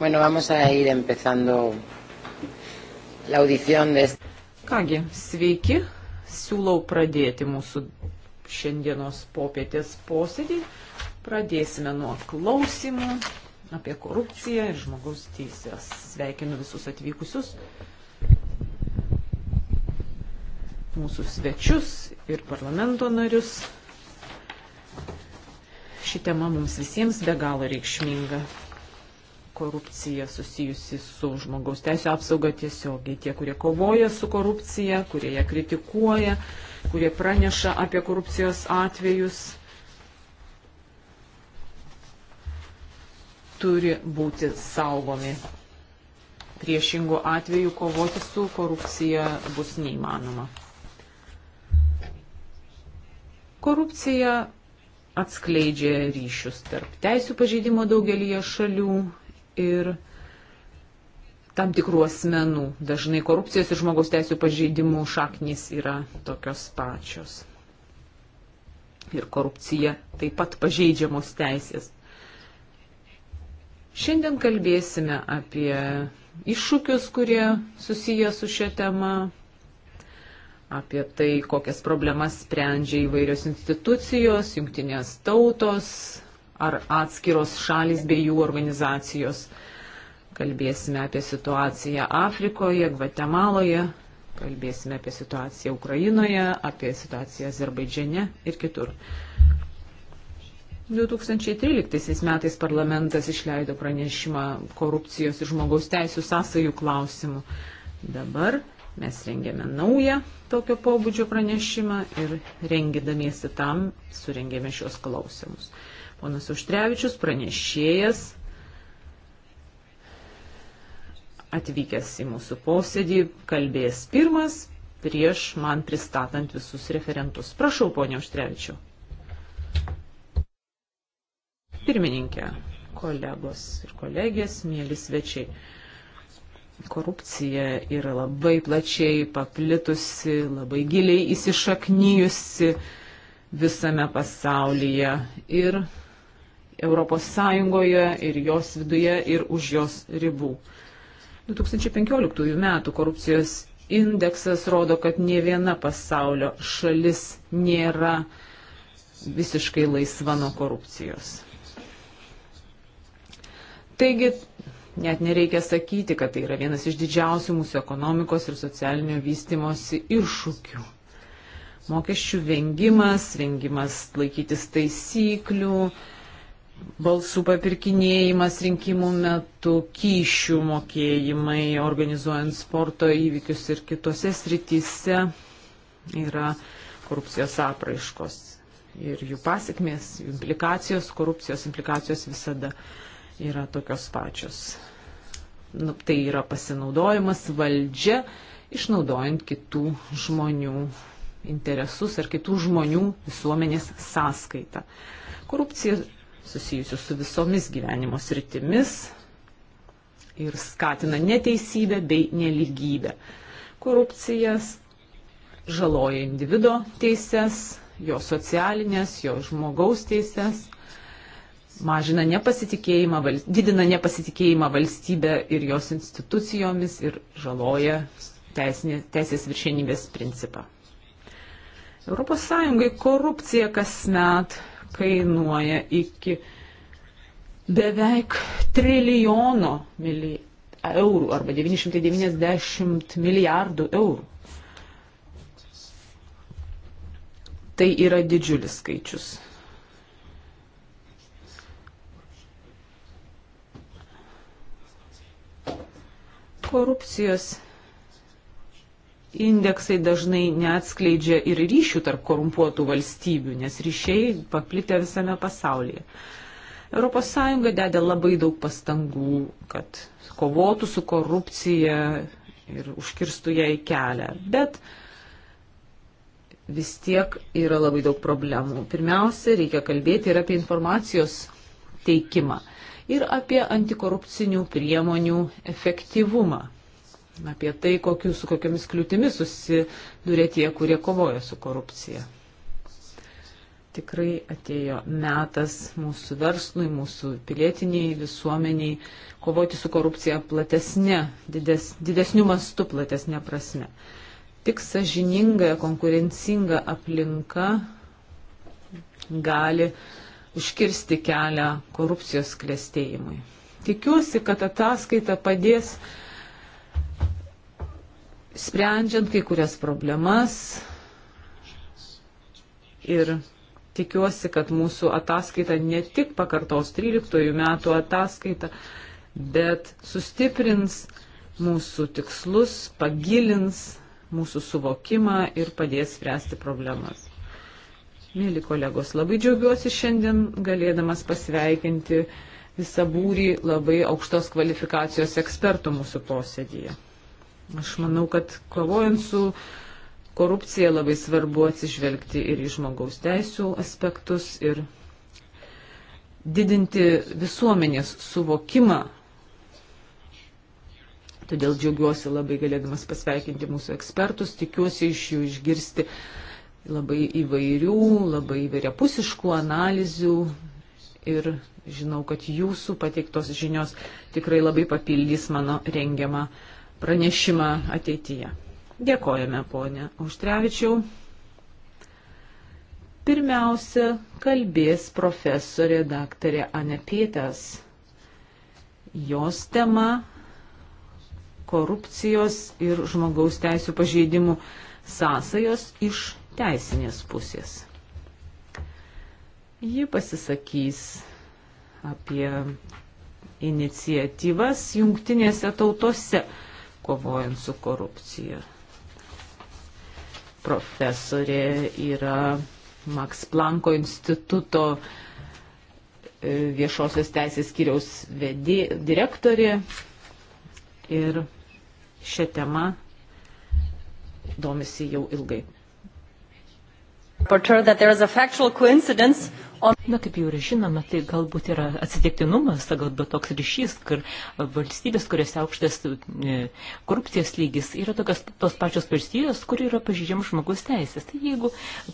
Bueno, vamos a ir empezando la audición de... Kągi, sveiki, siūlau pradėti mūsų šiandienos popietės posėdį. Pradėsime nuo klausimų apie korupciją ir žmogaus teisės. Sveikinu visus atvykusius, mūsų svečius ir parlamento narius. Ši tema mums visiems be galo reikšminga korupcija susijusi su žmogaus teisų apsauga tiesiogiai. Tie, kurie kovoja su korupcija, kurie ją kritikuoja, kurie praneša apie korupcijos atvejus, turi būti saugomi. Priešingų atvejų kovoti su korupcija bus neįmanoma. Korupcija atskleidžia ryšius tarp teisų pažeidimo daugelį šalių ir tam tikrų asmenų. Dažnai korupcijos ir žmogaus teisų pažeidimų šaknys yra tokios pačios. Ir korupcija taip pat pažeidžiamos teisės. Šiandien kalbėsime apie iššūkius, kurie susiję su šia tema, apie tai, kokias problemas sprendžia įvairios institucijos, jungtinės tautos, ar atskiros šalis bei jų organizacijos. Kalbėsime apie situaciją Afrikoje, Gvatemaloje, kalbėsime apie situaciją Ukrainoje, apie situaciją Azerbaidžiane ir kitur. 2013 metais parlamentas išleido pranešimą korupcijos ir žmogaus teisų sąsajų klausimų. Dabar mes rengėme naują tokio pobūdžio pranešimą ir rengidamiesi tam surengėme šios klausimus. Ponas Užtrevičius, pranešėjas, atvykęs į mūsų posėdį, kalbės pirmas prieš man pristatant visus referentus. Prašau, ponia Užtrevičiu. Pirmininkė, kolegos ir kolegės, mėly svečiai korupcija yra labai plačiai paplitusi, labai giliai įsišaknyjusi visame pasaulyje. Ir ES ir jos viduje ir už jos ribų. 2015 m. korupcijos indeksas rodo, kad ne viena pasaulio šalis nėra visiškai laisva nuo korupcijos. Taigi, net nereikia sakyti, kad tai yra vienas iš didžiausių mūsų ekonomikos ir socialinio vystimosi iššūkių. Mokesčių vengimas, vengimas laikytis taisyklių, balsų papirkinėjimas rinkimų metu, kyšių mokėjimai, organizuojant sporto įvykius ir kitose srityse yra korupcijos apraiškos ir jų pasiekmės, jų implikacijos, korupcijos implikacijos visada yra tokios pačios. Nu, tai yra pasinaudojimas valdžia, išnaudojant kitų žmonių interesus ar kitų žmonių visuomenės sąskaitą. Korupcija susijusių su visomis gyvenimo sritimis ir skatina neteisybę bei neligybę. Korupcijas žaloja individo teises, jo socialinės, jo žmogaus teises, mažina nepasitikėjimą, didina nepasitikėjimą valstybę ir jos institucijomis ir žaloja teisinė, teisės viršienybės principą. ES korupcija kasmet kainuoja iki beveik trilijono mili, eurų arba 990 milijardų eurų. Tai yra didžiulis skaičius. Korupcijos indeksai dažnai neatskleidžia ir ryšių tarp korumpuotų valstybių, nes ryšiai paplitę visame pasaulyje. ES dedė labai daug pastangų, kad kovotų su korupcija ir užkirstų ją į kelią. Bet vis tiek yra labai daug problemų. Pirmiausia, reikia kalbėti ir apie informacijos teikimą ir apie antikorupcinių priemonių efektyvumą apie tai, kokiu, su kokiamis kliūtimis susidūrė tie, kurie kovoja su korupcija. Tikrai atėjo metas mūsų verslui, mūsų pilietiniai visuomeniai kovoti su korupcija platesnė, dides, didesnių mastų platesnė prasme. Tik sažininga, konkurencinga aplinka gali užkirsti kelią korupcijos klėstėjimui. Tikiuosi, kad ataskaita padės uh, sprendžiant kai kurias problemas. Ir tikiuosi, kad mūsų ataskaita ne tik pakartos 13 metų ataskaita, bet sustiprins mūsų tikslus, pagilins mūsų suvokimą ir padės spręsti problemas. Mėly kolegos, labai džiaugiuosi šiandien galėdamas pasveikinti visą būrį labai aukštos kvalifikacijos ekspertų mūsų posėdėje. Aš manau, kad kovojant su korupcija labai svarbu atsižvelgti ir į žmogaus teisų aspektus ir didinti visuomenės suvokimą. Todėl džiaugiuosi labai galėdamas pasveikinti mūsų ekspertus, tikiuosi iš jų išgirsti labai įvairių, labai įvairiapusiškų analizių ir žinau, kad jūsų pateiktos žinios tikrai labai papildys mano rengiamą pranešimą ateityje. Dėkojame, ponė Užtrevičiau. Pirmiausia, kalbės profesorė daktarė Ane Pietas. Jos tema - korupcijos ir žmogaus teisų pažeidimų sąsajos iš teisinės pusės. Ji pasisakys apie iniciatyvas jungtinėse tautose kovojant su korupcija. Profesorė yra Max Planko instituto e, viešosios teisės skyriaus vedė, direktorė ir šią temą domisi jau ilgai. Na, kaip jau ir žinoma, tai galbūt yra atsitiktinumas, galbūt toks ryšys, kur valstybės, kuriuose aukštas e, korupcijos lygis, yra tokios tos pačios valstybės, kur yra pažydžiam žmogus teisės. Tai jeigu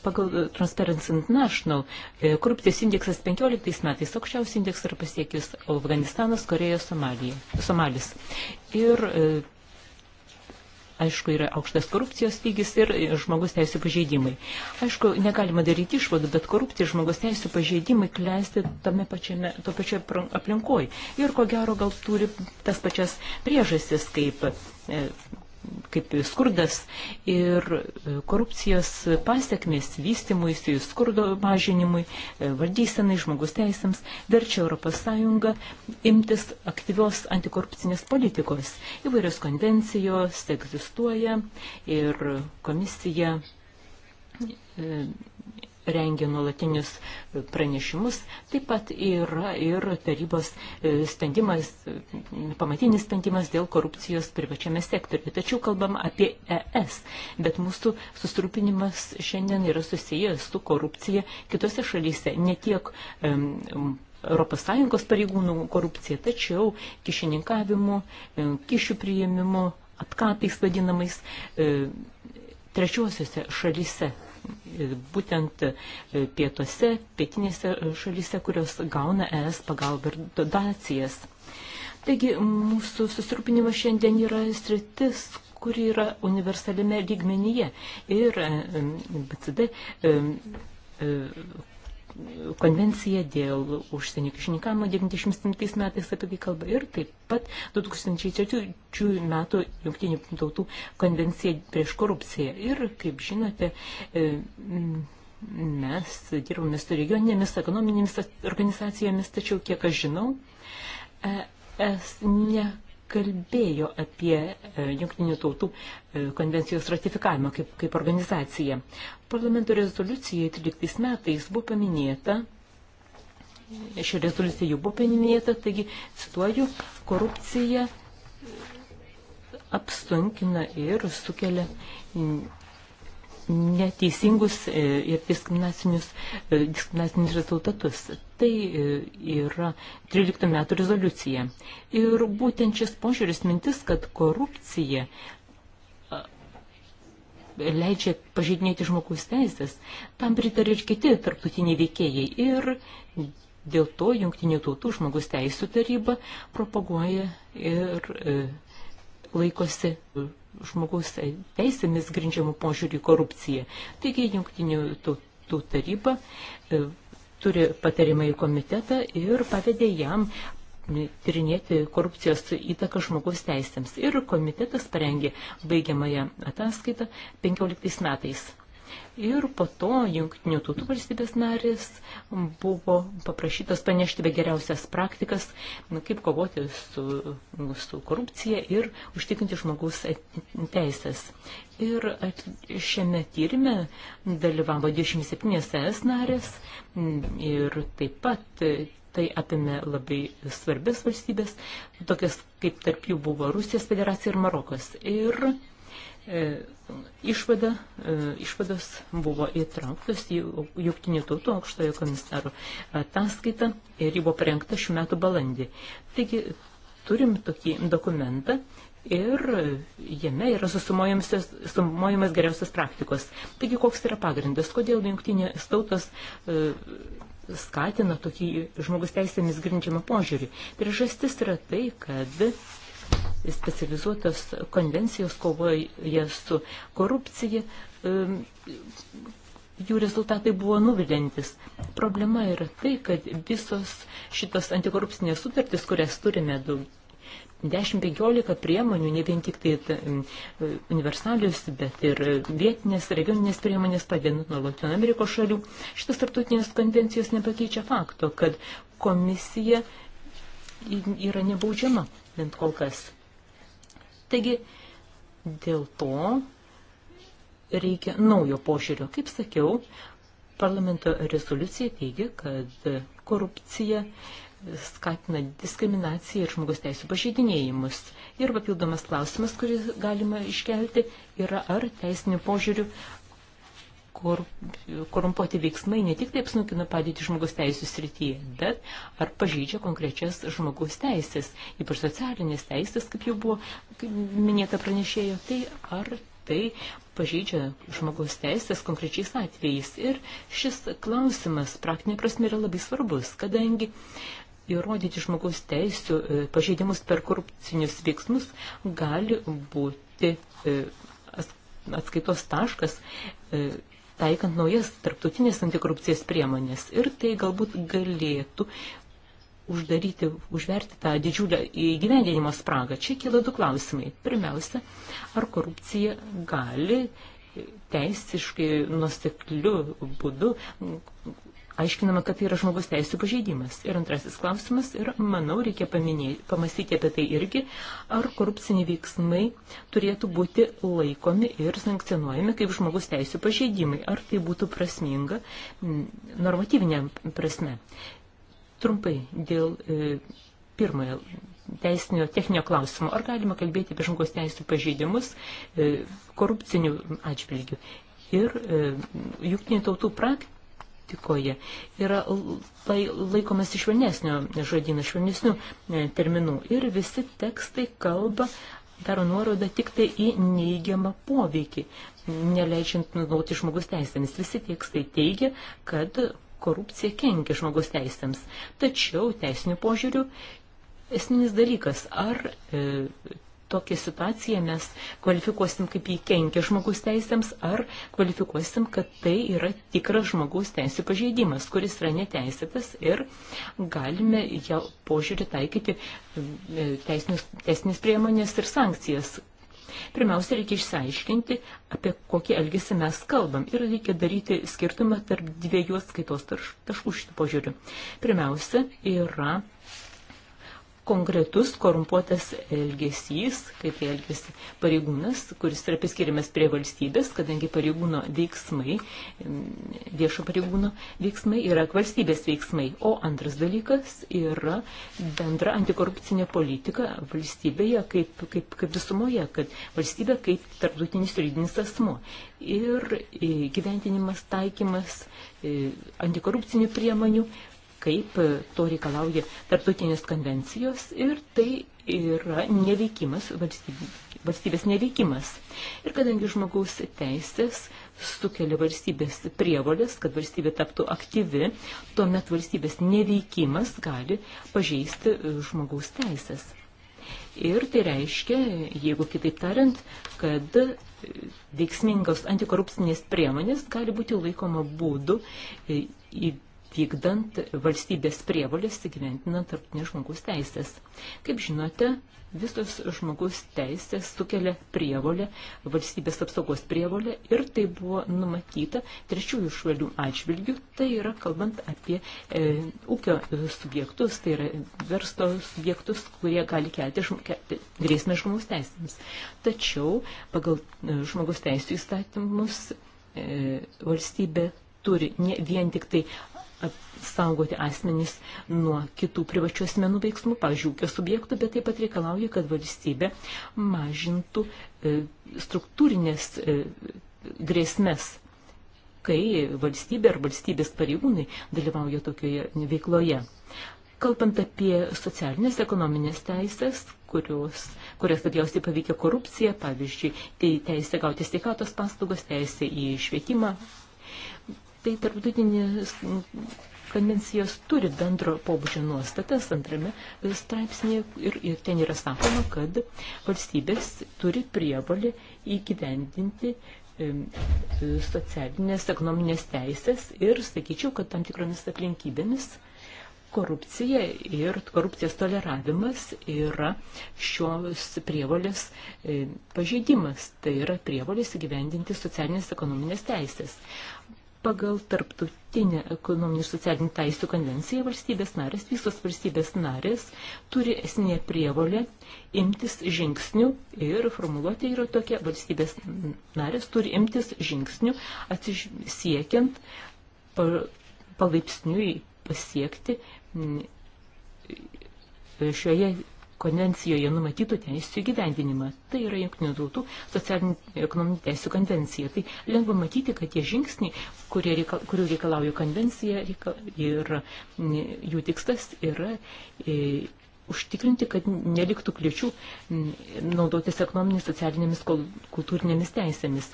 pagal Transparency International e, korupcijos indeksas 15 metais aukščiausias indeksas yra pasiekęs Afganistanas, Koreja, Somalija, Somalis. Ir e, aišku, yra aukštas korupcijos lygis ir žmogus teisų pažeidimai. Aišku, negalima daryti išvadų, bet korupcija ir žmogus teisų pažeidimai klesti tame pačiame, to pačioje aplinkoje. Ir ko gero gal turi tas pačias priežastis kaip e, kaip skurdas ir e, korupcijos pasiekmės vystimuisi, skurdo mažinimui, e, valdysenai, žmogus teisėms verčia ES imtis aktyvios antikorupcinės politikos. Įvairios konvencijos egzistuoja ir komisija e, rengia nuolatinius pranešimus. Taip pat yra ir tarybos e, sprendimas, e, pamatinis sprendimas dėl korupcijos privačiame sektoriuje. Tačiau kalbam apie ES, bet mūsų sustrupinimas šiandien yra susijęs su korupcija kitose šalyse, ne tiek um, ES pareigūnų korupcija, tačiau kišininkavimu, e, kišių priėmimu, atkapais vadinamais trečiosiuose šalyse būtent e, pietuose, pietinėse e, šalyse, kurios gauna ES pagalbą ir dotacijas. Taigi mūsų susirūpinimas šiandien yra sritis, kuri yra universalime lygmenyje ir e, BCD konvencija dėl užsienio kišininkavimo 97 metais apie tai kalba ir taip pat 2003 metų jungtinių tautų konvencija prieš korupciją. Ir, kaip žinote, e, mes dirbame su regioninėmis ekonominėmis organizacijomis, tačiau, kiek aš žinau, e, es ne kalbėjo apie e, Junktinių tautų e, konvencijos ratifikavimą kaip, kaip organizaciją. Parlamento rezoliucijoje 13 metais buvo paminėta, ši rezoliucija jau buvo paminėta, taigi cituoju, korupcija apsunkina ir sukelia neteisingus e, ir diskriminacinius, e, diskriminacinius rezultatus. Tai e, yra 13 metų rezoliucija. Ir būtent šis požiūris mintis, kad korupcija leidžia pažeidinėti žmogaus teisės, tam pritarė ir kiti tarptautiniai veikėjai. Ir dėl to Junktinių tautų žmogus teisų taryba propaguoja ir laikosi žmogaus teisėmis grindžiamų požiūrį į korupciją. Taigi jungtinių tautų taryba e, turi patarimą į komitetą ir pavedė jam tyrinėti korupcijos įtaką žmogaus teisėms. Ir komitetas parengė baigiamąją ataskaitą 15 metais. Ir po to jungtinių tautų valstybės narės buvo paprašytas panešti be geriausias praktikas, kaip kovoti su, su korupcija ir užtikrinti žmogaus teisės. Ir at, šiame tyrime dalyvavo 27 ES narės ir taip pat tai apėmė labai svarbės valstybės, tokias kaip tarp jų buvo Rusijos federacija ir Marokas. Ir E, išvada, e, išvados buvo įtrauktos į Jungtinių tautų aukštojo komisaro ataskaitą ir ji buvo parengta šių metų balandį. Taigi turim tokį dokumentą ir jame yra susumojamas geriausios praktikos. Taigi koks yra pagrindas, kodėl Jungtinės tautos e, skatina tokį žmogus teisėmis grindžiamą požiūrį. Priežastis yra tai, kad specializuotos konvencijos kovoje su korupcija, jų rezultatai buvo nuvilintis. Problema yra tai, kad visos šitos antikorupcinės sutartys, kurias turime daug. 10-15 priemonių, ne vien tik tai universalius, bet ir vietinės, regioninės priemonės padedant nuo Latino Amerikos šalių. Šitas tarptautinės konvencijos nepakeičia fakto, kad komisija yra nebaudžiama, bent kol kas. Taigi, dėl to reikia naujo požiūrio. Kaip sakiau, parlamento rezoliucija teigia, kad korupcija skatina diskriminaciją ir žmogus teisų pažeidinėjimus. Ir papildomas klausimas, kurį galima iškelti, yra ar teisinių požiūrių kur korumpuoti veiksmai ne tik taip sunkina padėti žmogus teisų srityje, bet ar pažydžia konkrečias žmogus teisės, ypač socialinės teisės, kaip jau buvo kaip minėta pranešėjo, tai ar tai pažeidžia žmogaus teisės konkrečiais atvejais. Ir šis klausimas praktinė prasme yra labai svarbus, kadangi įrodyti žmogaus teisų e, pažeidimus per korupcinius veiksmus gali būti e, atskaitos taškas e, taikant naujas tarptautinės antikorupcijos priemonės. Ir tai galbūt galėtų uždaryti, užverti tą didžiulę įgyvendinimo spragą. Čia kyla du klausimai. Pirmiausia, ar korupcija gali teisiškai nusekliu būdu aiškinama, kad tai yra žmogus teisų pažeidimas. Ir antrasis klausimas, ir manau, reikia paminėti, pamastyti apie tai irgi, ar korupciniai veiksmai turėtų būti laikomi ir sankcionuojami kaip žmogus teisų pažeidimai, ar tai būtų prasminga normatyvinė prasme. Trumpai dėl e, pirmojo teisinio techninio klausimo, ar galima kalbėti apie žmogaus teisų pažeidimus e, korupcinių atžvilgių. Ir e, jungtinių tautų praktika praktikoje yra laikomas švelnesnio žodino, švelnesnių e, terminų. Ir visi tekstai kalba, daro nuorodą tik tai į neigiamą poveikį, neleidžiant nugauti žmogus teisėmis. Visi tekstai teigia, kad korupcija kenkia žmogus teisėms. Tačiau teisinių požiūrių esminis dalykas, ar e, tokią situaciją mes kvalifikuosim kaip jį kenkia žmogus teisėms, ar kvalifikuosim, kad tai yra tikras žmogus teisų pažeidimas, kuris yra neteisėtas ir galime jo požiūrį taikyti e, teisinės priemonės ir sankcijas. Pirmiausia, reikia išsiaiškinti, apie kokį elgesį mes kalbam ir reikia daryti skirtumą tarp dviejų atskaitos taškų šitų požiūrių. Pirmiausia, yra konkretus korumpuotas elgesys, kaip elgesi pareigūnas, kuris yra priskiriamas prie valstybės, kadangi pareigūno veiksmai, viešo pareigūno veiksmai yra valstybės veiksmai. O antras dalykas yra bendra antikorupcinė politika valstybėje kaip, kaip, kaip visumoje, kad valstybė kaip tarptautinis juridinis asmo. Ir e, gyventinimas, taikymas e, antikorupcinių priemonių kaip e, to reikalauja tarptautinės konvencijos ir tai yra neveikimas, valstybės neveikimas. Ir kadangi žmogaus teisės sukelia valstybės prievolės, kad valstybė taptų aktyvi, tuomet valstybės neveikimas gali pažeisti e, žmogaus teisės. Ir tai reiškia, jeigu kitaip tariant, kad e, veiksmingos antikorupcinės priemonės gali būti laikoma būdu į vykdant valstybės prievolės įgyventinant tarptautinės žmogus teisės. Kaip žinote, visos žmogus teisės sukelia prievolę, valstybės apsaugos prievolę ir tai buvo numatyta trečiųjų šalių atžvilgių, tai yra kalbant apie e, ūkio subjektus, tai yra versto subjektus, kurie gali kelti žm grėsmę žmogus teisėms. Tačiau pagal e, žmogus teisų įstatymus e, valstybė turi ne vien tik tai saugoti asmenys nuo kitų privačių asmenų veiksmų, pavyzdžiui, ūkio subjektų, bet taip pat reikalauja, kad valstybė mažintų e, struktūrinės e, grėsmės, kai valstybė ar valstybės pareigūnai dalyvauja tokioje veikloje. Kalbant apie socialinės ekonominės teisės, kurios, kurias labiausiai paveikia korupcija, pavyzdžiui, tai teisė gauti sveikatos paslaugas, teisė į švietimą, tai tarptautinės konvencijos turi bendro pobūdžio nuostatas antrame straipsnėje ir, ir ten yra sakoma, kad valstybės turi prievalį įgyvendinti socialinės, ekonominės teisės ir sakyčiau, kad tam tikromis aplinkybėmis korupcija ir korupcijos toleravimas yra šios prievalės pažeidimas. Tai yra prievalės įgyvendinti socialinės ekonominės teisės. Pagal tarptautinę ekonominį ir socialinį taisų konvenciją valstybės narės, visos valstybės narės turi esminę prievolę imtis žingsnių ir formuluotė yra tokia, valstybės narės turi imtis žingsnių atsisiekiant palaipsniui pasiekti šioje konvencijoje numatytų teisų įgyvendinimą. Tai yra Junktinių tautų socialinių ir ekonominių teisų konvencija. Tai lengva matyti, kad tie žingsniai, reikal, kurių reikalauja konvencija reikal, ir jų tikslas yra e, užtikrinti, kad neliktų kliučių naudotis ekonominės, socialinėmis, kultūrinėmis teisėmis.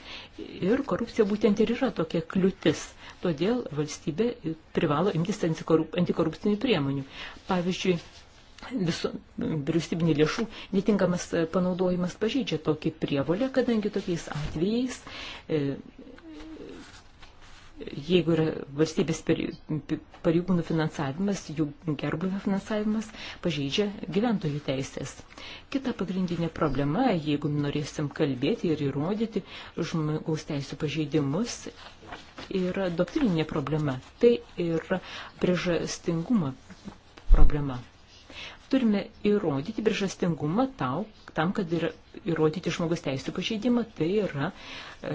Ir korupcija būtent ir yra tokia kliūtis. Todėl valstybė privalo imtis antikorup, antikorupcinių priemonių. Pavyzdžiui, visų vyriausybinių lėšų netinkamas e, panaudojimas pažydžia tokį prievolę, kadangi tokiais atvejais, e, jeigu yra valstybės pareigūnų finansavimas, jų gerbuvio finansavimas pažeidžia gyventojų teisės. Kita pagrindinė problema, jeigu norėsim kalbėti ir įrodyti žmogaus teisų pažeidimus, yra doktrininė problema. Tai yra priežastingumo problema turime įrodyti priežastingumą tau, tam, kad ir, įrodyti žmogus teisų pažeidimą, tai yra e,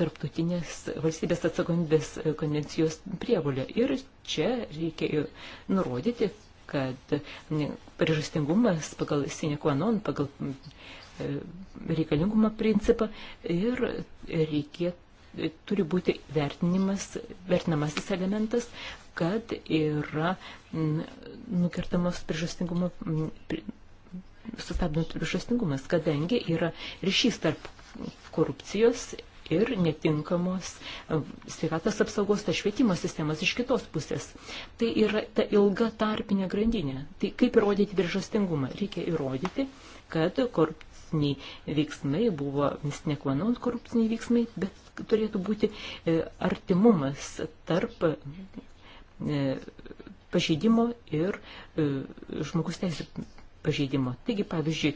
tarptautinės valstybės atsakomybės e, konvencijos prievolė. Ir čia reikia nurodyti, kad priežastingumas pagal sinekuanon, pagal e, reikalingumo principą ir reikėtų turi būti vertinimas, vertinamasis elementas, kad yra nukertamas priežastingumo, sustabdomas priežastingumas, kadangi yra ryšys tarp korupcijos ir netinkamos sveikatos apsaugos, ta švietimo sistemos iš kitos pusės. Tai yra ta ilga tarpinė grandinė. Tai kaip įrodyti priežastingumą? Reikia įrodyti, kad korupcija korupciniai veiksmai, buvo nekvanon korupciniai veiksmai, bet turėtų būti e, artimumas tarp e, pažeidimo ir e, žmogus teisų pažeidimo. Taigi, pavyzdžiui,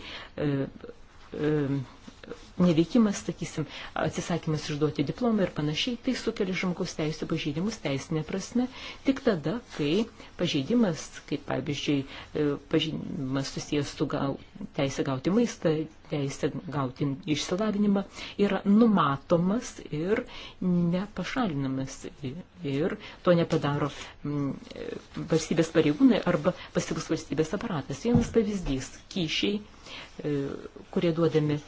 neveikimas, sakysim, atsisakymas išduoti diplomą ir panašiai, tai sukelia žmogaus teisų pažeidimus teisinė prasme tik tada, kai pažeidimas, kaip pavyzdžiui, e, pažeidimas susijęs su gau, teisė gauti maistą, teisė gauti išsilavinimą, yra numatomas ir nepašalinamas. Ir to nepadaro e, valstybės pareigūnai arba pasibus valstybės aparatas. Vienas pavyzdys - kyšiai e, kurie duodami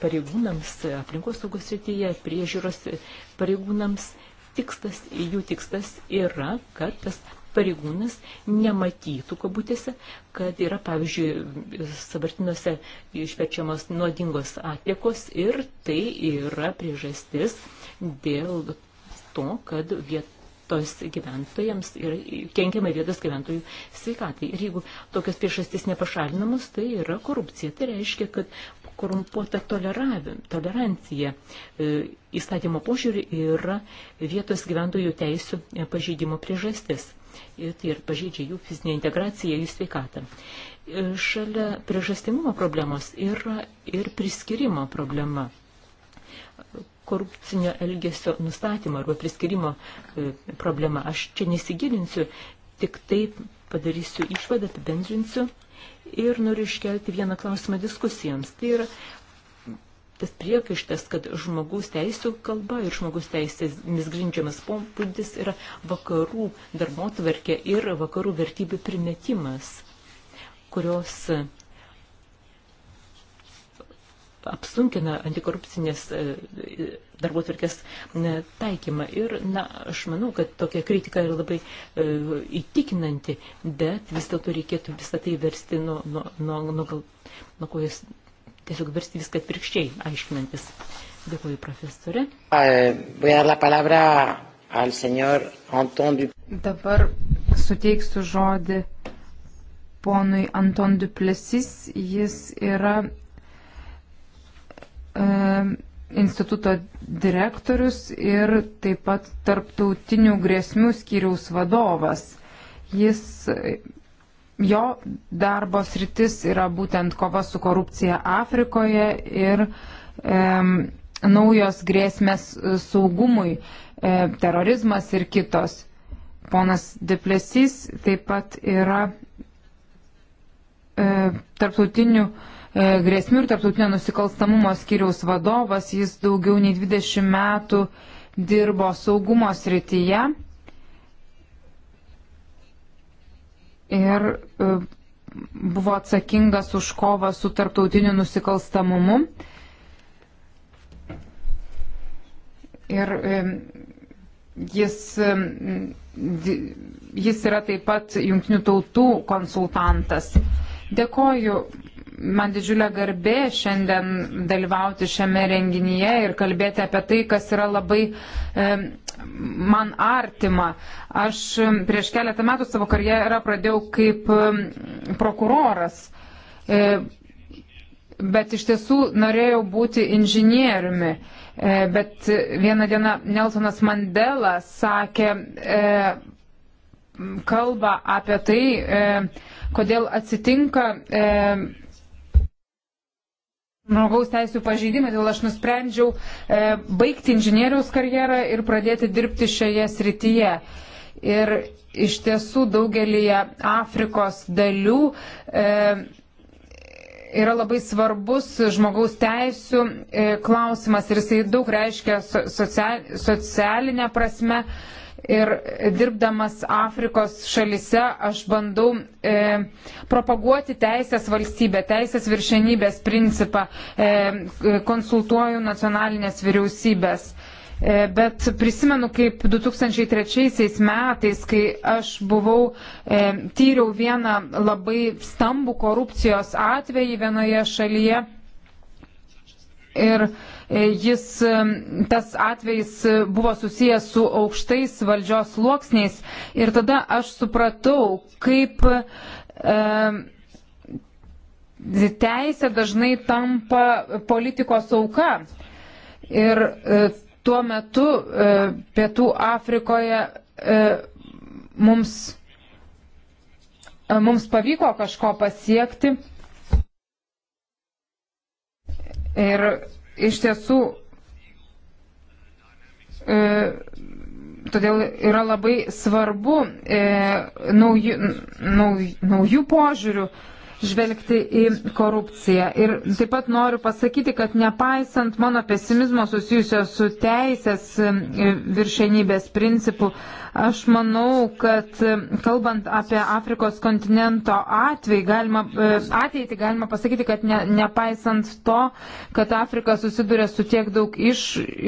pareigūnams aplinkos saugos srityje, priežiūros pareigūnams. Tikslas, jų tikslas yra, kad tas pareigūnas nematytų kabutėse, kad yra, pavyzdžiui, sabartinuose išpečiamos nuodingos atliekos ir tai yra priežastis dėl to, kad viet, tos gyventojams ir kenkiama vietos gyventojų sveikatai. Ir jeigu tokios priešastys nepašalinamos, tai yra korupcija. Tai reiškia, kad korumpuota tolerancija e, įstatymo požiūrį yra vietos gyventojų teisų e, pažeidimo priežastis. Ir tai ir pažeidžia jų fizinę integraciją, jų sveikatą. E, šalia priežastingumo problemos yra ir priskirimo problema korupcinio elgesio nustatymo arba priskirimo problema. Aš čia nesigilinsiu, tik taip padarysiu išvadą, apibendrinsiu Ir noriu iškelti vieną klausimą diskusijoms. Tai yra tas priekaištas, kad žmogaus teisų kalba ir žmogaus teisėmis grindžiamas pompūdis yra vakarų darbotvarkė ir vakarų vertybių primetimas, kurios apsunkina antikorupcinės e, darbo tvarkės e, taikymą. Ir, na, aš manau, kad tokia kritika yra labai e, įtikinanti, bet vis dėlto reikėtų visą tai versti nuo, nuo, nuo, nuo, gal, nuo kojos, tiesiog versti viską atvirkščiai, aiškinantis. Dėkuoju, profesorė. E, Dabar suteiksiu žodį ponui Anton Duplessis. Jis yra instituto direktorius ir taip pat tarptautinių grėsmių skyriaus vadovas. Jis, jo darbo sritis yra būtent kova su korupcija Afrikoje ir e, naujos grėsmės saugumui, e, terorizmas ir kitos. Ponas Deplesys taip pat yra e, tarptautinių e, E, grėsmių ir tarptautinio nusikalstamumo skyriaus vadovas. Jis daugiau nei 20 metų dirbo saugumo srityje. Ir e, buvo atsakingas už kovą su tarptautiniu nusikalstamumu. Ir e, jis, jis yra taip pat jungtinių tautų konsultantas. Dėkoju man didžiulė garbė šiandien dalyvauti šiame renginyje ir kalbėti apie tai, kas yra labai e, man artima. Aš prieš keletą metų savo karjerą pradėjau kaip prokuroras, e, bet iš tiesų norėjau būti inžinieriumi. E, bet vieną dieną Nelsonas Mandela sakė, e, kalba apie tai, e, kodėl atsitinka e, žmogaus teisų pažeidimai, todėl aš nusprendžiau e, baigti inžinieriaus karjerą ir pradėti dirbti šioje srityje. Ir iš tiesų daugelį Afrikos dalių e, yra labai svarbus žmogaus teisų e, klausimas ir jisai daug reiškia social, socialinę prasme. E, ir dirbdamas Afrikos šalise aš bandau e, propaguoti teisės valstybę, teisės viršenybės principą, e, konsultuoju nacionalinės vyriausybės. E, bet prisimenu, kaip 2003 metais, kai aš buvau, e, tyriau vieną labai stambų korupcijos atvejį vienoje šalyje. Ir e, E, jis, e, tas atvejis e, buvo susijęs su aukštais valdžios sluoksniais ir tada aš supratau, kaip e, teisė dažnai tampa politikos auka. Ir e, tuo metu e, Pietų Afrikoje e, mums, e, mums pavyko kažko pasiekti. Ir iš tiesų e, todėl yra labai svarbu e, naujų, nauj, naujų požiūrių žvelgti į korupciją. Ir taip pat noriu pasakyti, kad nepaisant mano pesimizmo susijusio su teisės e, viršenybės principu, Aš manau, kad e, kalbant apie Afrikos kontinento atvejį, galima, e, ateitį galima pasakyti, kad ne, nepaisant to, kad Afrika susiduria su tiek daug iš,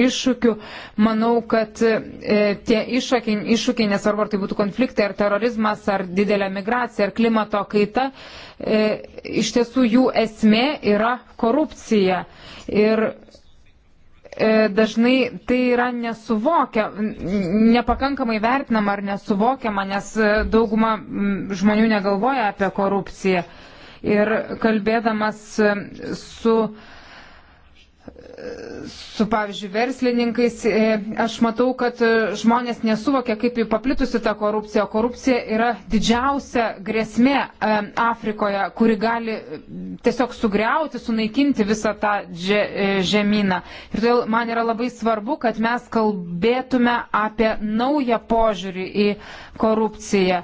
iššūkių, manau, kad e, tie iššūkiai, iššūkiai, nesvarbu ar tai būtų konfliktai, ar terorizmas, ar didelė migracija, ar klimato kaita, e, iš tiesų jų esmė yra korupcija. Ir E, dažnai tai yra nesuvokia, nepakankamai vertinama ar nesuvokiama, nes e, dauguma žmonių negalvoja apie korupciją. Ir kalbėdamas e, su uh, su, pavyzdžiui, verslininkais, e, aš matau, kad žmonės nesuvokia, kaip paplitusi ta korupcija. Korupcija yra didžiausia grėsmė e, Afrikoje, kuri gali tiesiog sugriauti, sunaikinti visą tą e, žemyną. Ir todėl man yra labai svarbu, kad mes kalbėtume apie naują požiūrį į korupciją.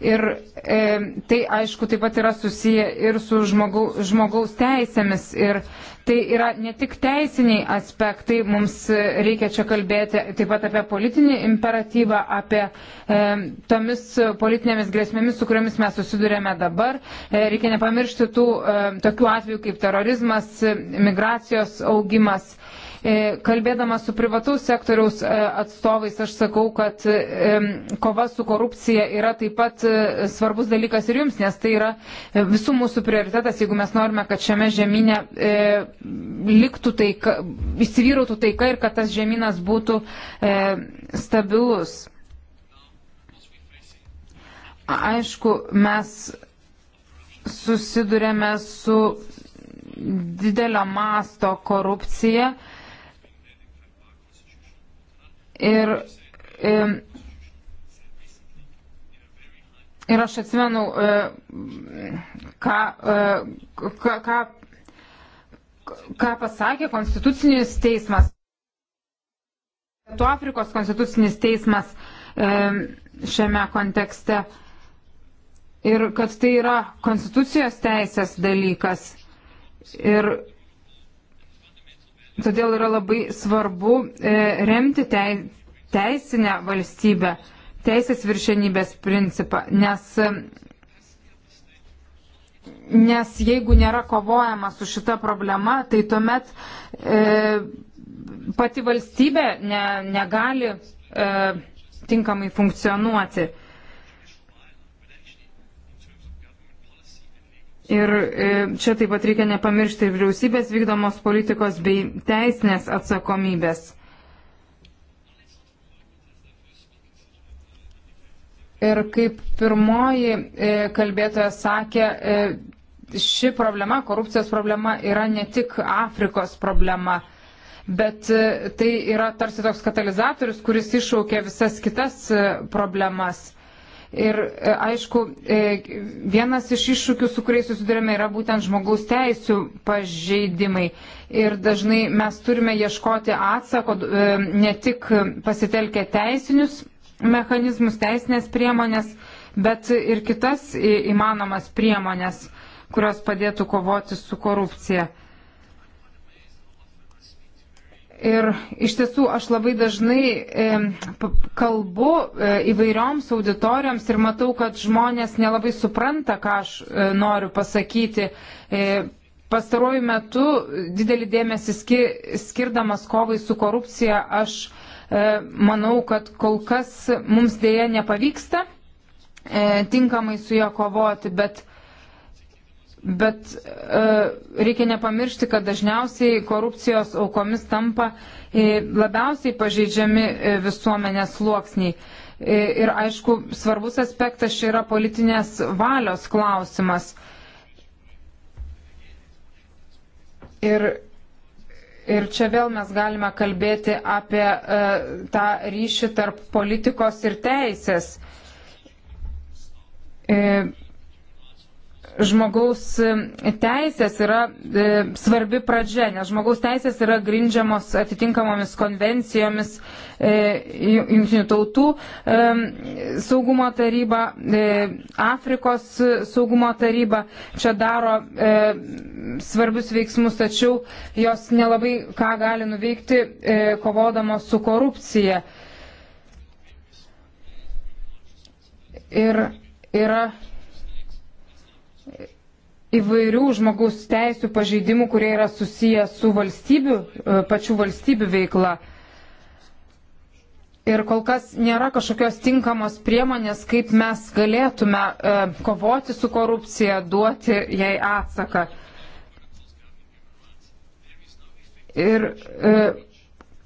Ir e, tai aišku taip pat yra susiję ir su žmogau, žmogaus teisėmis. Ir tai yra ne tik teisiniai aspektai, mums reikia čia kalbėti taip pat apie politinį imperatyvą, apie e, tomis politinėmis grėsmėmis, su kuriamis mes susidurėme dabar. E, reikia nepamiršti tų e, tokių atvejų kaip terorizmas, migracijos augimas. E, E, kalbėdama su privataus sektoriaus e, atstovais, aš sakau, kad e, kova su korupcija yra taip pat svarbus dalykas ir jums, nes tai yra visų mūsų prioritetas, jeigu mes norime, kad šiame žemynė liktų taika, įsivyrautų taika ir kad tas žemynas būtų stabilus. Aišku, mes susidurėme su didelio masto korupcija Ir, ir, ir aš atsimenu, e, ką, e, ką, ką, ką pasakė Konstitucinis teismas. Pietų Afrikos konstitucinis teismas e, šiame kontekste. Ir kad tai yra konstitucijos teisės dalykas. Ir Todėl yra labai svarbu e, remti teisinę valstybę, teisės viršenybės principą, nes, nes jeigu nėra kovojama su šita problema, tai tuomet e, pati valstybė ne, negali e, tinkamai funkcionuoti. Ir e, čia taip pat reikia nepamiršti ir vyriausybės vykdomos politikos bei teisinės atsakomybės. Ir kaip pirmoji e, kalbėtoja sakė, e, ši problema, korupcijos problema yra ne tik Afrikos problema, bet tai yra tarsi toks katalizatorius, kuris iššaukia visas kitas problemas. Ir e, aišku, e, vienas iš iššūkių, su kuriais susidurėme, yra būtent žmogaus teisų pažeidimai. Ir dažnai mes turime ieškoti atsako e, ne tik pasitelkę teisinius mechanizmus, teisinės priemonės, bet ir kitas įmanomas priemonės, kurios padėtų kovoti su korupcija. Ir iš tiesų aš labai dažnai e, kalbu e, įvairioms auditorijoms ir matau, kad žmonės nelabai supranta, ką aš e, noriu pasakyti. E, pastaruoju metu didelį dėmesį skir, skirdamas kovai su korupcija, aš e, manau, kad kol kas mums dėja nepavyksta e, tinkamai su juo kovoti, bet Bet e, reikia nepamiršti, kad dažniausiai korupcijos aukomis tampa e, labiausiai pažeidžiami e, visuomenės sluoksniai. Ir aišku, svarbus aspektas čia yra politinės valios klausimas. Ir, ir čia vėl mes galime kalbėti apie e, tą ryšį tarp politikos ir teisės. E, žmogaus teisės yra e, svarbi pradžia, nes žmogaus teisės yra grindžiamos atitinkamomis konvencijomis e, Junktinių tautų e, saugumo taryba, e, Afrikos saugumo taryba čia daro e, svarbius veiksmus, tačiau jos nelabai ką gali nuveikti e, kovodamos su korupcija. Ir yra įvairių žmogaus teisų pažeidimų, kurie yra susiję su valstybių, e, pačių valstybių veikla. Ir kol kas nėra kažkokios tinkamos priemonės, kaip mes galėtume e, kovoti su korupcija, duoti jai atsaką. Ir e,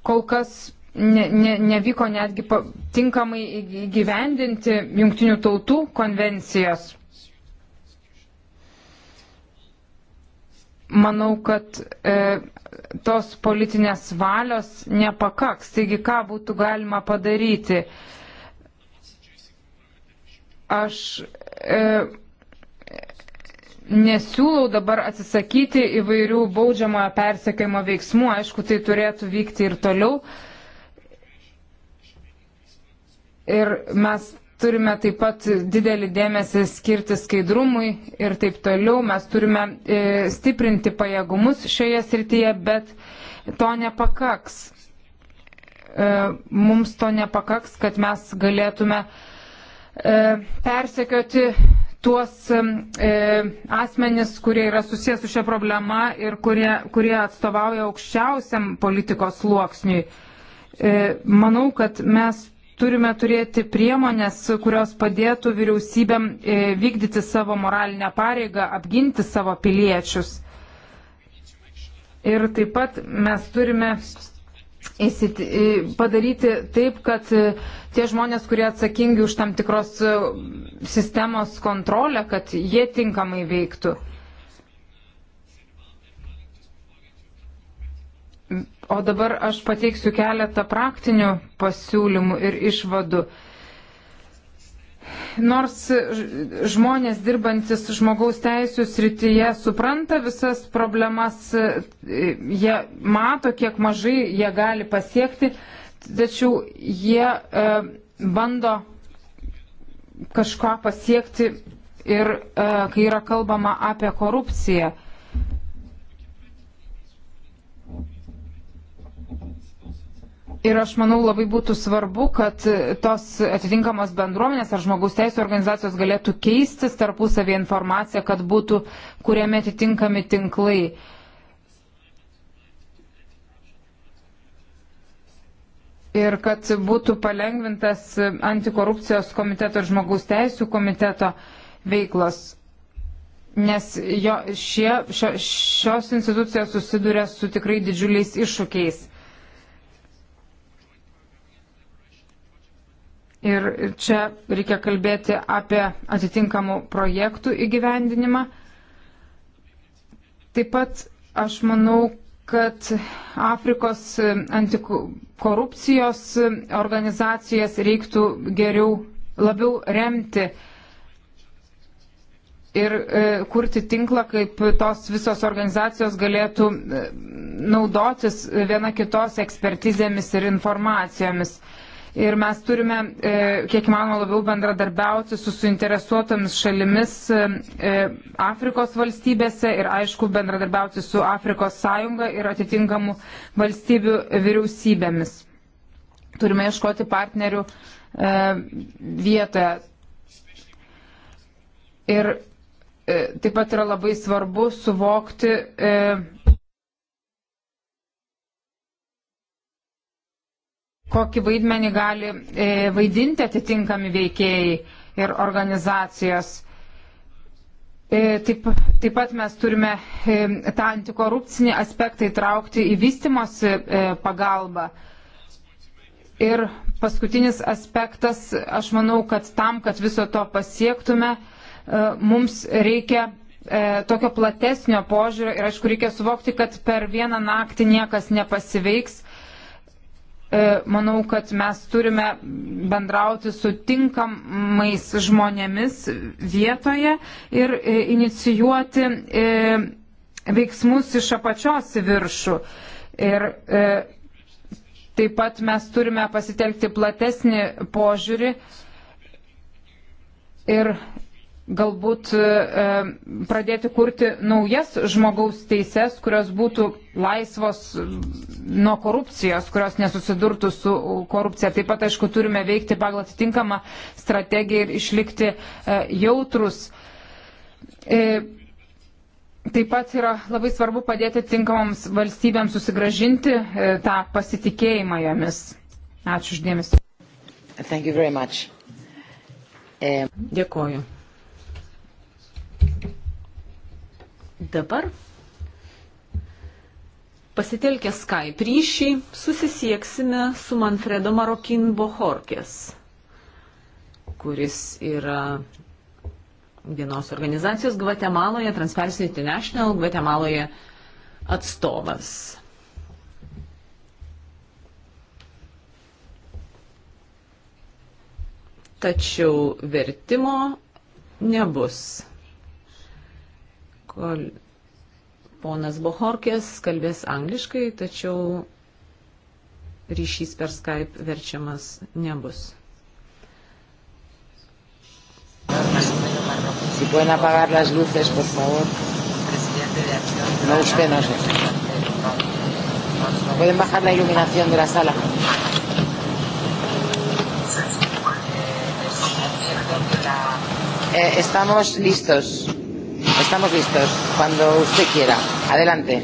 kol kas ne, ne, nevyko netgi tinkamai įgyvendinti jungtinių tautų konvencijos manau, kad e, tos politinės valios nepakaks. Taigi, ką būtų galima padaryti? Aš e, nesiūlau dabar atsisakyti įvairių baudžiamojo persekiojimo veiksmų. Aišku, tai turėtų vykti ir toliau. Ir mes turime taip pat didelį dėmesį skirti skaidrumui ir taip toliau. Mes turime e, stiprinti pajėgumus šioje srityje, bet to nepakaks. E, mums to nepakaks, kad mes galėtume e, persekioti tuos asmenis, kurie yra susijęs su šia problema ir kurie, kurie atstovauja aukščiausiam politikos sluoksniui. Manau, kad mes turime turėti priemonės, kurios padėtų vyriausybėm e, vykdyti savo moralinę pareigą, apginti savo piliečius. Ir taip pat mes turime e, padaryti taip, kad e, tie žmonės, kurie atsakingi už tam tikros sistemos kontrolę, kad jie tinkamai veiktų. O dabar aš pateiksiu keletą praktinių pasiūlymų ir išvadų. Nors žmonės dirbantis žmogaus teisų srityje supranta visas problemas, jie mato, kiek mažai jie gali pasiekti, tačiau jie e, bando kažką pasiekti ir e, kai yra kalbama apie korupciją. E, Ir aš manau, labai būtų svarbu, kad tos atitinkamos bendruomenės ar žmogaus teisų organizacijos galėtų keistis tarpusavį informaciją, kad būtų kuriami atitinkami tinklai. ir kad būtų palengvintas antikorupcijos komiteto ir žmogaus teisų komiteto veiklos. Nes jo, šie, šio, šios institucijos susiduria su tikrai didžiuliais iššūkiais. Ir čia reikia kalbėti apie atitinkamų projektų įgyvendinimą. Taip pat aš manau, kad Afrikos antikorupcijos organizacijas reiktų geriau labiau remti ir e, kurti tinklą, kaip tos visos organizacijos galėtų e, naudotis viena kitos ekspertizėmis ir informacijomis. E, ir mes turime, e, kiek įmanoma, labiau bendradarbiauti su suinteresuotomis šalimis e, e, Afrikos valstybėse ir, aišku, bendradarbiauti su Afrikos sąjunga ir atitinkamų valstybių vyriausybėmis. Turime ieškoti partnerių vietoje. Ir taip pat yra labai svarbu suvokti kokį vaidmenį gali e, vaidinti atitinkami veikėjai ir organizacijos. E, taip, taip pat mes turime e, tą antikorupcinį aspektą įtraukti į vystimosi pagalbą. Ir paskutinis aspektas, aš manau, kad tam, kad viso to pasiektume, mums reikia tokio platesnio požiūrio ir aišku reikia suvokti, kad per vieną naktį niekas nepasiveiks E, manau, kad mes turime bendrauti su tinkamais žmonėmis vietoje ir e, inicijuoti e, veiksmus iš apačios į viršų. Ir taip pat mes turime pasitelkti platesnį požiūrį ir galbūt e, pradėti kurti naujas žmogaus teises, kurios būtų laisvos e, nuo korupcijos, kurios nesusidurtų su e, korupcija. Taip pat, aišku, turime veikti pagal atitinkamą strategiją ir išlikti jautrus. Taip pat yra labai svarbu padėti tinkamoms valstybėms susigražinti tą pasitikėjimą jomis. Ačiū uždėmesi. Dėkoju. Dabar pasitelkę Skype ryšį susisieksime su Manfredo Marokin Bohorkės, kuris yra vienos organizacijos Gvatemaloje, Transparency International Gvatemaloje atstovas. Tačiau vertimo nebus. Kol... Ponas Bohorkės kalbės angliškai, tačiau ryšys per Skype verčiamas nebus. Si pueden apagar las luces, por favor. No usted, no sé. Pueden bajar la iluminación de la sala. Eh, estamos listos. Estamos listos. Cuando usted quiera. Adelante.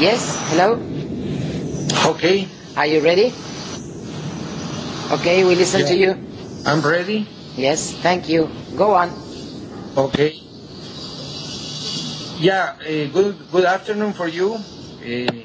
Yes, hello. Okay. Are you ready? Okay, we listen yeah. to you. I'm ready. Yes, thank you. Go on. Okay. Yeah, uh, good good afternoon for you. Uh,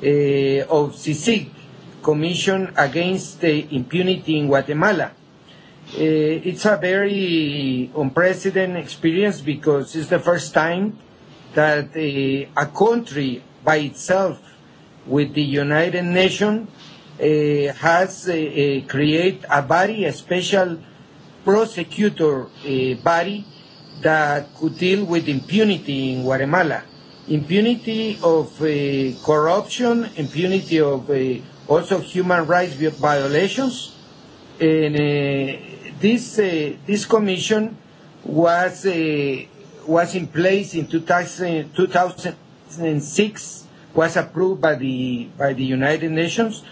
uh, of CSIC, Commission Against the Impunity in Guatemala. Uh, it's a very unprecedented experience because it's the first time that uh, a country by itself with the United Nations uh, has uh, uh, created a body, a special prosecutor uh, body that could deal with impunity in Guatemala impunity of uh, corruption, impunity of uh, also human rights violations. And uh, this uh, this commission was uh, was in place in 2000, 2006, was approved by the by the United Nations.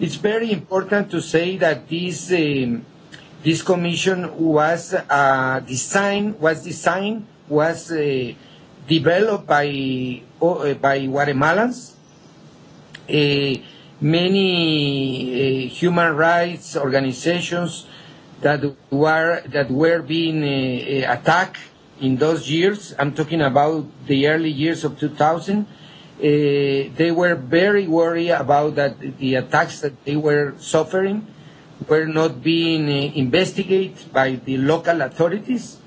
It's very important to say that this um, this commission was uh, designed was designed was. Uh, developed by uh, by Guatemalans. Uh, many uh, human rights organizations that were that were being uh, attacked in those years. I'm talking about the early years of 2000. Uh, they were very worried about that the attacks that they were suffering were not being uh, investigated by the local authorities.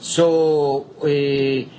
So. Uh,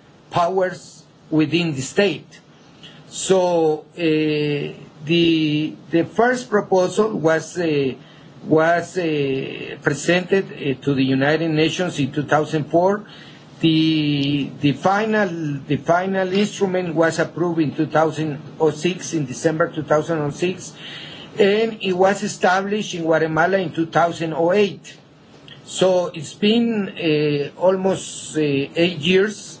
powers within the state. So uh, the the first proposal was uh, was uh, presented uh, to the United Nations in 2004. The the final the final instrument was approved in 2006 in December 2006, and it was established in Guatemala in 2008. So it's been uh, almost uh, eight years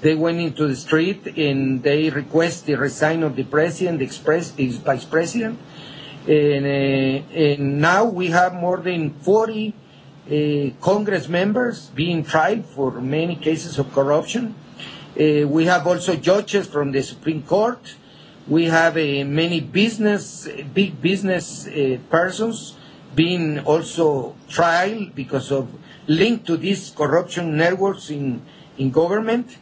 They went into the street and they request the resign of the president, the, express, the vice president. And, uh, and now we have more than 40 uh, Congress members being tried for many cases of corruption. Uh, we have also judges from the Supreme Court. We have uh, many business, big business uh, persons being also tried because of linked to these corruption networks in, in government.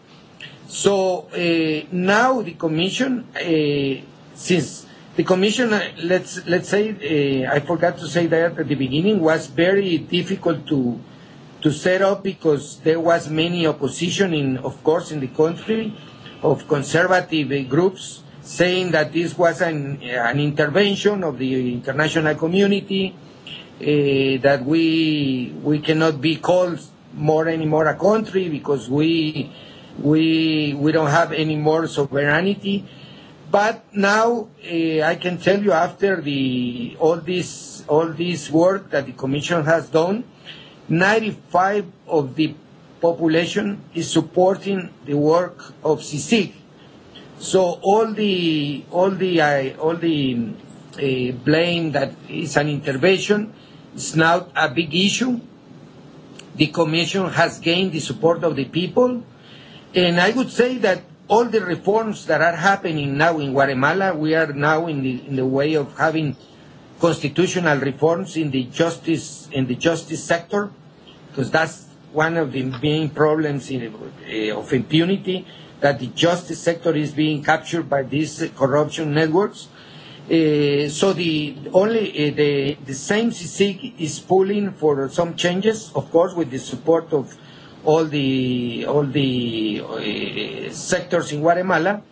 So uh, now the commission, uh, since the commission, uh, let's let's say, uh, I forgot to say that at the beginning, was very difficult to to set up because there was many opposition in, of course, in the country, of conservative uh, groups saying that this was an an intervention of the international community, uh, that we we cannot be called more anymore a country because we We, we don't have any more sovereignty. But now uh, I can tell you after the, all, this, all this work that the Commission has done, 95 of the population is supporting the work of CSIC. So all the, all the, uh, all the uh, blame that is an intervention is now a big issue. The Commission has gained the support of the people And I would say that all the reforms that are happening now in Guatemala, we are now in the, in the way of having constitutional reforms in the justice in the justice sector, because that's one of the main problems in, uh, of impunity that the justice sector is being captured by these uh, corruption networks. Uh, so the only uh, the the same CSIC is pulling for some changes, of course, with the support of all the all the uh, sectors in Guatemala,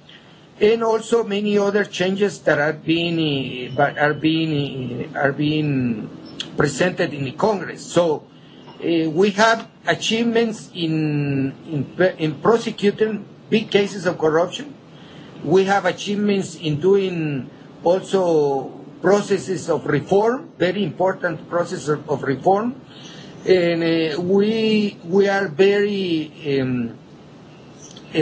and also many other changes that are being uh, are being uh, are being presented in the Congress. So uh, we have achievements in, in in prosecuting big cases of corruption. We have achievements in doing also processes of reform, very important process of, of reform. Uh, and uh, we we are very um, uh,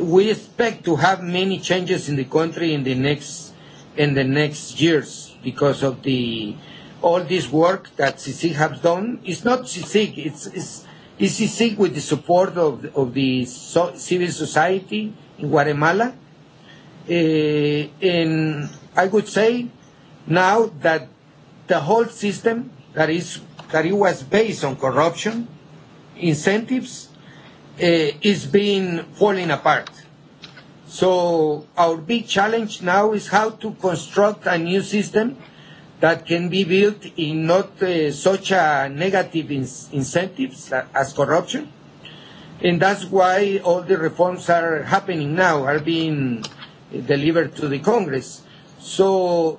we expect to have many changes in the country in the next in the next years because of the all this work that CICIG has done. It's not CICIG, it's, it's, it's CICIG with the support of, of the so, civil society in Guatemala. Uh, and I would say now that the whole system that is that it was based on corruption, incentives, uh, is being falling apart. So our big challenge now is how to construct a new system that can be built in not uh, such a negative in- incentives as corruption. And that's why all the reforms are happening now, are being delivered to the Congress. So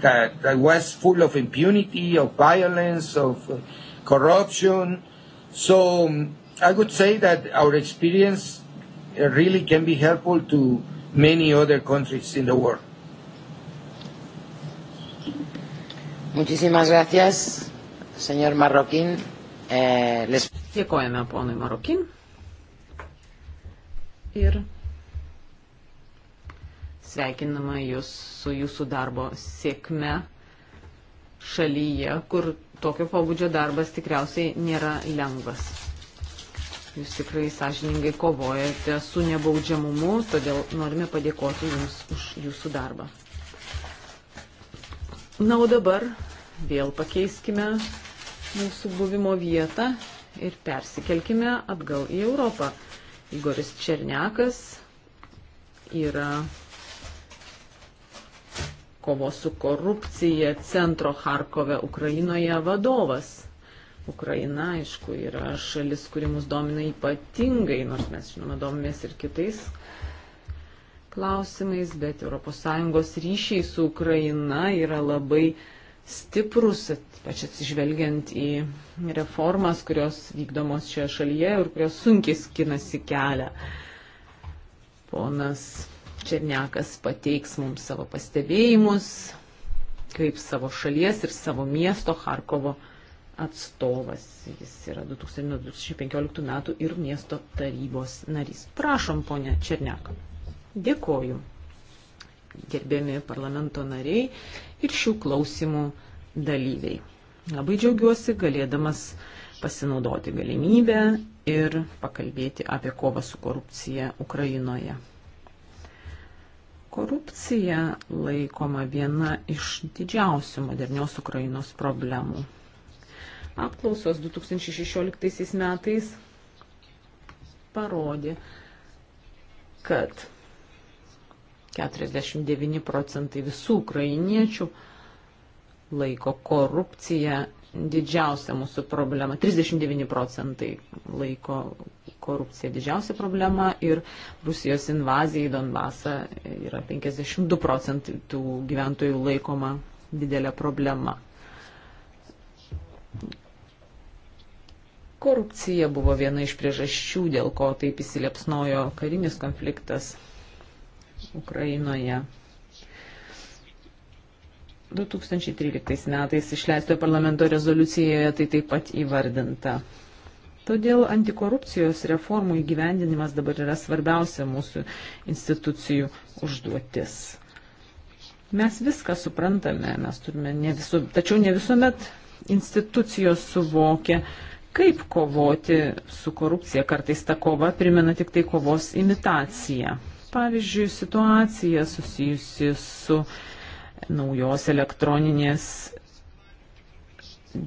that, that was full of impunity, of violence, of uh, corruption. So um, I would say that our experience uh, really can be helpful to many other countries in the world. Muchísimas gracias, señor Marroquín. Eh, les... Dėkojame ponui Marokin. Ir sveikinama jūs su jūsų darbo sėkme šalyje, kur tokio pobūdžio darbas tikriausiai nėra lengvas. Jūs tikrai sąžiningai kovojate su nebaudžiamumu, todėl norime padėkoti Jums už Jūsų darbą. Na, o dabar vėl pakeiskime mūsų buvimo vietą ir persikelkime atgal į Europą. Igoris Černiakas yra kovos su korupcija centro Harkove Ukrainoje vadovas. Ukraina, aišku, yra šalis, kuri mus domina ypatingai, nors mes, žinoma, domimės ir kitais klausimais, bet ES ryšiai su Ukraina yra labai stiprus, pač atsižvelgiant į reformas, kurios vykdomos šioje šalyje ir kurios sunkiai skinasi kelią. Ponas Černiakas pateiks mums savo pastebėjimus, kaip savo šalies ir savo miesto Harkovo atstovas. Jis yra 2015 metų ir miesto tarybos narys. Prašom, ponia Černiaką. Dėkoju, gerbiami parlamento nariai ir šių klausimų dalyviai. Labai džiaugiuosi galėdamas pasinaudoti galimybę ir pakalbėti apie kovą su korupcija Ukrainoje. Korupcija laikoma viena iš didžiausių modernios Ukrainos problemų. Apklausos 2016 metais parodė, kad 49 procentai visų ukrainiečių laiko korupciją didžiausia mūsų problema. 39 procentai laiko korupcija didžiausia problema ir Rusijos invazija į Donbasą yra 52 procentai tų gyventojų laikoma didelė problema. Korupcija buvo viena iš priežasčių, dėl ko taip įsiliepsnojo karinis konfliktas Ukrainoje. 2013 metais išleistoje parlamento rezoliucijoje tai taip pat įvardinta. Todėl antikorupcijos reformų įgyvendinimas dabar yra svarbiausia mūsų institucijų užduotis. Mes viską suprantame, mes turime ne visu, tačiau ne visuomet institucijos suvokia, kaip kovoti su korupcija. Kartais ta kova primena tik tai kovos imitaciją. Pavyzdžiui, situacija susijusi su naujos elektroninės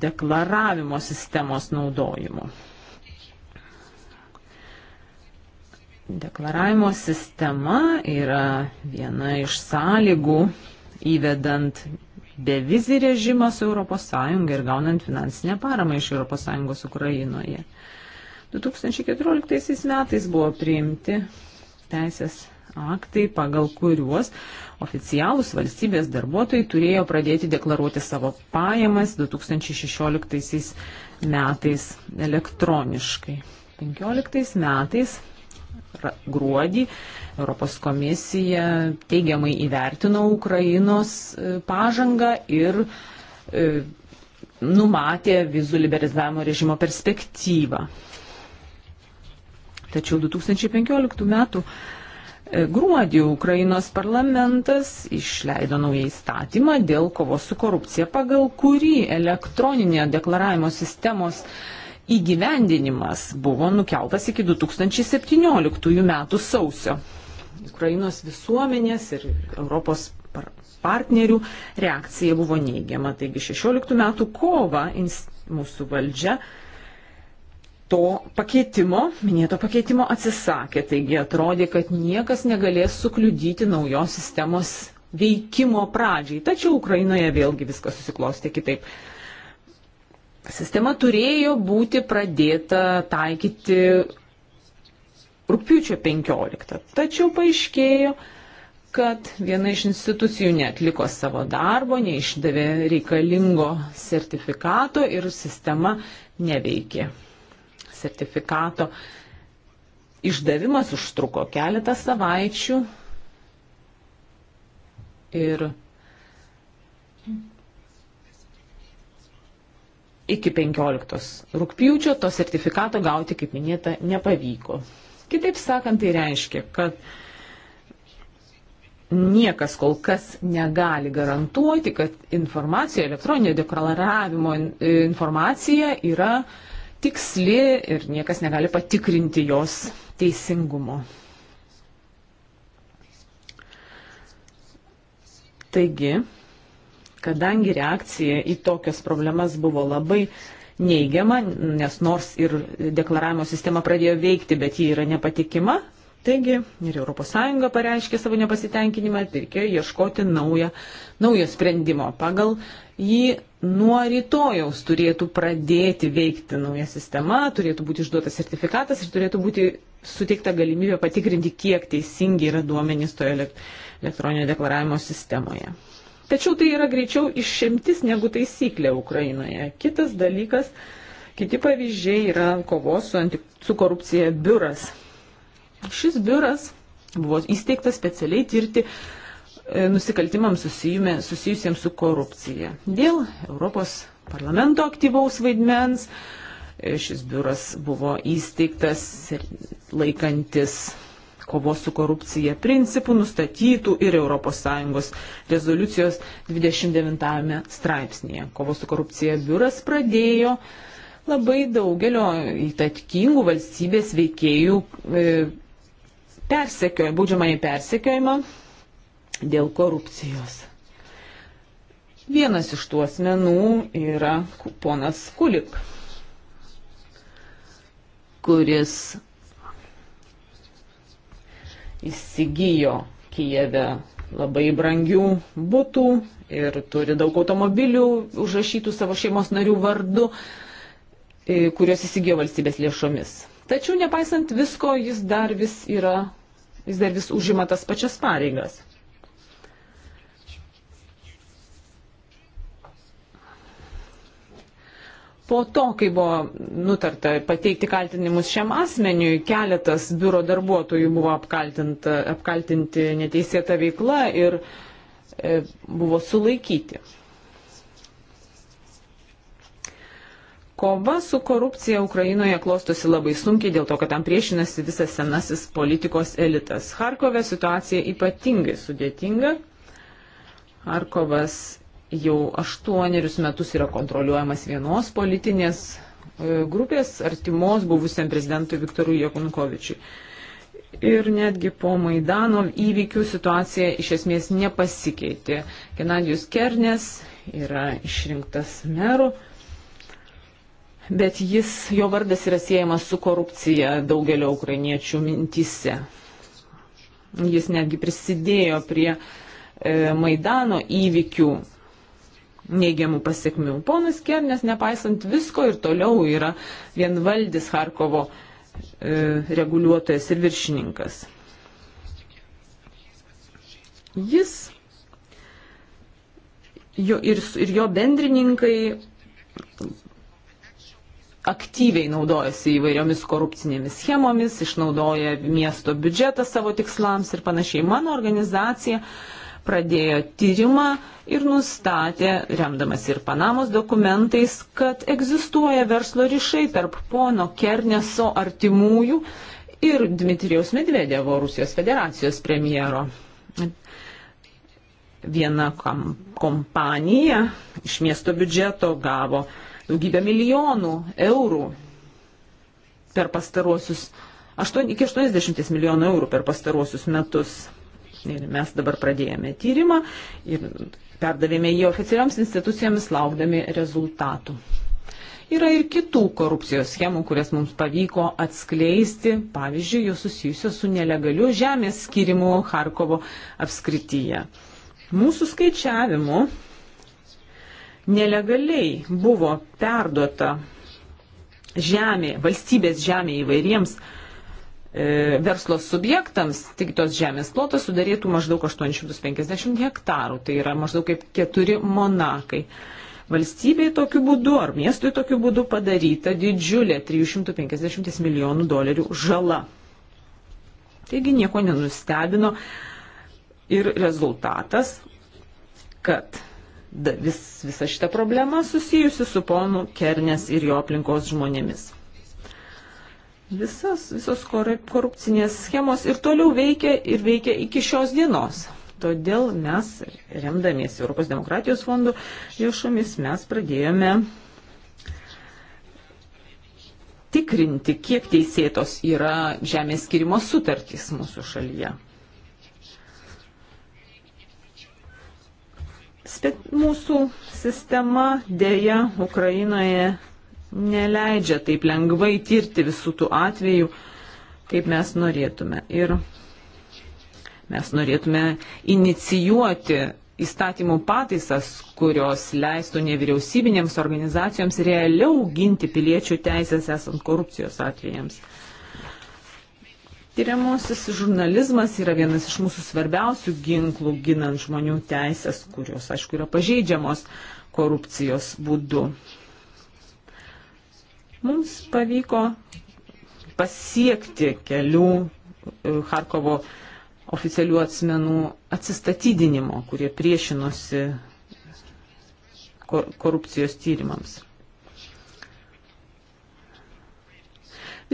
deklaravimo sistemos naudojimu. Deklaravimo sistema yra viena iš sąlygų įvedant bevizį režimą su ES ir gaunant finansinę paramą iš ES Ukrainoje. 2014 metais buvo priimti teisės aktai, pagal kuriuos oficialūs valstybės darbuotojai turėjo pradėti deklaruoti savo pajamas 2016 metais elektroniškai. 2015 metais gruodį Europos komisija teigiamai įvertino Ukrainos e, pažangą ir e, numatė vizų liberalizavimo režimo perspektyvą. Tačiau 2015 m. E, gruodį Ukrainos parlamentas išleido naują įstatymą dėl kovos su korupcija, pagal kurį elektroninė deklaravimo sistemos uh, įgyvendinimas buvo nukeltas iki 2017 metų sausio. Ukrainos visuomenės ir Europos partnerių reakcija buvo neigiama. Taigi 16 metų kova mūsų valdžia to pakeitimo, minėto pakeitimo atsisakė. Taigi atrodė, kad niekas negalės sukliudyti naujos sistemos veikimo pradžiai. Tačiau Ukrainoje vėlgi viskas susiklosti kitaip sistema turėjo būti pradėta taikyti rūpiučio 15. Tačiau paaiškėjo, kad viena iš institucijų netliko savo darbo, neišdavė reikalingo sertifikato ir sistema neveikė. Sertifikato išdavimas užtruko keletą savaičių ir iki 15 rūpjūčio to sertifikato gauti, kaip minėta, nepavyko. Kitaip sakant, tai reiškia, kad niekas kol kas negali garantuoti, kad informacija, elektroninio deklaravimo informacija yra tiksli ir niekas negali patikrinti jos teisingumo. Taigi, kadangi reakcija į tokias problemas buvo labai neigiama, nes nors ir deklaravimo sistema pradėjo veikti, bet ji yra nepatikima, taigi ir ES pareiškė savo nepasitenkinimą, reikėjo ieškoti naują, naujo sprendimo. Pagal jį nuo rytojaus turėtų pradėti veikti nauja sistema, turėtų būti išduotas sertifikatas ir turėtų būti suteikta galimybė patikrinti, kiek teisingi yra duomenys toje elektroninio deklaravimo sistemoje. Tačiau tai yra greičiau išimtis negu taisyklė Ukrainoje. Kitas dalykas, kiti pavyzdžiai yra kovos su, anti, su korupcija biuras. Šis biuras buvo įsteigtas specialiai tirti e, nusikaltimams susijusiems su korupcija. Dėl Europos parlamento aktyvaus vaidmens e, šis biuras buvo įsteigtas laikantis kovos su korupcija principų nustatytų ir ES rezoliucijos 29 straipsnėje. Kovos su korupcija biuras pradėjo labai daugelio įtatkingų valstybės veikėjų e, persekiojimą, baudžiamąjį persekiojimą dėl korupcijos. Vienas iš tų asmenų yra ponas Kulik, kuris įsigijo Kijeve labai brangių būtų ir turi daug automobilių užrašytų savo šeimos narių vardu, e, kuriuos įsigijo valstybės lėšomis. Tačiau nepaisant visko, jis dar vis yra, jis dar vis užima tas pačias pareigas. Po to, kai buvo nutarta pateikti kaltinimus šiam asmeniui, keletas biuro darbuotojų buvo apkaltinti neteisėta veikla ir e, buvo sulaikyti. Kova su korupcija Ukrainoje klostosi labai sunkiai dėl to, kad tam priešinasi visas senasis politikos elitas. Harkove situacija ypatingai sudėtinga. Harkovas jau aštuonerius metus yra kontroliuojamas vienos politinės e, grupės artimos buvusiam prezidentui Viktorui Jakunkovičiui. Ir netgi po Maidano įvykių situacija iš esmės nepasikeitė. Genadijus Kernės yra išrinktas meru, bet jis, jo vardas yra siejamas su korupcija daugelio ukrainiečių mintise. Jis netgi prisidėjo prie e, Maidano įvykių neigiamų pasiekmių. Ponas Kernes, nepaisant visko, ir toliau yra vienvaldis Harkovo e, reguliuotojas ir viršininkas. Jis jo, ir, ir jo bendrininkai aktyviai naudojasi įvairiomis korupcinėmis schemomis, išnaudoja miesto biudžetą savo tikslams ir panašiai. Mano organizacija uh, pradėjo tyrimą ir nustatė, remdamas ir Panamos dokumentais, kad egzistuoja verslo ryšiai tarp pono Kerneso artimųjų ir Dmitrijaus Medvedevo Rusijos federacijos premjero. Viena kom kompanija iš miesto biudžeto gavo daugybę milijonų eurų per pastaruosius 8, iki 80 milijonų eurų per pastaruosius metus. Ir mes dabar pradėjome tyrimą ir perdavėme jį oficialioms institucijoms, laukdami rezultatų. Yra ir kitų korupcijos schemų, kurias mums pavyko atskleisti, pavyzdžiui, jos susijusios su nelegaliu žemės skirimu Harkovo apskrityje. Mūsų skaičiavimu nelegaliai buvo perduota žemė, valstybės žemė įvairiems uh, E, verslo subjektams, tik tos žemės plotas sudarytų maždaug 850 hektarų, tai yra maždaug kaip keturi monakai. Valstybei tokiu būdu ar miestui tokiu būdu padaryta didžiulė 350 milijonų dolerių žala. Taigi nieko nenustebino ir rezultatas, kad vis, visa šita problema susijusi su ponu Kernės ir jo aplinkos žmonėmis. Visas, visos korupcinės schemos ir toliau veikia ir veikia iki šios dienos. Todėl mes, remdamiesi Europos demokratijos fondų lėšomis, mes pradėjome tikrinti, kiek teisėtos yra žemės skirimo sutartys mūsų šalyje. Spet mūsų sistema dėja Ukrainoje neleidžia taip lengvai tirti visų tų atvejų, kaip mes norėtume. Ir mes norėtume inicijuoti įstatymų pataisas, kurios leistų nevyriausybinėms organizacijoms realiau ginti piliečių teisės esant korupcijos atvejams. Tyriamosis žurnalizmas yra vienas iš mūsų svarbiausių ginklų ginant žmonių teisės, kurios, aišku, yra pažeidžiamos korupcijos būdu. Mums pavyko pasiekti kelių e, Harkovo oficialių asmenų atsistatydinimo, kurie priešinosi korupcijos tyrimams.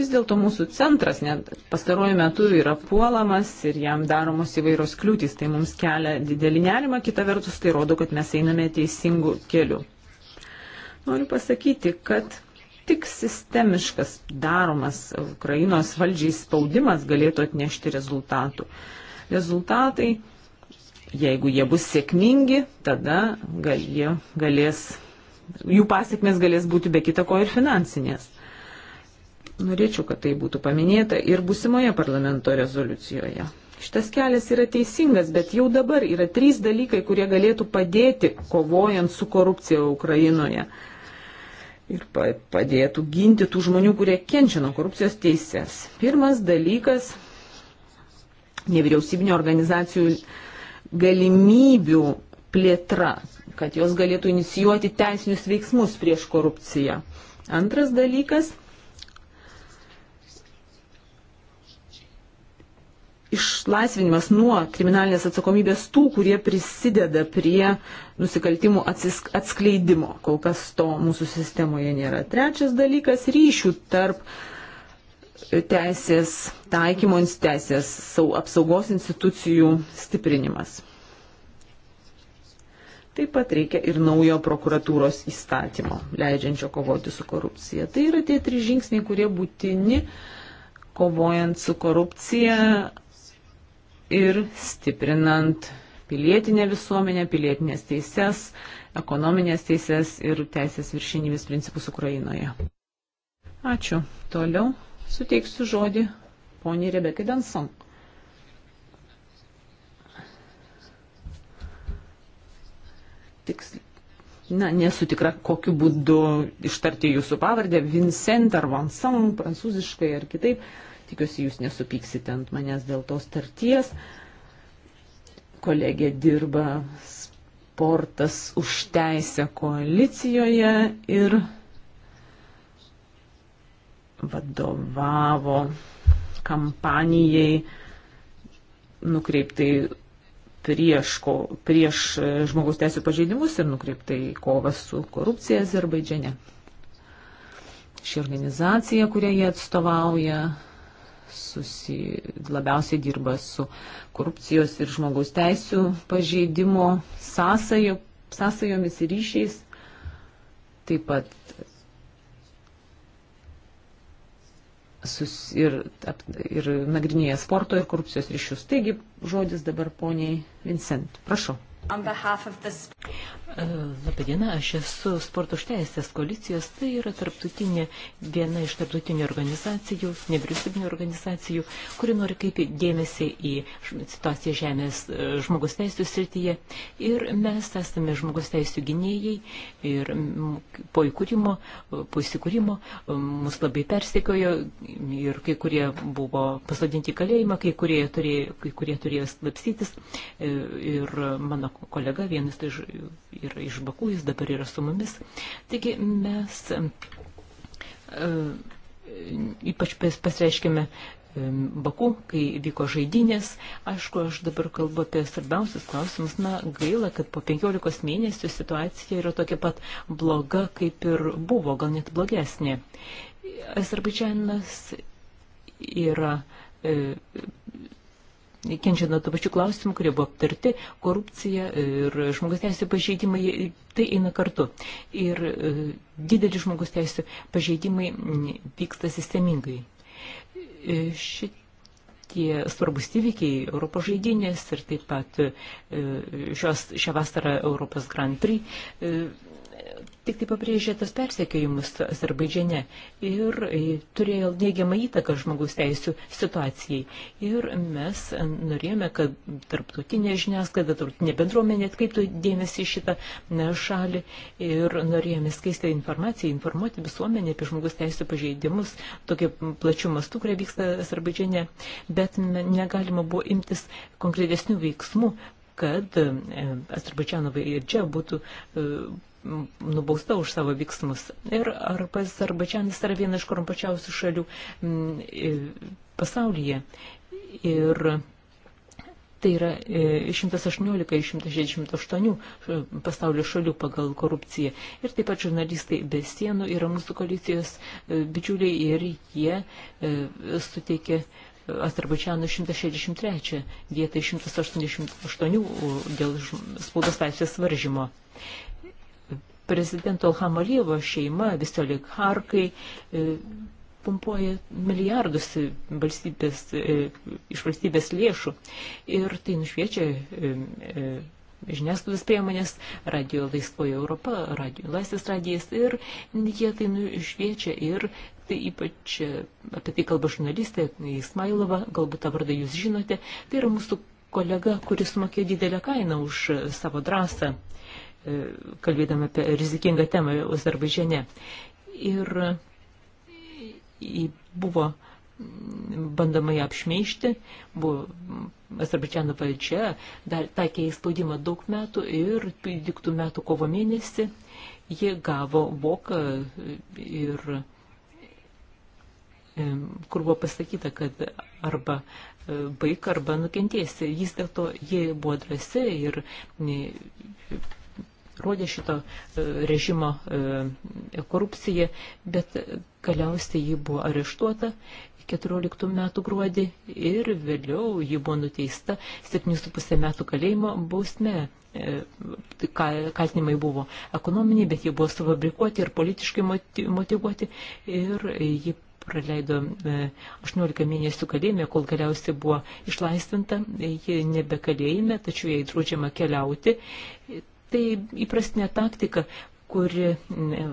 Vis dėlto mūsų centras net pastaruoju metu yra puolamas ir jam daromos įvairios kliūtys, tai mums kelia didelį nerimą, kita vertus tai rodo, kad mes einame teisingu keliu. Noriu pasakyti, kad tik sistemiškas daromas Ukrainos valdžiai spaudimas galėtų atnešti rezultatų. Rezultatai, jeigu jie bus sėkmingi, tada gal, jie galės, jų pasiekmes galės būti be kita ko ir finansinės. Norėčiau, kad tai būtų paminėta ir busimoje parlamento rezoliucijoje. Šitas kelias yra teisingas, bet jau dabar yra trys dalykai, kurie galėtų padėti kovojant su korupcija Ukrainoje ir padėtų ginti tų žmonių, kurie kenčia nuo korupcijos teises. Pirmas dalykas - nevyriausybinio organizacijų galimybių plėtra, kad jos galėtų inicijuoti teisinius veiksmus prieš korupciją. Antras dalykas išlaisvinimas nuo kriminalinės atsakomybės tų, kurie prisideda prie nusikaltimų atsisk, atskleidimo. Kol kas to mūsų sistemoje nėra. Trečias dalykas - ryšių tarp teisės taikymo, teisės apsaugos institucijų stiprinimas. Taip pat reikia ir naujo prokuratūros įstatymo, leidžiančio kovoti su korupcija. Tai yra tie trys žingsniai, kurie būtini kovojant su korupcija ir stiprinant pilietinę visuomenę, pilietinės teises, ekonominės teises ir teisės viršinybės principus Ukrainoje. Ačiū. Toliau suteiksiu žodį poniai Rebekai Danson. Tiksliai. Na, nesu tikra, kokiu būdu ištarti jūsų pavardę, Vincent ar Vansan, prancūziškai ar kitaip. Uh, Tikiuosi, jūs nesupyksite ant manęs dėl tos tarties. Kolegė dirba sportas už teisę koalicijoje ir vadovavo kampanijai nukreiptai prieš, ko, prieš e, žmogaus teisų pažeidimus ir nukreiptai kovas su korupcija Azerbaidžiane. Ši organizacija, kurią jie atstovauja, susi, labiausiai dirba su korupcijos ir žmogaus teisų pažeidimo sąsajo, sąsajomis ir ryšiais. Taip pat sus, ir, ap, ir nagrinėja sporto ir korupcijos ryšius. Taigi žodis dabar poniai Vincent. Prašau. This... E, Labadiena, aš esu sporto užteisės koalicijos, tai yra tarptautinė, viena iš tarptautinių organizacijų, nevyriausybinių organizacijų, kuri nori kaip dėmesį į situaciją žemės e, žmogus teisų srityje. Ir mes esame žmogus teisų gynėjai ir po įkūrimo, po įsikūrimo e, mus labai persekiojo ir kai kurie buvo pasodinti į kalėjimą, kai kurie turėjo, kai kurie turėjo slapstytis. Ir mano mano kolega, vienas tai yra iš Bakų, jis dabar yra su mumis. Taigi mes e, ypač pasireiškime e, Baku, kai vyko žaidynės. Aišku, aš dabar kalbu apie svarbiausius klausimus. Na, gaila, kad po 15 mėnesių situacija yra tokia pat bloga, kaip ir buvo, gal net blogesnė. Azerbaidžianas yra e, kenčia nuo tų pačių klausimų, kurie buvo aptarti, korupcija ir žmogus teisų pažeidimai, tai eina kartu. Ir e, didelis žmogus teisų pažeidimai vyksta sistemingai. E, Šit tie svarbus įvykiai Europos žaidynės ir taip pat e, šios, šią vasarą Europos Grand Prix tik tai pabrėžė tas persekiojimus Azerbaidžiane ir e, turėjo neigiamą įtaką žmogaus teisų situacijai. Ir mes norėjome, kad tarptautinė žiniasklaida, tarptautinė bendruomenė atkreiptų dėmesį šitą e, šalį ir norėjome skaisti informaciją, informuoti visuomenę apie žmogaus teisų pažeidimus, tokie plačių mastų, kurie vyksta Azerbaidžiane, bet negalima buvo imtis konkretesnių veiksmų, kad e, Azerbaidžiano valdžia būtų nubausta už savo veiksmus. Ir ar Azerbaidžianas yra viena iš korumpačiausių šalių mm, pasaulyje. Ir tai yra 118-168 e, e, pasaulio šalių pagal korupciją. Ir taip pat žurnalistai be sienų yra mūsų koalicijos e, bičiuliai ir jie suteikė Azerbaidžianų 163 vietą 188 dėl spaudos laisvės varžymo prezidento Hamalievo šeima, visi oligarkai e, pumpuoja milijardus valstybės, e, iš valstybės lėšų ir tai nušviečia e, žiniasklaidos priemonės, radio laisvoji Europa, radio, laisvės radijas ir jie tai nušviečia ir tai ypač apie tai kalba žurnalistė Ismailova, galbūt tą vardą jūs žinote, tai yra mūsų kolega, kuris sumokė didelę kainą už savo drąsą E, kalbėdama apie rizikingą temą Azerbaidžiane. Ir buvo bandoma ją apšmeišti, buvo Azerbaidžiano valdžia, dar takė įspaudimą daug metų ir 12 metų kovo mėnesį jie gavo voką ir e, kur buvo pasakyta, kad arba e, baik, arba nukentėsi. Jis dėl to, jie buvo drąsi ir rodė šito e, režimo e, korupciją, bet galiausiai ji buvo areštuota 14 metų gruodį ir vėliau ji buvo nuteista 7,5 metų kalėjimo bausme. E, kaltinimai buvo ekonominiai, bet jie buvo sufabrikuoti ir politiškai motivuoti ir ji praleido 18 mėnesių kalėjime, kol galiausiai buvo išlaisvinta, ji nebe kalėjime, tačiau jai draudžiama keliauti. Tai įprastinė taktika, kuri e,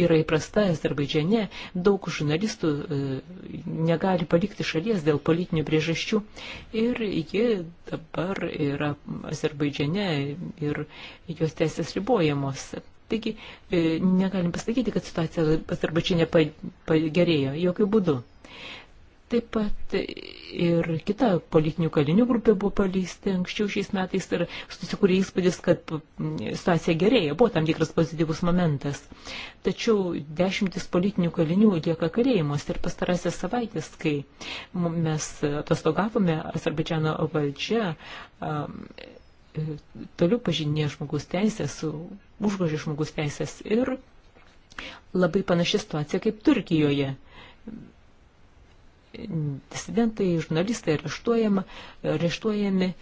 yra įprasta Azerbaidžiane, daug žurnalistų e, negali palikti šalies dėl politinių priežasčių. Ir ji dabar yra Azerbaidžiane ir jos teisės ribojamos. Taigi e, negalim pasakyti, kad situacija Azerbaidžiane pagerėjo, jokių būdų. Taip pat ir kita politinių kalinių grupė buvo paleisti anksčiau šiais metais ir susikūrė įspūdis, kad situacija gerėja, buvo tam tikras pozityvus momentas. Tačiau dešimtis politinių kalinių lieka kalėjimuose ir pastarąsias savaitės, kai mes atostogavome Azerbaidžiano valdžia, e, toliau pažinė žmogus teisės, užgožė žmogus teisės ir labai panaši situacija kaip Turkijoje disidentai, žurnalistai areštuojami e,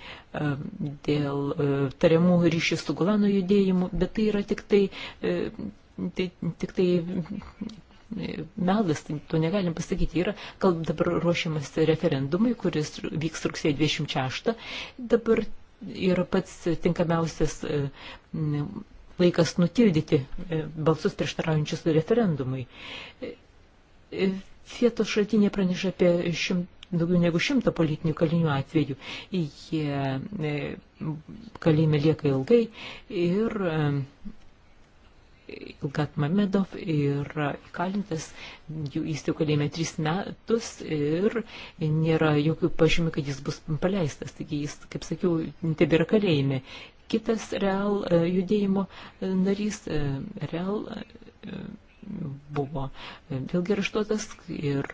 dėl e, tariamų ryšių su Golano judėjimu, bet tai yra tik tai, e, tai, tik tai melas, tai to negalim pasakyti. Yra, kal dabar ruošiamas referendumai, kuris vyks rugsėjo 26, dabar yra pats tinkamiausias laikas nutildyti balsus prieštaraujančius referendumui Fietos šaltiniai praneša apie šimt, daugiau negu šimtą politinių kalinių atvejų. Jie e, kalėjime lieka ilgai ir e, Ilgat Mamedov yra įkalintas, jų įstaigų kalėjime tris metus ir nėra jokių pažymių, kad jis bus paleistas. Taigi jis, kaip sakiau, tebėra kalėjime. Kitas real e, judėjimo narys, real buvo vėlgi raštuotas ir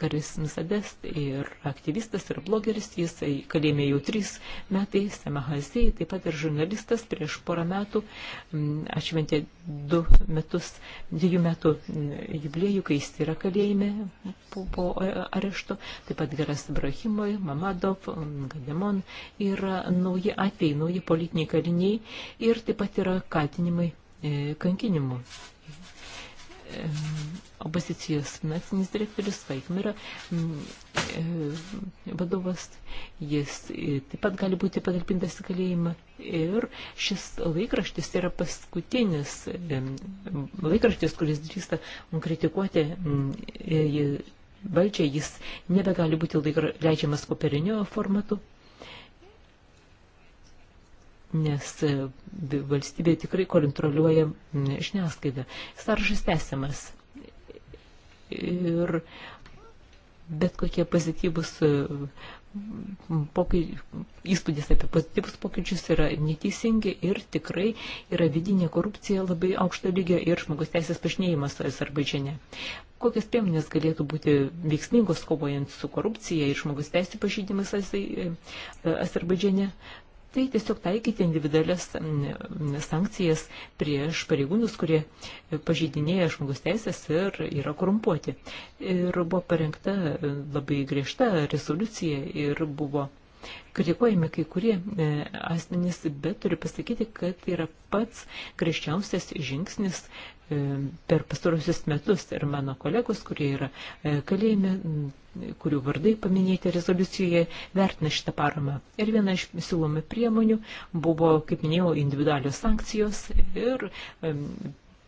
Karis Misadės ir aktyvistas ir blogeris, jisai kalėjime jau trys metai, Semahazijai, taip pat ir žurnalistas prieš porą metų atšventė du metus, dviejų metų jubiliejų, kai jis yra kalėjime po, po arešto, taip pat Geras Ibrahimoj, Mamadov, Gademon yra nauji atvejai, nauji politiniai kaliniai ir taip pat yra kaltinimai E, kankinimų. E, opozicijos finansinis direktorius Vaikmira e, vadovas, jis taip pat gali būti patalpintas į kalėjimą ir šis laikraštis yra paskutinis laikraštis, kuris drįsta kritikuoti valdžią, jis nebegali būti leidžiamas koperinio formatu nes e, valstybė tikrai kontroliuoja žiniasklaidą. Sąrašas tęsiamas. Ir bet kokie pozityvus e, poky... įspūdis apie pozityvus pokyčius yra neteisingi ir tikrai yra vidinė korupcija labai aukšto lygio ir žmogus teisės pažinėjimas Azerbaidžiane. Kokias priemonės galėtų būti veiksmingos kovojant su korupcija ir žmogus teisės pažydimais e, Azerbaidžiane? tai tiesiog taikyti individualias sankcijas prieš pareigūnus, kurie pažydinėja žmogus teisės ir yra korumpuoti. Ir buvo parengta e, labai griežta rezoliucija ir buvo kritikuojami kai kurie e, asmenys, bet turiu pasakyti, kad tai yra pats grįžčiausias žingsnis e, per pastarosius metus ir mano kolegos, kurie yra e, kalėjime, kurių vardai paminėti rezoliucijoje, vertina šitą paramą. Ir viena iš siūlomų priemonių buvo, kaip minėjau, individualios sankcijos ir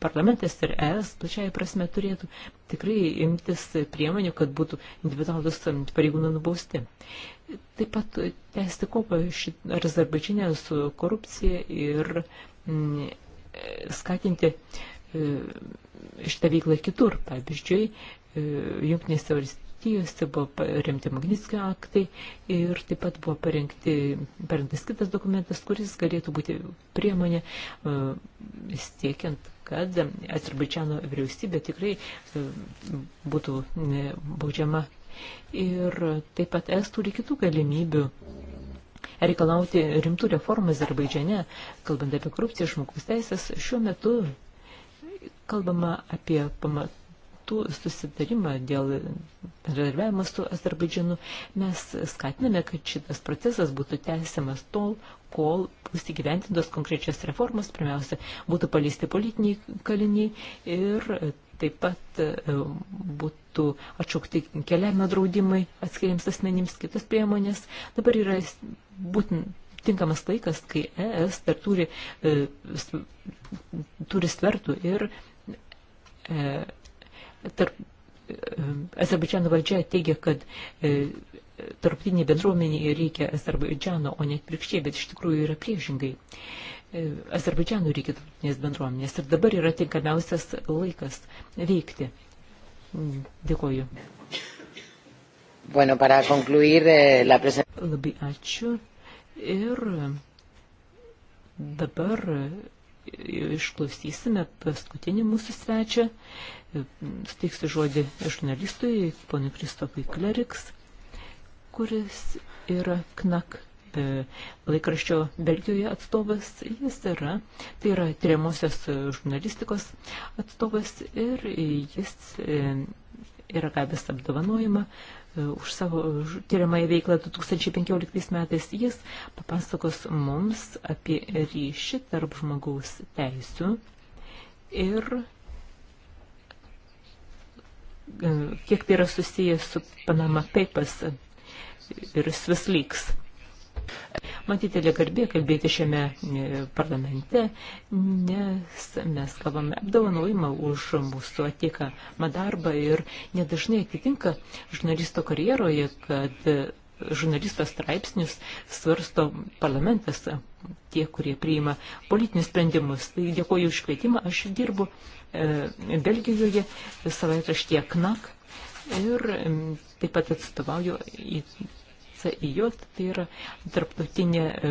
parlamentas ir ES plačiai prasme turėtų tikrai imtis priemonių, kad būtų individualus pareigūnų nubausti. Taip pat tęsti kopą Azerbaidžinė su korupcija ir m, mm, skatinti e, šitą veiklą kitur, pavyzdžiui, e, jungtinėse valstybėse Vokietijos, buvo paremti Magnitskio aktai ir taip pat buvo parengti, parengtas kitas dokumentas, kuris galėtų būti priemonė e, siekiant kad Azerbaidžiano vyriausybė tikrai e, būtų e, baudžiama. Ir taip pat es turi kitų galimybių reikalauti rimtų reformų Azerbaidžiane, kalbant apie korupciją žmogus teisės, šiuo metu kalbama apie pamatų sutartų, susitarimą dėl bendradarbiavimo su Azerbaidžianu, mes skatiname, kad šitas procesas būtų tęsiamas tol, kol bus įgyventintos konkrečios reformos, pirmiausia, būtų paleisti politiniai kaliniai ir taip pat e, būtų atšaukti keliavimo draudimai atskiriams asmenims, kitos priemonės. Dabar yra būtent tinkamas laikas, kai ES dar turi, e, turi svertų ir e, tarp, e, Azerbaidžiano valdžia teigia, kad e, tarptautinė bendruomenė reikia Azerbaidžiano, o net prikščiai, bet iš tikrųjų yra priešingai. E, Azerbaidžianų reikia tarptautinės bendruomenės ir dabar yra tinkamiausias laikas veikti. Mm, dėkoju. Bueno, para concluir eh, la presentación. Labai ačiū. Ir dabar išklausysime paskutinį mūsų svečią. Steiksiu žodį žurnalistui, ponui Kristofui Kleriks, kuris yra KNAK e, laikraščio Belgijoje atstovas. Jis yra, tai yra tyriamosios žurnalistikos atstovas ir jis e, yra gavęs apdovanojimą E, už savo tyriamąją veiklą 2015 metais. Jis papasakos mums apie ryšį tarp žmogaus teisų ir e, kiek tai yra susijęs su Panama Papers ir Swiss Leaks man didelė garbė kalbėti šiame e, parlamente, nes mes kalbame apdovanojimą už mūsų atiekamą darbą ir nedažnai atitinka žurnalisto karjeroje, kad e, žurnalisto straipsnius svarsto parlamentas, tie, kurie priima politinius sprendimus. Tai dėkoju už kvietimą, aš dirbu e, Belgijoje savaitraštyje KNAK ir e, taip pat atstovauju į CIJ, tai yra tarptautinė, e,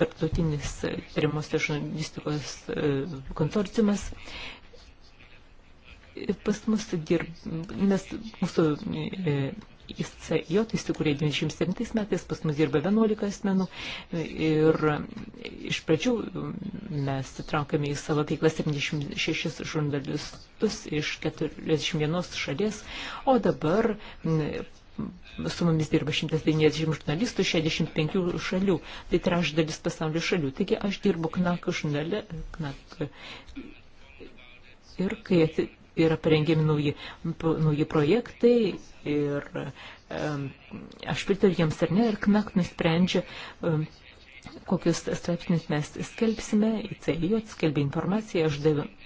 tarptautinis tyrimos ir žurnalistikos e, konsorciumas. Pas mus dirb, mes, mūsų e, ICJ įsikūrė 97 metais, pas mus dirba 11 asmenų ir iš pradžių mes traukėme į savo veiklą 76 žurnalistus iš 41 šalies, o dabar su mumis dirba 190 žurnalistų 65 šalių, tai trešdalis pasaulio šalių. Taigi aš dirbu KNAK žurnale, KNAK. Ir kai yra parengiami nauji, nauji projektai ir um, aš pritariu jiems ar ne, ir KNAK nusprendžia um, kokius straipsnius mes skelbsime, ICJ tai skelbia informaciją, aš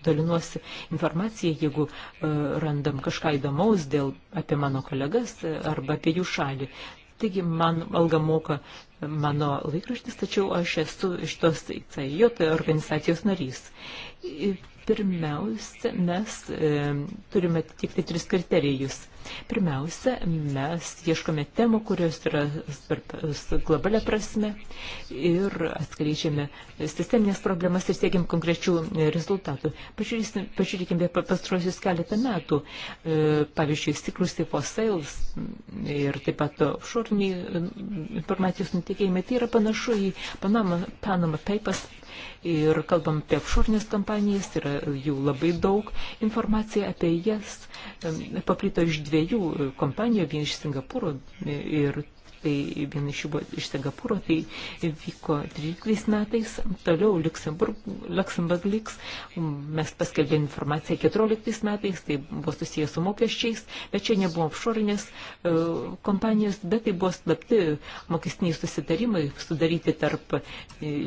dalinuosi informaciją, jeigu e, randam kažką įdomaus dėl apie mano kolegas e, arba apie jų šalį. Taigi man alga moka e, mano laikraštis, tačiau aš esu šitos CIJ organizacijos narys. Pirmiausia, mes e, turime atitikti tris kriterijus. Pirmiausia, mes ieškome temų, kurios yra svarbios globalia prasme ir atskleidžiame sisteminės problemas ir siekiam konkrečių e, rezultatų. Pažiūrėkime pastrosius keletą metų, e, pavyzdžiui, stiklus taip sales ir taip pat offshore informacijos nutikėjimai, tai yra panašu į Panama, Panama Papers ir kalbam apie apšornės kampanijas, yra jų labai daug. Informacija apie jas paplito iš dviejų e, kompanijų, vien iš Singapūro e, ir tai viena iš jų buvo iš Singapūro, tai vyko 13 metais, toliau Luxemburg, Luxemburg liks, mes paskelbėm informaciją 14 metais, tai buvo susijęs su mokesčiais, bet čia nebuvo offshore'inės e, kompanijos, bet tai buvo slapti mokestiniai susitarimai sudaryti tarp e,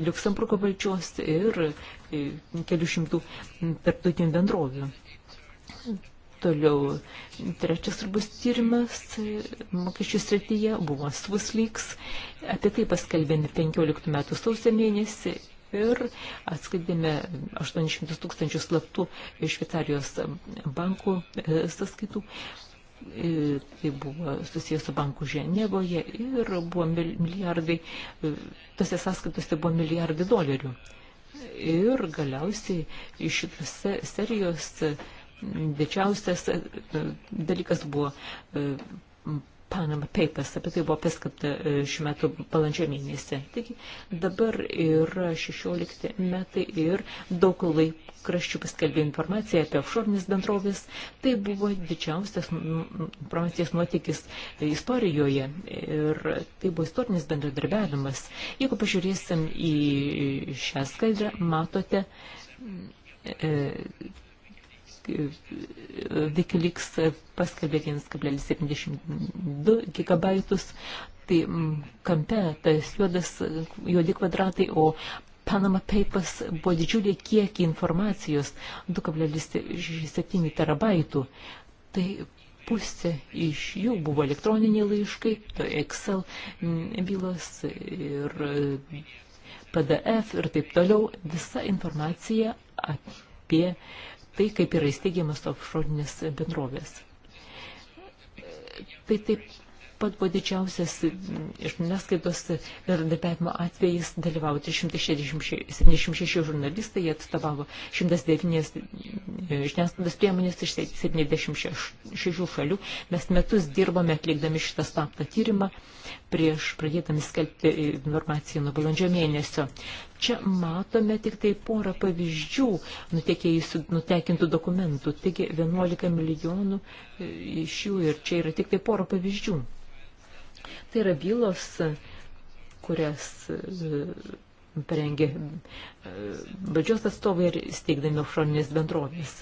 Luxemburgo valdžios ir e, kelių šimtų tarptautinių bendrovių Toliau, trečias svarbus tyrimas tai mokesčių srityje buvo Svuslyks. Apie tai paskelbėme 15 metų sausio mėnesį ir atskaitėme 800 tūkstančių slaptų Šveicarijos bankų e, sąskaitų e, tai buvo susijęs su banku Ženevoje ir buvo milijardai, e, tose sąskaitose buvo milijardai dolerių. Ir galiausiai iš šitos serijos didžiausias e, e, dalykas buvo e, Panama Papers, apie tai buvo paskapta šiuo metu balandžio mėnesį. Taigi dabar yra 16 metai ir daug laikraščių paskelbė informaciją apie offshore'nis bendrovės. Tai buvo didžiausias informacijos nuotykis istorijoje ir tai buvo istorinis bendradarbiavimas. Jeigu pažiūrėsim į šią skaidrę, matote e, Wikileaks paskelbė 1,72 gigabaitus, tai mm, kampe tas juodas, juodi kvadratai, o Panama Papers buvo didžiulė kiekį informacijos, 2,7 terabaitų. Tai pusė iš jų buvo elektroniniai laiškai, Excel mm, bylos ir e, PDF ir taip toliau, visa informacija apie tai, kaip yra įsteigiamas offshore'inės bendrovės. Tai taip pat buvo didžiausias žiniasklaidos mm, bendradarbiavimo atvejis dalyvavo 376 žurnalistai, jie atstovavo 109 mm, žiniasklaidos priemonės iš 76 šalių. Mes metus dirbome atlikdami šitą slaptą tyrimą prieš pradėdami skelbti informaciją nuo balandžio mėnesio. Čia matome tik tai porą pavyzdžių nutekintų dokumentų, taigi 11 milijonų e, iš jų ir čia yra tik tai porą pavyzdžių. Tai yra bylos, kurias e, parengė e, valdžios atstovai ir steigdami offshore'inės bendrovės.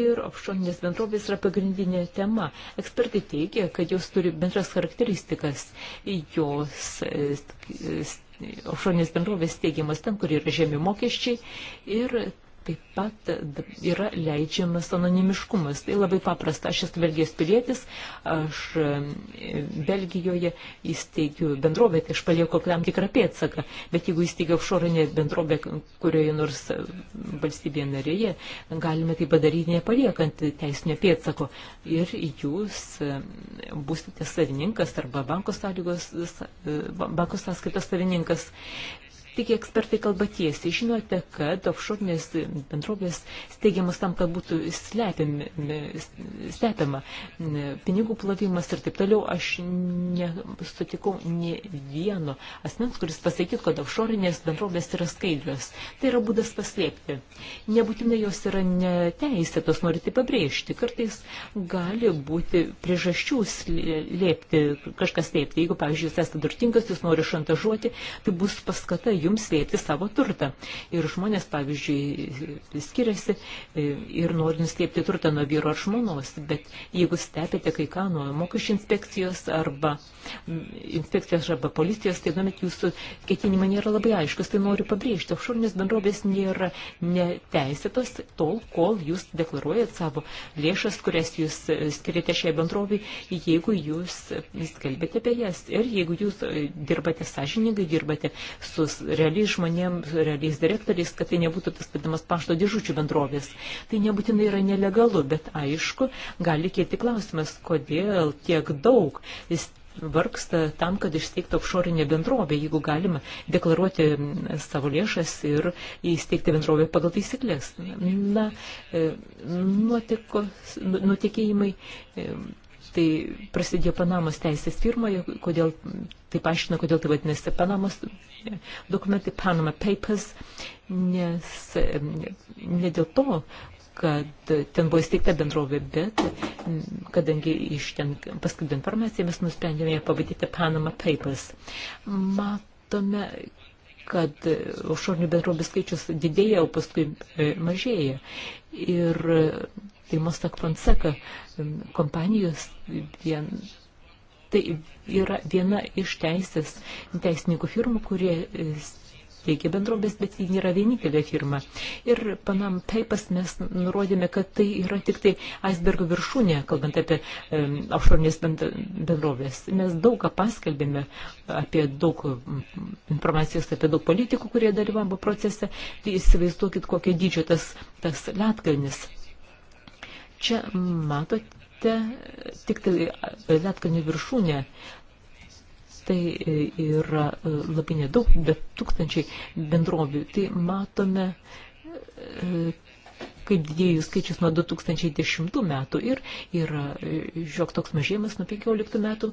Ir offshore'inės bendrovės yra pagrindinė tema. Ekspertai teigia, kad jos turi bendras charakteristikas. Jos offshore'nės bendrovės steigiamas ten, kur yra žemi mokesčiai ir taip pat yra leidžiamas anonimiškumas. Tai labai paprasta. Aš esu Belgijos pilietis, aš e, Belgijoje įsteigiu bendrovę, tai aš palieku tam tikrą pėdsaką. Bet jeigu įsteigiu offshore bendrovę kurioje nors e, valstybėje narėje, galime tai padaryti nepaliekant teisinio pėdsako. Ir jūs e, būsite savininkas arba banko, sąlygos, banko sąskaitos savininkas tik ekspertai kalba tiesiai. Žinote, kad offshore'nės bendrovės steigiamas tam, kad būtų slepiami, slepiama pinigų plovimas ir taip toliau. Aš nesutikau ne vieno asmens, kuris pasakytų, kad offshore'nės bendrovės yra skaidrios. Tai yra būdas paslėpti. Nebūtinai jos yra neteisėtos, noriu tai pabrėžti. Kartais gali būti priežasčių slėpti, kažkas slėpti. Jeigu, pavyzdžiui, jūs esate turtingas, jūs nori šantažuoti, tai bus paskata jums slėpti savo turtą. Ir žmonės, pavyzdžiui, skiriasi e, ir nori nuslėpti turtą nuo vyro ar žmonos, bet jeigu stebite kai ką nuo mokesčių inspekcijos arba inspekcijos arba policijos, tai tuomet jūsų ketinimai nėra labai aiškus. Tai noriu pabrėžti, offshore'inės bendrovės nėra neteisėtos tol, kol jūs deklaruojat savo lėšas, kurias jūs e, skiriate šiai bendroviai, jeigu jūs skelbėte apie jas. Ir jeigu jūs e, dirbate sąžiningai, dirbate su realiais žmonėms, realiais direktoriais, kad tai nebūtų tas vadinamas pašto dėžučių bendrovės. Tai nebūtinai yra nelegalu, bet aišku, gali kėti klausimas, kodėl tiek daug jis vargsta tam, kad išsteigtų offshore'inė bendrovė, jeigu galima deklaruoti mm, savo lėšas ir įsteigti bendrovę pagal taisyklės. Na, e, nuotikos, nutikėjimai e, tai prasidėjo Panamos teisės firmoje, kodėl tai paaiškina, kodėl tai vadinasi Panamos dokumentai, Panama Papers, nes ne dėl to, kad ten buvo įsteigta bendrovė, bet kadangi iš ten paskelbė informaciją, mes nusprendėme ją pavadinti Panama Papers. Matome, kad offshore bendrovės skaičius didėja, o paskui e, mažėja. Ir tai Mostak Fonseca kompanijos vien. Tai yra viena iš teisės, teisininkų firmų, kurie e, teikia bendrovės, bet ji nėra vienintelė firma. Ir panam taipas mes nurodėme, kad tai yra tik tai icebergo viršūnė, kalbant apie um, offshore'nės bendrovės. Mes daug ką paskelbėme apie daug informacijos, apie daug politikų, kurie dalyvavo procese. Tai įsivaizduokit, kokio dydžio tas, tas lietkalnis. Čia matote tik tai Lietkalnių viršūnę. Tai yra e, labai nedaug, bet tūkstančiai bendrovių. Tai matome e, kaip didėjų skaičius nuo 2010 metų ir yra e, žioks toks mažėjimas nuo 15 metų.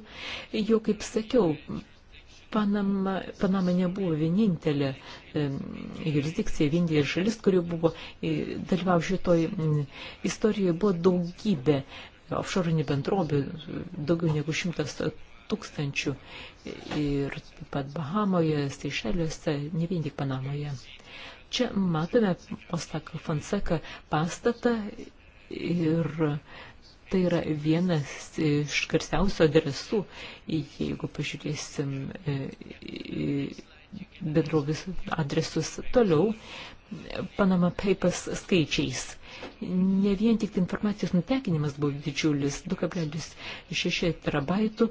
Jau kaip sakiau, Panama, Panama nebuvo vienintelė jurisdikcija, vienintelė šalis, kuri buvo e, dalyvau šitoj istorijoje, buvo daugybė offshore bendrovių, daugiau negu šimtas tūkstančių ir taip pat Bahamoje, Seišeliuose, ne vien tik Panamoje. Čia matome Osaka Fonseca pastatą ir tai yra vienas iš garsiausių adresų, jeigu pažiūrėsim e, bendrovis adresus toliau, Panama Papers skaičiais. Ne vien tik informacijos nutekinimas buvo didžiulis, 2,6 terabaitų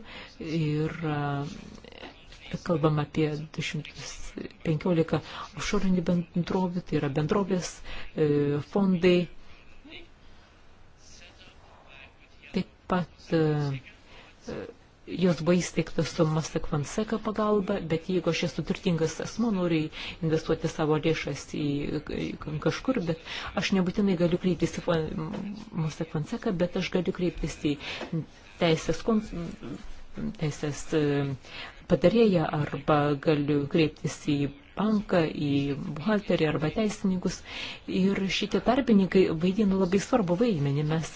ir e, kalbam apie 215 offshore bendrovių, tai yra bendrovės, e, fondai, pat e, e, jos bais teiktas su Masak Fonseka pagalba, bet jeigu aš esu turtingas asmo, noriu investuoti savo lėšas į kažkur, bet aš nebūtinai galiu kreiptis į Masak Fonseka, bet aš galiu kreiptis į teisės, kons... teisės e, patarėją arba galiu kreiptis į banką, į buhalterį arba teisininkus. Ir šitie tarpininkai vaidina labai svarbu vaidmenį. Mes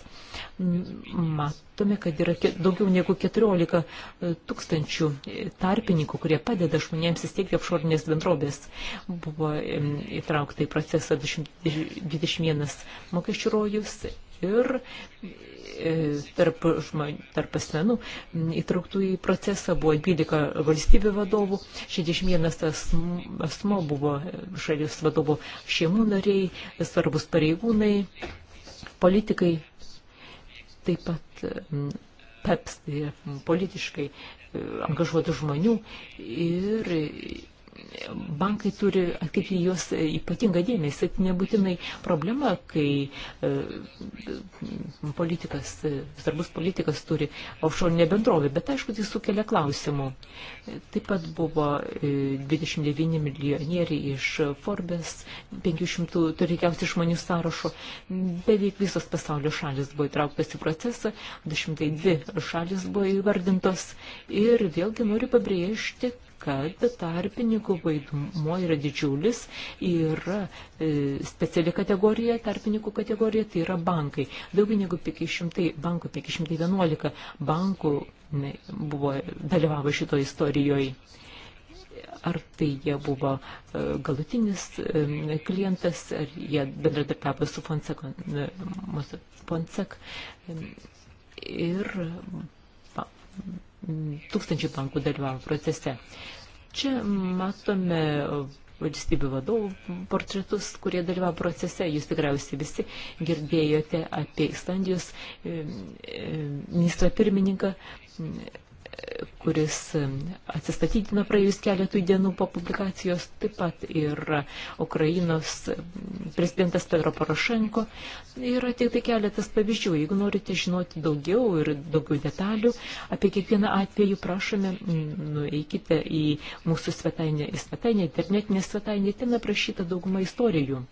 matome, kad yra daugiau negu 14 e, tūkstančių e, tarpininkų, kurie padeda žmonėms įsteigti apšorinės bendrovės. Buvo įtraukta į procesą 21 mokesčių rojus ir e, tarp, žmon, tarp asmenų įtrauktų į procesą buvo 12 valstybių vadovų, 61 asmo buvo šalies vadovų šeimų nariai, svarbus pareigūnai, politikai taip pat PEPS, tai yra politiškai e, angažuotų žmonių ir bankai turi atkreipti juos ypatingą dėmesį. Tai nebūtinai problema, kai e, politikas, e, svarbus politikas turi offshore bendrovę, bet aišku, tai sukelia klausimų. Taip pat buvo 29 e, milijonieriai iš Forbes, 500 turėkiausių žmonių sąrašo. Beveik visos pasaulio šalis buvo įtrauktas į procesą, 202 šalis buvo įvardintos. Ir vėlgi noriu pabrėžti, kad tarpininkų vaidmuo yra didžiulis ir e, speciali kategorija, tarpininkų kategorija, tai yra bankai. Daugiau negu 500 bankų, 511 bankų buvo, dalyvavo šito istorijoje. Ar tai jie buvo e, galutinis e, klientas, ar jie bendradarbiavo su Fonsek, Fonsek ir tūkstančiai bankų dalyvavo procese. Čia matome valstybių vadovų portretus, kurie dalyvavo procese. Jūs tikriausiai visi girdėjote apie Islandijos e, e, ministrą pirmininką kuris atsistatydino praėjus keletų dienų po publikacijos, taip pat ir Ukrainos prezidentas Petro Porošenko. Yra tik tai keletas pavyzdžių. Jeigu norite žinoti daugiau ir daugiau detalių apie kiekvieną atvejį, prašome, nueikite į mūsų svetainę, į svetainę, internetinę svetainę, ten aprašyta dauguma istorijų.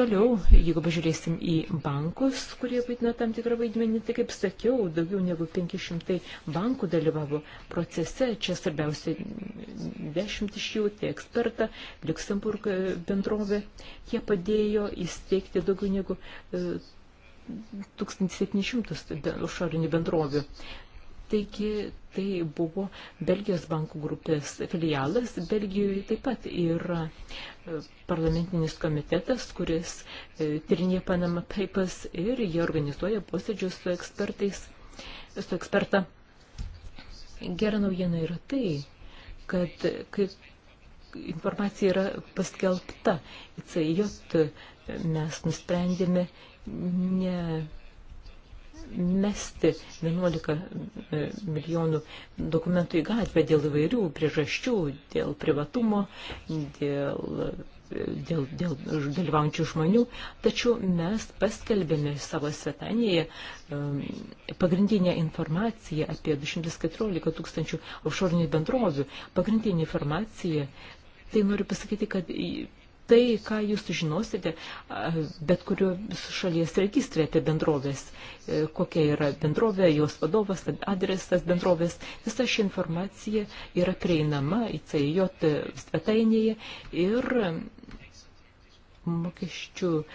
Toliau, jeigu pažiūrėsim į bankus, kurie vaidino tam tikrą vaidmenį, tai kaip sakiau, daugiau negu 500 bankų dalyvavo procese, čia svarbiausia 10 iš jų, tai eksperta, Luxemburg bendrovė, jie padėjo įsteigti daugiau negu 1700 e, išorinių bendrovių. Taigi tai buvo Belgijos bankų grupės filialas. Belgijoje taip pat yra e, parlamentinis komitetas, kuris e, tyrinė Panama Papers ir jie organizuoja posėdžius su ekspertais, su eksperta. Gera naujiena yra tai, kad kaip informacija yra paskelbta. ICJ mes nusprendėme ne mesti 11 e, milijonų dokumentų į gatvę dėl įvairių priežasčių, dėl privatumo, dėl e, dėl, dėl dalyvaujančių žmonių, tačiau mes paskelbėme savo svetainėje e, pagrindinę informaciją apie 214 tūkstančių offshore bendrovių. Pagrindinė informacija, tai noriu pasakyti, kad tai, ką jūs žinosite bet kurio šalies registrė apie bendrovės, e, kokia yra bendrovė, jos vadovas, adresas bendrovės. Visa ši informacija yra prieinama į CIJ svetainėje ir mokesčių e,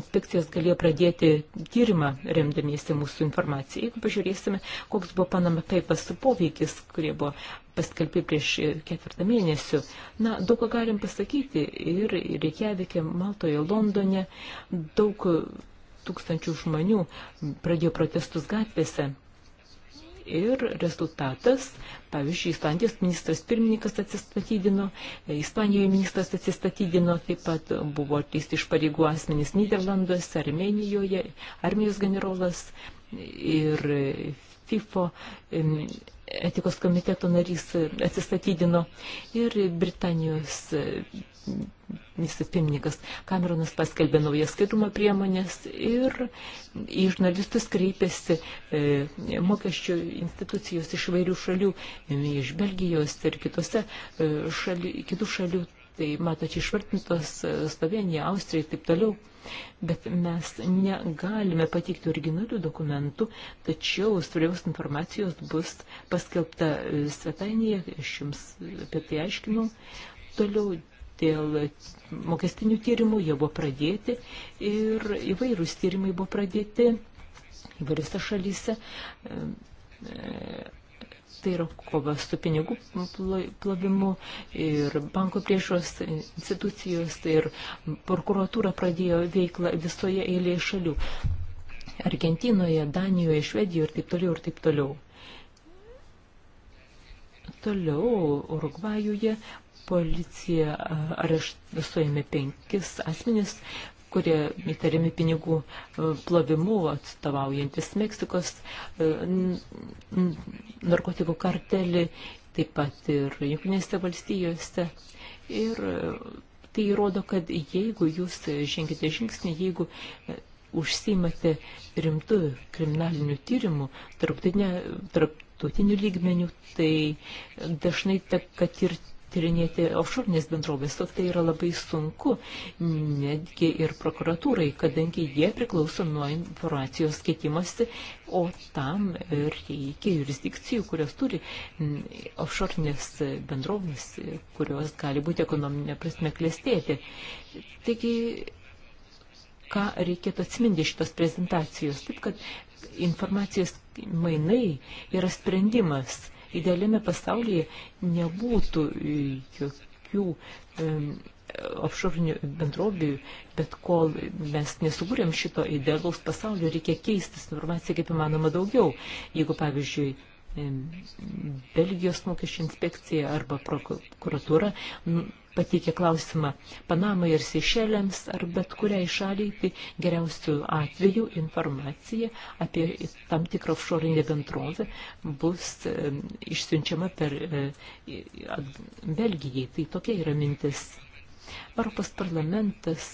inspekcijas galėjo pradėti tyrimą remdamiesi mūsų informaciją. Jeigu pažiūrėsime, koks buvo Panama Papers poveikis, kurie buvo paskelbti prieš ketvirtą mėnesių. Na, daug ką galim pasakyti ir Reikjavikė, Maltoje, Londone, daug tūkstančių žmonių pradėjo protestus gatvėse. Ir rezultatas, pavyzdžiui, Islandijos ministras pirmininkas atsistatydino, Ispanijoje ministras atsistatydino, taip pat buvo atleisti iš pareigų asmenys Niderlanduose, Armenijoje, armijos generolas ir FIFO etikos komiteto narys atsistatydino ir Britanijos vicepirmininkas e, Kameronas paskelbė naujas skaidrumo priemonės ir į žurnalistus kreipėsi e, mokesčių institucijos iš vairių šalių, iš Belgijos ir kitose e, šalių, kitų šalių, tai matote išvartintos e, Slovenija, Austrija ir taip toliau bet mes negalime pateikti originalių dokumentų, tačiau svarbios informacijos bus paskelbta svetainėje, aš jums apie tai aiškinau. Toliau dėl mokestinių tyrimų jie buvo pradėti ir įvairūs tyrimai buvo pradėti įvairiose šalyse tai yra kova su pinigų plovimu ir banko priešos institucijos tai ir prokuratūra pradėjo veiklą visoje eilėje šalių. Argentinoje, Danijoje, Švedijoje ir taip toliau ir taip toliau. Toliau Urugvajuje policija areštuojami penkis asmenis, kurie įtariami pinigų e, plovimu atstovaujantis Meksikos e, narkotikų kartelį, taip pat ir Junktinėse valstijose. Ir e, tai įrodo, kad jeigu jūs žengite žingsnį, jeigu užsimate rimtų kriminalinių tyrimų tarptautinių lygmenių, tai dažnai, te, kad ir tyrinėti offshore'nės bendrovės, tad tai yra labai sunku, netgi ir prokuratūrai, kadangi jie priklauso nuo informacijos keitimosi, o tam reikia jurisdikcijų, kurios turi offshore'nės bendrovės, kurios gali būti ekonominė prasme klestėti. Taigi, ką reikėtų atsiminti šitos prezentacijos, taip kad informacijos mainai yra sprendimas idealiame pasaulyje nebūtų jokių offshore bendrovių, bet kol mes nesugūrėm šito idealaus pasaulio, reikia keistis informaciją kaip įmanoma daugiau. Jeigu, pavyzdžiui, Belgijos mokesčių inspekcija arba prokuratūra nu, pateikė klausimą Panamai ir Seišelėms ar bet kuriai šaliai, tai geriausių atvejų informacija apie tam tikrą offshore bendrovę bus e, išsiunčiama per e, Belgijai. Tai tokia yra mintis. Europos parlamentas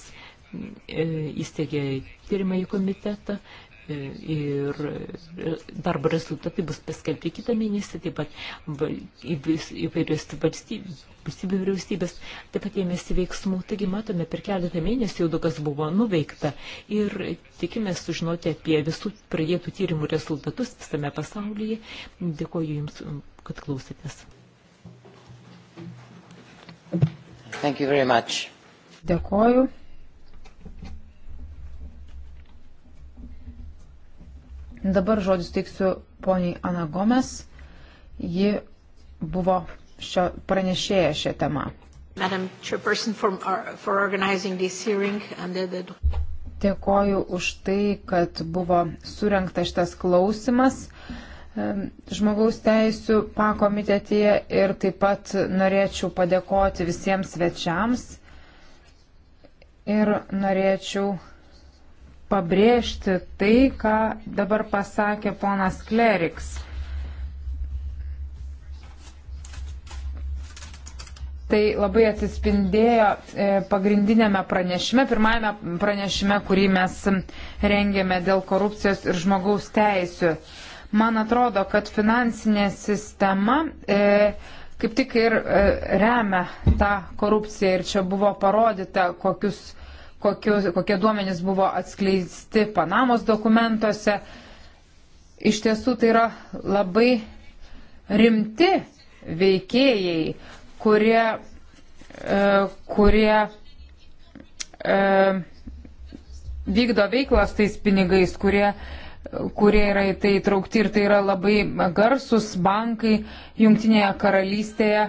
e, įsteigė tyrimąjį komitetą, ir darbo rezultatai bus paskelbti kitą mėnesį, taip pat įvairios valstybių vyriausybės taip pat ėmėsi veiksmų. Taigi matome, per keletą mėnesių jau daug kas buvo nuveikta ir tikime sužinoti apie visų pradėtų tyrimų rezultatus visame pasaulyje. Dėkoju Jums, kad klausėtės. Thank you very much. Dėkoju. Dabar žodžius teiksiu poniai Ana Gomes. Ji buvo šio, pranešėja šią temą. Uh, Dėkoju už tai, kad buvo surinkta šitas klausimas žmogaus teisų pakomitetėje ir taip pat norėčiau padėkoti visiems svečiams ir norėčiau pabrėžti tai, ką dabar pasakė ponas Kleriks. Tai labai atsispindėjo e, pagrindinėme pranešime, pirmajame pranešime, kurį mes rengėme dėl korupcijos ir žmogaus teisų. Man atrodo, kad finansinė sistema e, kaip tik ir e, remia tą korupciją ir čia buvo parodyta, kokius kokius, kokie duomenys buvo atskleisti Panamos dokumentuose. Iš tiesų tai yra labai rimti veikėjai, kurie, e, kurie e, vykdo veiklas tais pinigais, kurie, kurie yra į tai įtraukti ir tai yra labai garsus bankai Junktinėje karalystėje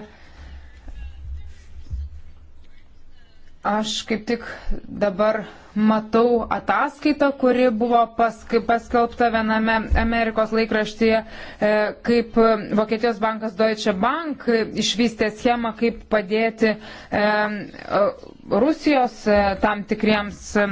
Aš kaip tik dabar matau ataskaitą, kuri buvo pask paskelbta viename Amerikos laikraštyje, e, kaip e, Vokietijos bankas Deutsche Bank išvystė schemą, kaip padėti e, e Rusijos e, tam tikriems. E,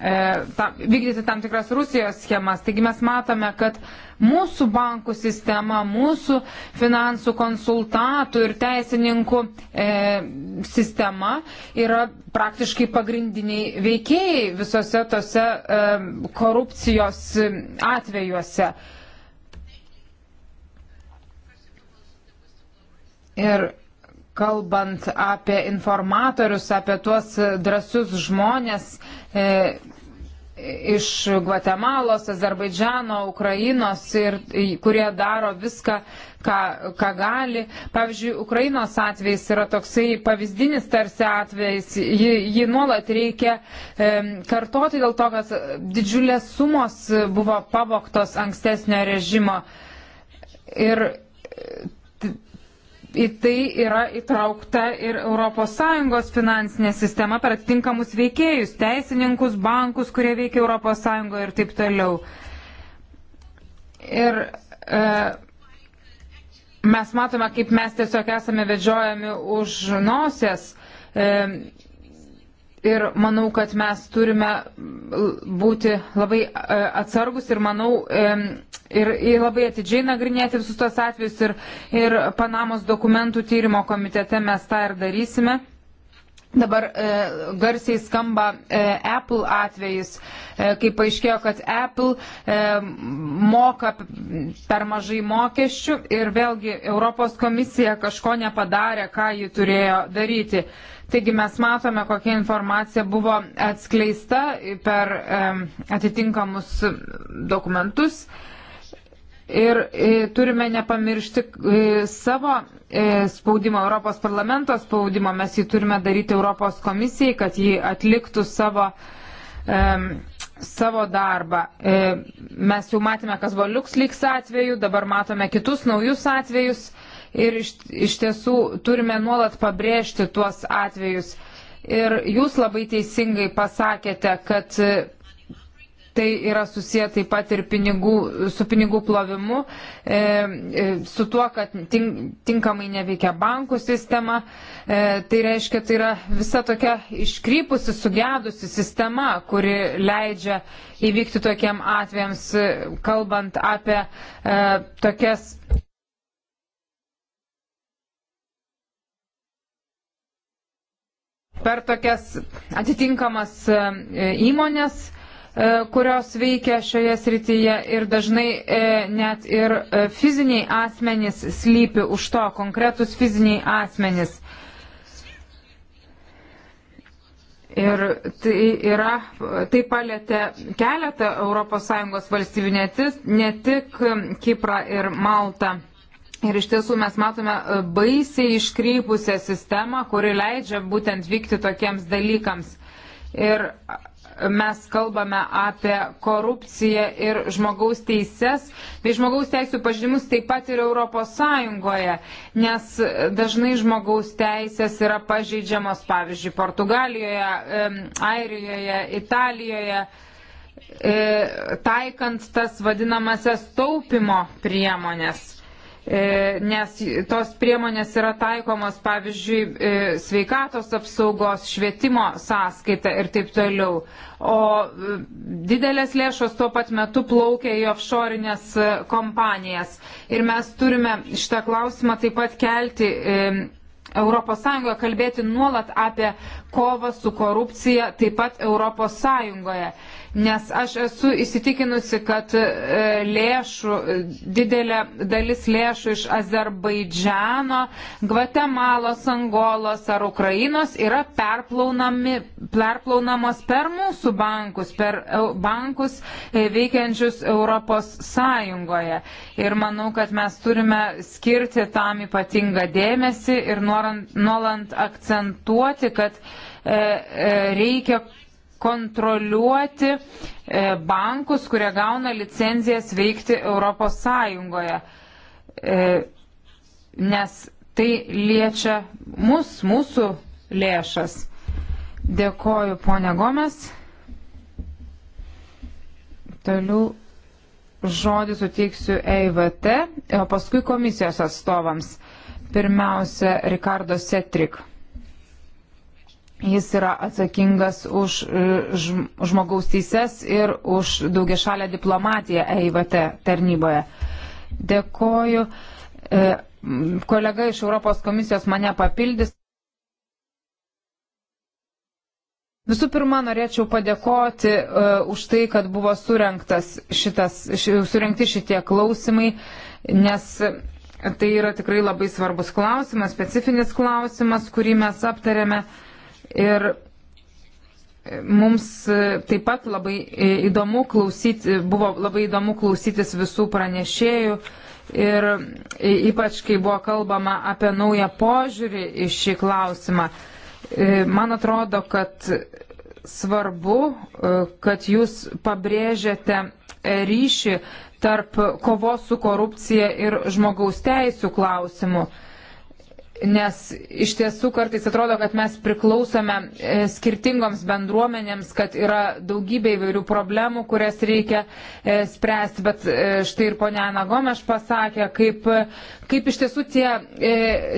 E, tam, vykdyti tam tikras Rusijos schemas. Taigi mes matome, kad mūsų bankų sistema, mūsų finansų konsultatų ir teisininkų e, sistema yra praktiškai pagrindiniai veikėjai visose tose e, korupcijos atvejuose. Ir kalbant apie informatorius, apie tuos drąsius žmonės e, iš Gvatemalos, Azerbaidžiano, Ukrainos ir kurie daro viską, ką, ką gali. Pavyzdžiui, Ukrainos atvejs yra toksai pavyzdinis tarsi atvejs, jį, jį nuolat reikia e, kartoti dėl to, kad didžiulės sumos buvo pavoktos ankstesnio režimo. Ir į tai yra įtraukta ir ES finansinė sistema per atitinkamus veikėjus, teisininkus, bankus, kurie veikia ES ir taip toliau. Ir e, mes matome, kaip mes tiesiog esame vedžiojami už nosies. E, ir manau, kad mes turime būti labai e, atsargus ir manau, e, ir, ir labai atidžiai nagrinėti visus tos atvejus ir, ir Panamos dokumentų tyrimo komitete mes tą ir darysime. Dabar e, garsiai skamba e, Apple atvejis, e, kai paaiškėjo, kad Apple e, moka per mažai mokesčių ir vėlgi Europos komisija kažko nepadarė, ką ji turėjo daryti. Taigi mes matome, kokia informacija buvo atskleista per e, atitinkamus dokumentus. E, Ir e, turime nepamiršti e, savo e, spaudimo, Europos parlamento spaudimo. Mes jį turime daryti Europos komisijai, kad jį atliktų savo, e, savo darbą. E, mes jau matėme, kas buvo LuxLeaks atveju, dabar matome kitus naujus atvejus. Ir iš, iš tiesų turime nuolat pabrėžti tuos atvejus. Ir jūs labai teisingai pasakėte, kad. E, tai yra susiję taip pat ir pinigų, su pinigų plovimu, e, e su tuo, kad tink, tinkamai neveikia bankų sistema. E, tai reiškia, tai yra visa tokia iškrypusi, sugedusi sistema, kuri leidžia įvykti tokiem atvejams, e, kalbant apie e, tokias. Per tokias atitinkamas e, įmonės E, kurios veikia šioje srityje ir dažnai e, net ir e, fiziniai asmenys slypi už to, konkretus fiziniai asmenys. Ir tai yra, tai palėtė keletą ES valstybių, ne tik, ne tik Kiprą ir Maltą. Ir iš tiesų mes matome baisiai iškrypusią sistemą, kuri leidžia būtent vykti tokiems dalykams. Ir mes kalbame apie korupciją ir žmogaus teises, bei žmogaus teisų pažymus taip pat ir ES, nes dažnai žmogaus teisės yra pažeidžiamos, pavyzdžiui, Portugalijoje, Airijoje, Italijoje e, taikant tas vadinamasias taupimo priemonės. E, nes tos priemonės yra taikomos, pavyzdžiui, e, sveikatos apsaugos, švietimo sąskaita ir taip toliau. O e, didelės lėšos tuo pat metu plaukia į offshore'inės kompanijas. Ir mes turime šitą klausimą taip pat kelti ES, kalbėti nuolat apie kovą su korupcija taip pat Europos Sąjungoje. Nes aš esu įsitikinusi, kad e, lėšų, didelė dalis lėšų iš Azerbaidžiano, Gvatemalos, Angolos ar Ukrainos yra perplaunamos per mūsų bankus, per bankus e, veikiančius Europos Sąjungoje. Ir manau, kad mes turime skirti tam ypatingą dėmesį ir nuolant akcentuoti, kad E, e, reikia kontroliuoti e, bankus, kurie gauna licenzijas veikti Europos Sąjungoje. Nes tai liečia mus, mūsų lėšas. Dėkoju, ponė Gomes. Toliau žodį suteiksiu EIVT, o paskui komisijos atstovams. Pirmiausia, Rikardo Setrik. Jis yra atsakingas už e, žmogaus teises ir už daugiašalę diplomatiją EIVT tarnyboje. Dėkoju. E, kolega iš Europos komisijos mane papildys. Visų pirma, norėčiau padėkoti uh, už tai, kad buvo šitas, ši, surinkti šitie klausimai, nes tai yra tikrai labai svarbus klausimas, specifinis klausimas, kurį mes aptarėme. Uh, Ir e, mums e, taip pat labai e, įdomu klausyti, buvo labai įdomu klausytis visų pranešėjų. Ir ypač, kai buvo kalbama apie naują požiūrį į šį klausimą, man atrodo, kad svarbu, kad jūs pabrėžiate ryšį tarp kovos su korupcija ir žmogaus teisų klausimų. Nes iš tiesų kartais atrodo, kad mes priklausome e, skirtingoms bendruomenėms, kad yra daugybė įvairių problemų, kurias reikia e, spręsti, bet e, štai ir ponia Ana Gomeš pasakė, kaip, kaip iš tiesų tie,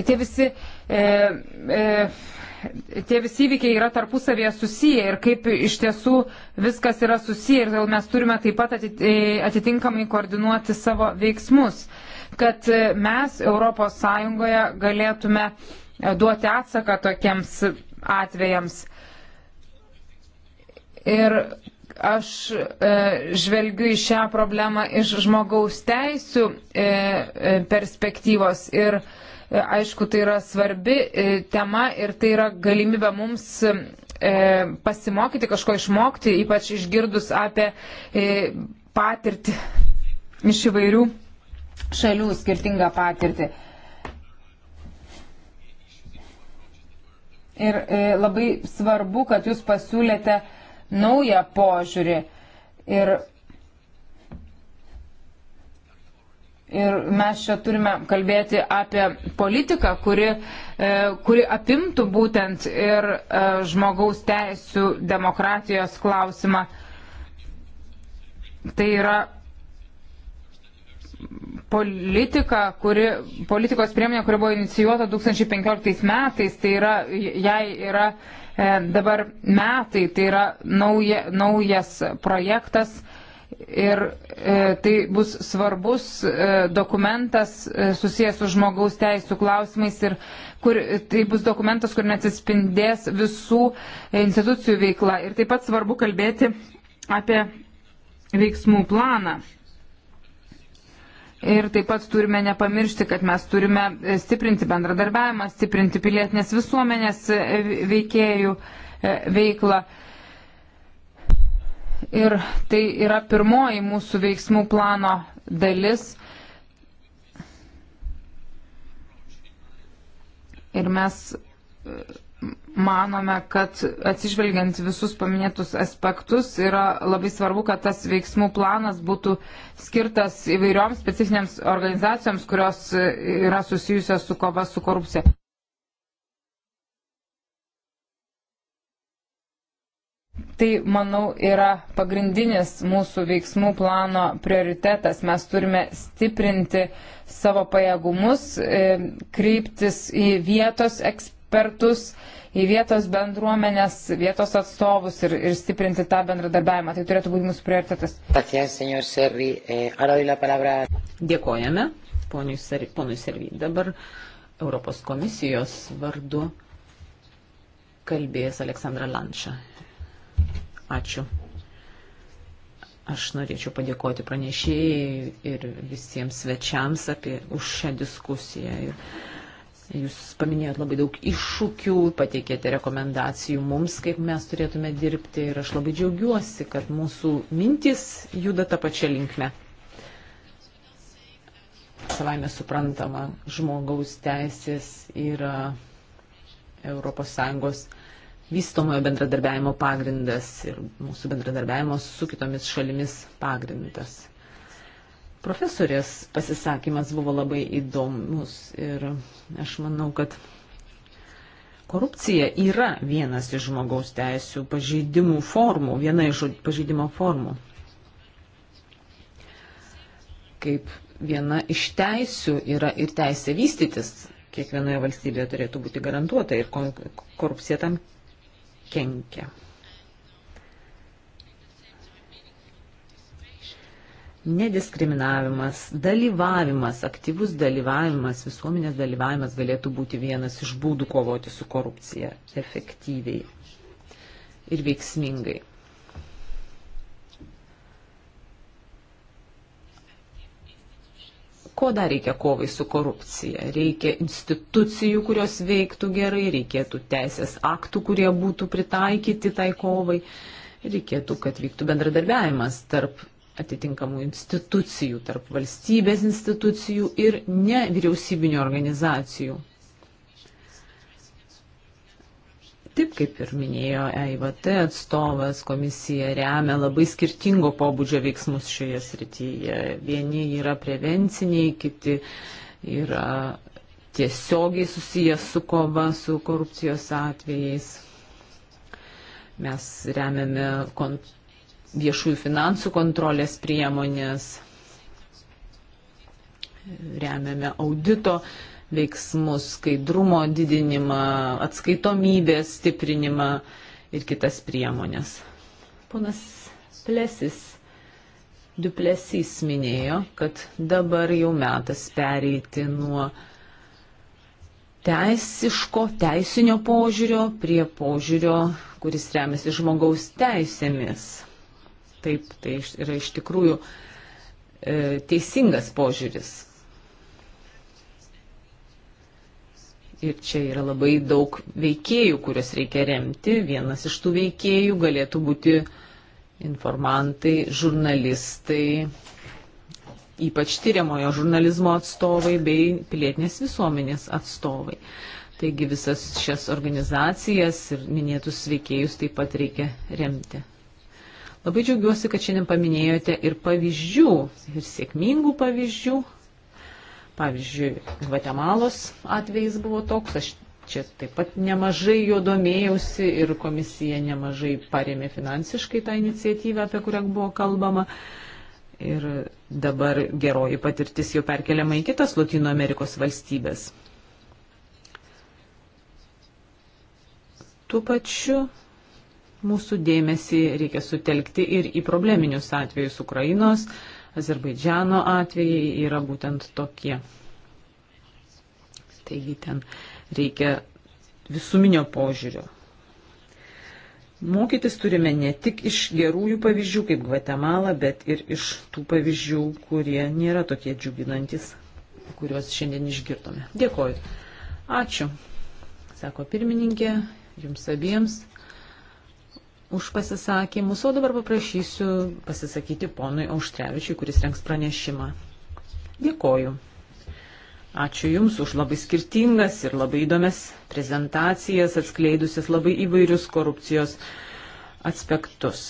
tie visi. E, e, tie visi įvykiai yra tarpusavėje susiję ir kaip iš tiesų viskas yra susiję ir todėl mes turime taip pat atitinkamai koordinuoti savo veiksmus. E, kad mes ES galėtume e, duoti atsaką tokiems atvejams. Ir aš e, žvelgiu į šią problemą iš žmogaus teisų e, e, perspektyvos ir e, aišku, tai yra svarbi e, tema ir tai yra galimybė mums e, pasimokyti, kažko išmokti, ypač išgirdus apie e, patirtį iš įvairių šalių skirtingą patirtį. Ir e, labai svarbu, kad jūs pasiūlėte naują požiūrį. Ir, ir mes čia turime kalbėti apie politiką, kuri, e, kuri apimtų būtent ir e, žmogaus teisų demokratijos klausimą. Tai yra politika, kuri, politikos priemonė, kuri buvo inicijuota 2015 metais, tai yra, jai yra e, dabar metai, tai yra nauja, naujas projektas ir e, tai bus svarbus e, dokumentas e, susijęs su žmogaus teisų klausimais ir kur, tai bus dokumentas, kur neatsispindės visų institucijų veikla. Ir taip pat svarbu kalbėti apie veiksmų planą. Ir taip pat turime nepamiršti, kad mes turime e, stiprinti bendradarbiavimą, stiprinti pilietinės visuomenės e, veikėjų e, veiklą. Ir tai yra pirmoji mūsų veiksmų plano dalis. Ir mes manome, kad atsižvelgiant visus paminėtus aspektus yra labai svarbu, kad tas veiksmų planas būtų skirtas įvairioms specifinėms organizacijoms, kurios yra susijusios su kova su korupcija. Tai, manau, yra pagrindinis mūsų veiksmų plano prioritetas. Mes turime stiprinti savo pajėgumus, e, kreiptis į vietos ekspertus ekspertus, į vietos bendruomenės, vietos atstovus ir, ir stiprinti tą bendradarbiavimą. Tai turėtų būti mūsų prioritetas. Eh, Dėkojame ponui Servy. Dabar Europos komisijos vardu kalbės Aleksandra Lanša. Ačiū. Aš norėčiau padėkoti pranešėjai ir visiems svečiams apie, už šią diskusiją. Ir, Jūs paminėjot labai daug iššūkių, pateikėte rekomendacijų mums, kaip mes turėtume dirbti ir aš labai džiaugiuosi, kad mūsų mintis juda tą pačią linkmę. Savaime suprantama, žmogaus teisės yra ES vystomojo bendradarbiavimo pagrindas ir mūsų bendradarbiavimo su kitomis šalimis pagrindas profesorės pasisakymas buvo labai įdomus ir aš manau, kad korupcija yra vienas iš žmogaus teisų pažeidimų formų, viena iš pažeidimo formų. Kaip viena iš teisių yra ir teisė vystytis, kiekvienoje valstybėje turėtų būti garantuota ir korupcija tam kenkia. nediskriminavimas, dalyvavimas, aktyvus dalyvavimas, visuomenės dalyvavimas galėtų būti vienas iš būdų kovoti su korupcija efektyviai ir veiksmingai. ko dar reikia kovai su korupcija? Reikia institucijų, kurios veiktų gerai, reikėtų teisės aktų, kurie būtų pritaikyti tai kovai, reikėtų, kad vyktų bendradarbiavimas tarp atitinkamų institucijų, tarp valstybės institucijų ir nevyriausybinio organizacijų. Taip kaip ir minėjo EIVT atstovas, komisija remia labai skirtingo pobūdžio veiksmus šioje srityje. Vieni yra prevenciniai, kiti yra tiesiogiai susijęs su kova su korupcijos atvejais. Mes remiame kont viešųjų finansų kontrolės priemonės, remiame audito veiksmus, skaidrumo didinimą, atskaitomybės stiprinimą ir kitas priemonės. Ponas Plesis Duplesys minėjo, kad dabar jau metas pereiti nuo teisiško, teisinio požiūrio prie požiūrio, kuris remiasi žmogaus teisėmis taip, tai yra iš tikrųjų e, teisingas požiūris. Ir čia yra labai daug veikėjų, kuriuos reikia remti. Vienas iš tų veikėjų galėtų būti informantai, žurnalistai, ypač tyriamojo žurnalizmo atstovai bei pilietinės visuomenės atstovai. Taigi visas šias organizacijas ir minėtus veikėjus taip pat reikia remti. Labai džiaugiuosi, kad šiandien paminėjote ir pavyzdžių, ir sėkmingų pavyzdžių. Pavyzdžiui, Gvatemalos atvejais buvo toks, aš čia taip pat nemažai jo domėjausi ir komisija nemažai paremė finansiškai tą iniciatyvą, apie kurią buvo kalbama. Ir dabar geroji patirtis jau perkeliama į kitas Latino Amerikos valstybės. Tuo pačiu Mūsų dėmesį reikia sutelkti ir į probleminius atvejus Ukrainos, Azerbaidžiano atvejai yra būtent tokie. Taigi ten reikia visuminio požiūrio. Mokytis turime ne tik iš gerųjų pavyzdžių kaip Gvatemala, bet ir iš tų pavyzdžių, kurie nėra tokie džiuginantis, kuriuos šiandien išgirdome. Dėkoju. Ačiū, sako pirmininkė, jums abiems už pasisakymus, o dabar paprašysiu pasisakyti ponui Auštrevičiui, kuris renks pranešimą. Dėkoju. Ačiū Jums už labai skirtingas ir labai įdomias prezentacijas, atskleidusias labai įvairius korupcijos aspektus.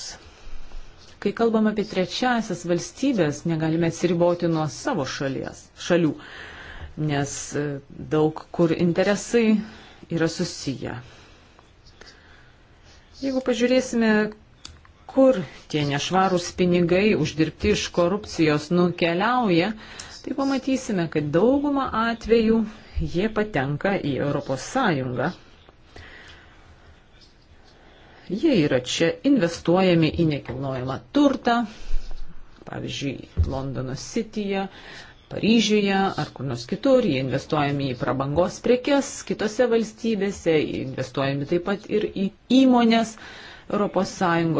Kai kalbam apie trečiasias valstybės, negalime atsiriboti nuo savo šalies, šalių, nes daug kur interesai yra susiję. Jeigu pažiūrėsime, kur tie nešvarūs pinigai uždirbti iš korupcijos nukeliauja, tai pamatysime, kad daugumą atvejų jie patenka į Europos Sąjungą. Jie yra čia investuojami į nekilnojamą turtą, pavyzdžiui, Londono Cityje Paryžiuje ar kur nors kitur, jie investuojami į prabangos prekes kitose valstybėse, investuojami taip pat ir į įmonės ES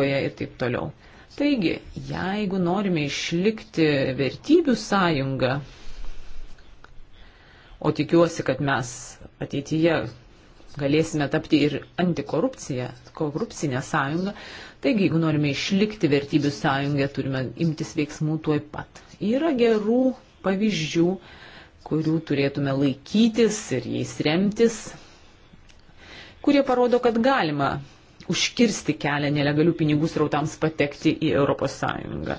ir taip toliau. Taigi, jeigu norime išlikti vertybių sąjungą, o tikiuosi, kad mes ateityje galėsime tapti ir antikorupcinę sąjungą, taigi, jeigu norime išlikti vertybių sąjungą, turime imtis veiksmų tuoj pat. Yra gerų pavyzdžių, kurių turėtume laikytis ir jais remtis, kurie parodo, kad galima užkirsti kelią nelegalių pinigų srautams patekti į ES.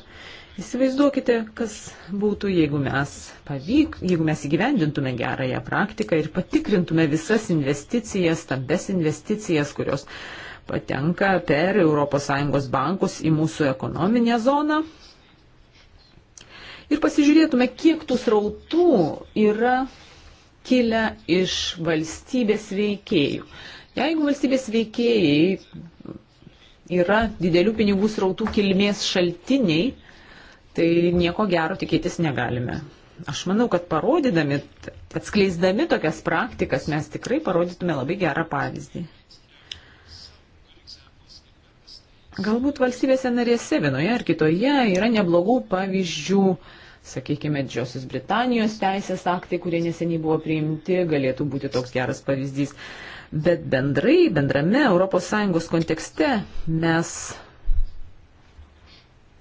Įsivaizduokite, kas būtų, jeigu mes, pavyk, jeigu mes įgyvendintume gerąją praktiką ir patikrintume visas investicijas, stambes investicijas, kurios patenka per ES bankus į mūsų ekonominę zoną, ir pasižiūrėtume, kiek tų srautų yra kilę iš valstybės veikėjų. Jeigu valstybės veikėjai yra didelių pinigų srautų kilmės šaltiniai, tai nieko gero tikėtis negalime. Aš manau, kad parodydami, atskleisdami tokias praktikas, mes tikrai parodytume labai gerą pavyzdį. Galbūt valstybėse narėse vienoje ar kitoje yra neblogų pavyzdžių uh, sakykime, Džiosios Britanijos teisės aktai, kurie neseniai buvo priimti, galėtų būti toks geras pavyzdys. Bet bendrai, bendrame ES kontekste mes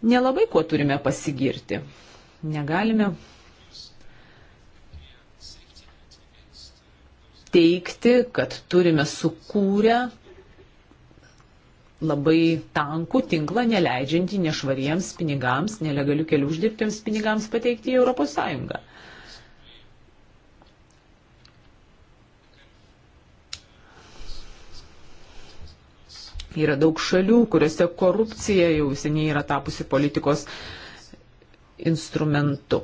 nelabai kuo turime pasigirti. Negalime teikti, kad turime sukūrę labai tankų tinklą, neleidžiantį nešvariems pinigams, nelegalių kelių uždirbtiems pinigams pateikti į ES. Yra daug šalių, kuriuose korupcija jau seniai yra tapusi politikos instrumentu.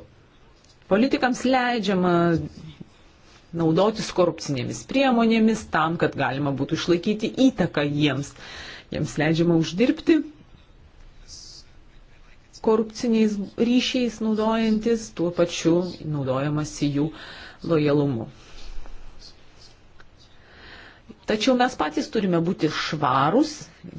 Politikams leidžiama naudotis korupcinėmis priemonėmis tam, kad galima būtų išlaikyti įtaką jiems. Uh, jiems leidžiama uždirbti korupciniais ryšiais naudojantis, tuo pačiu naudojamasi jų lojalumu. Tačiau mes patys turime būti švarūs,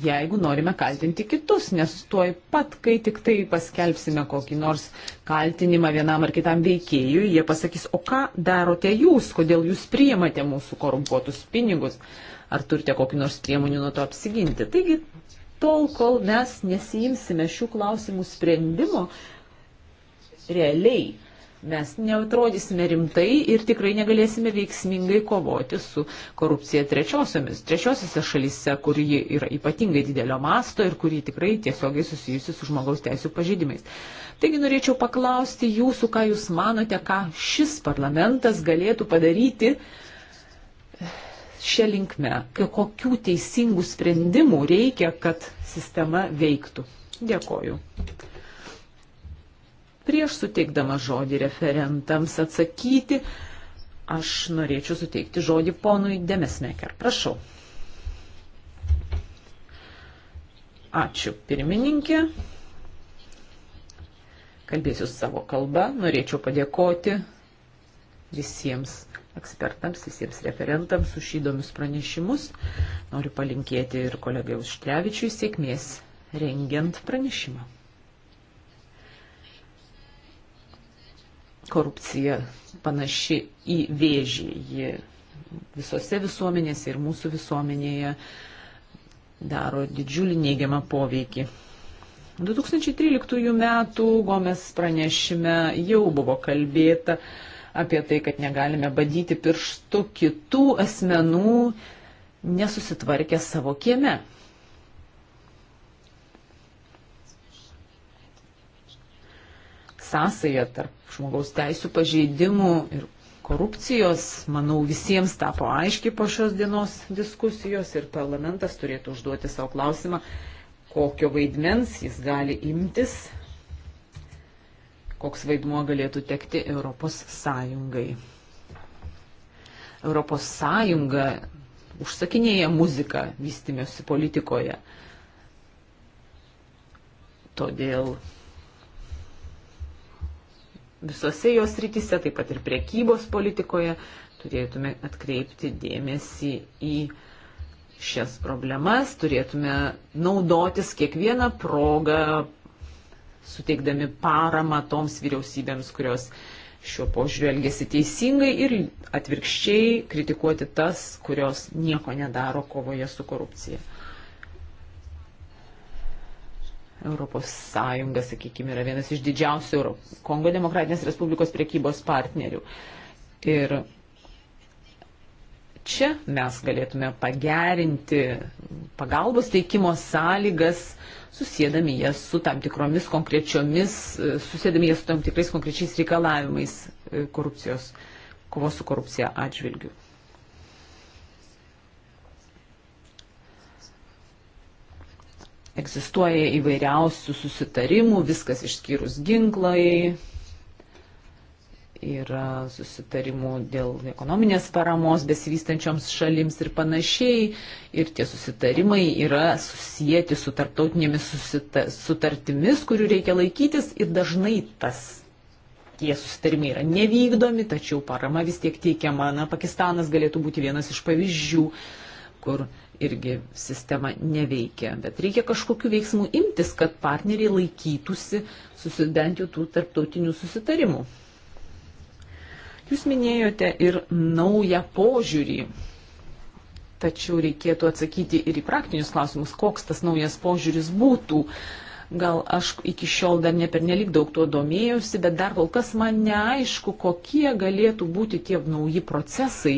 jeigu norime kaltinti kitus, nes tuoj pat, kai tik tai paskelbsime kokį nors kaltinimą vienam ar kitam veikėjui, jie pasakys, o ką darote jūs, kodėl jūs priimate mūsų korumpuotus pinigus ar turite kokiu nors priemonių nuo to apsiginti. Taigi, tol, kol mes nesijimsime šių klausimų sprendimo, realiai mes neatrodysime rimtai ir tikrai negalėsime veiksmingai kovoti su korupcija trečiosiomis, trečiosiose šalyse, kur ji yra ypatingai didelio masto ir kuri tikrai tiesiogiai susijusi su žmogaus teisų pažydimais. Taigi norėčiau paklausti jūsų, ką jūs manote, ką šis parlamentas galėtų padaryti, uh, šią linkmę, kokių teisingų sprendimų reikia, kad sistema veiktų. Dėkoju. Prieš suteikdama žodį referentams atsakyti, aš norėčiau suteikti žodį ponui Demesmeker. Prašau. Ačiū pirmininkė. Kalbėsiu savo kalbą. Norėčiau padėkoti visiems ekspertams, visiems referentams už įdomius pranešimus. Noriu palinkėti ir kolegai Užtrevičiui sėkmės rengiant pranešimą. Korupcija panaši į vėžį. Ji visose visuomenėse ir mūsų visuomenėje daro didžiulį neigiamą poveikį. 2013 m. Gomes pranešime jau buvo kalbėta apie tai, kad negalime badyti pirštų kitų asmenų nesusitvarkę savo kieme. Sąsaja tarp žmogaus teisų pažeidimų ir korupcijos, manau, visiems tapo aiški po šios dienos diskusijos ir parlamentas turėtų užduoti savo klausimą, kokio vaidmens jis gali imtis koks vaidmuo galėtų tekti Europos Sąjungai. Europos Sąjunga užsakinėja muziką vystymėsi politikoje. Todėl visose jos rytise, taip pat ir priekybos politikoje, turėtume atkreipti dėmesį į šias problemas, turėtume naudotis kiekvieną progą suteikdami paramą toms vyriausybėms, kurios šiuo požiūriu elgesi teisingai ir atvirkščiai kritikuoti tas, kurios nieko nedaro kovoje su korupcija. Europos Sąjunga, sakykime, yra vienas iš didžiausių Kongo Demokratinės Respublikos priekybos partnerių. Ir čia mes galėtume pagerinti pagalbos teikimo sąlygas uh, susėdami jas su tam tikromis konkrečiomis, e, susėdami jas su tam tikrais konkrečiais reikalavimais e, korupcijos, kovos su korupcija atžvilgiu. Egzistuoja įvairiausių susitarimų, viskas išskyrus ginklai, yra susitarimų dėl ekonominės paramos besivystančioms šalims ir panašiai. Ir tie susitarimai yra susijęti su tarptautinėmis susita, sutartimis, kurių reikia laikytis ir dažnai tas. Tie susitarimai yra nevykdomi, tačiau parama vis tiek teikiama. Na, Pakistanas galėtų būti vienas iš pavyzdžių, kur irgi sistema neveikia. Bet reikia kažkokiu veiksmu imtis, kad partneriai laikytųsi susident jau tų tarptautinių susitarimų. Jūs minėjote ir naują požiūrį. Tačiau reikėtų atsakyti ir į praktinius klausimus, koks tas naujas požiūris būtų. Gal aš iki šiol dar ne per nelik daug tuo domėjausi, bet dar kol kas man neaišku, kokie galėtų būti tie nauji procesai,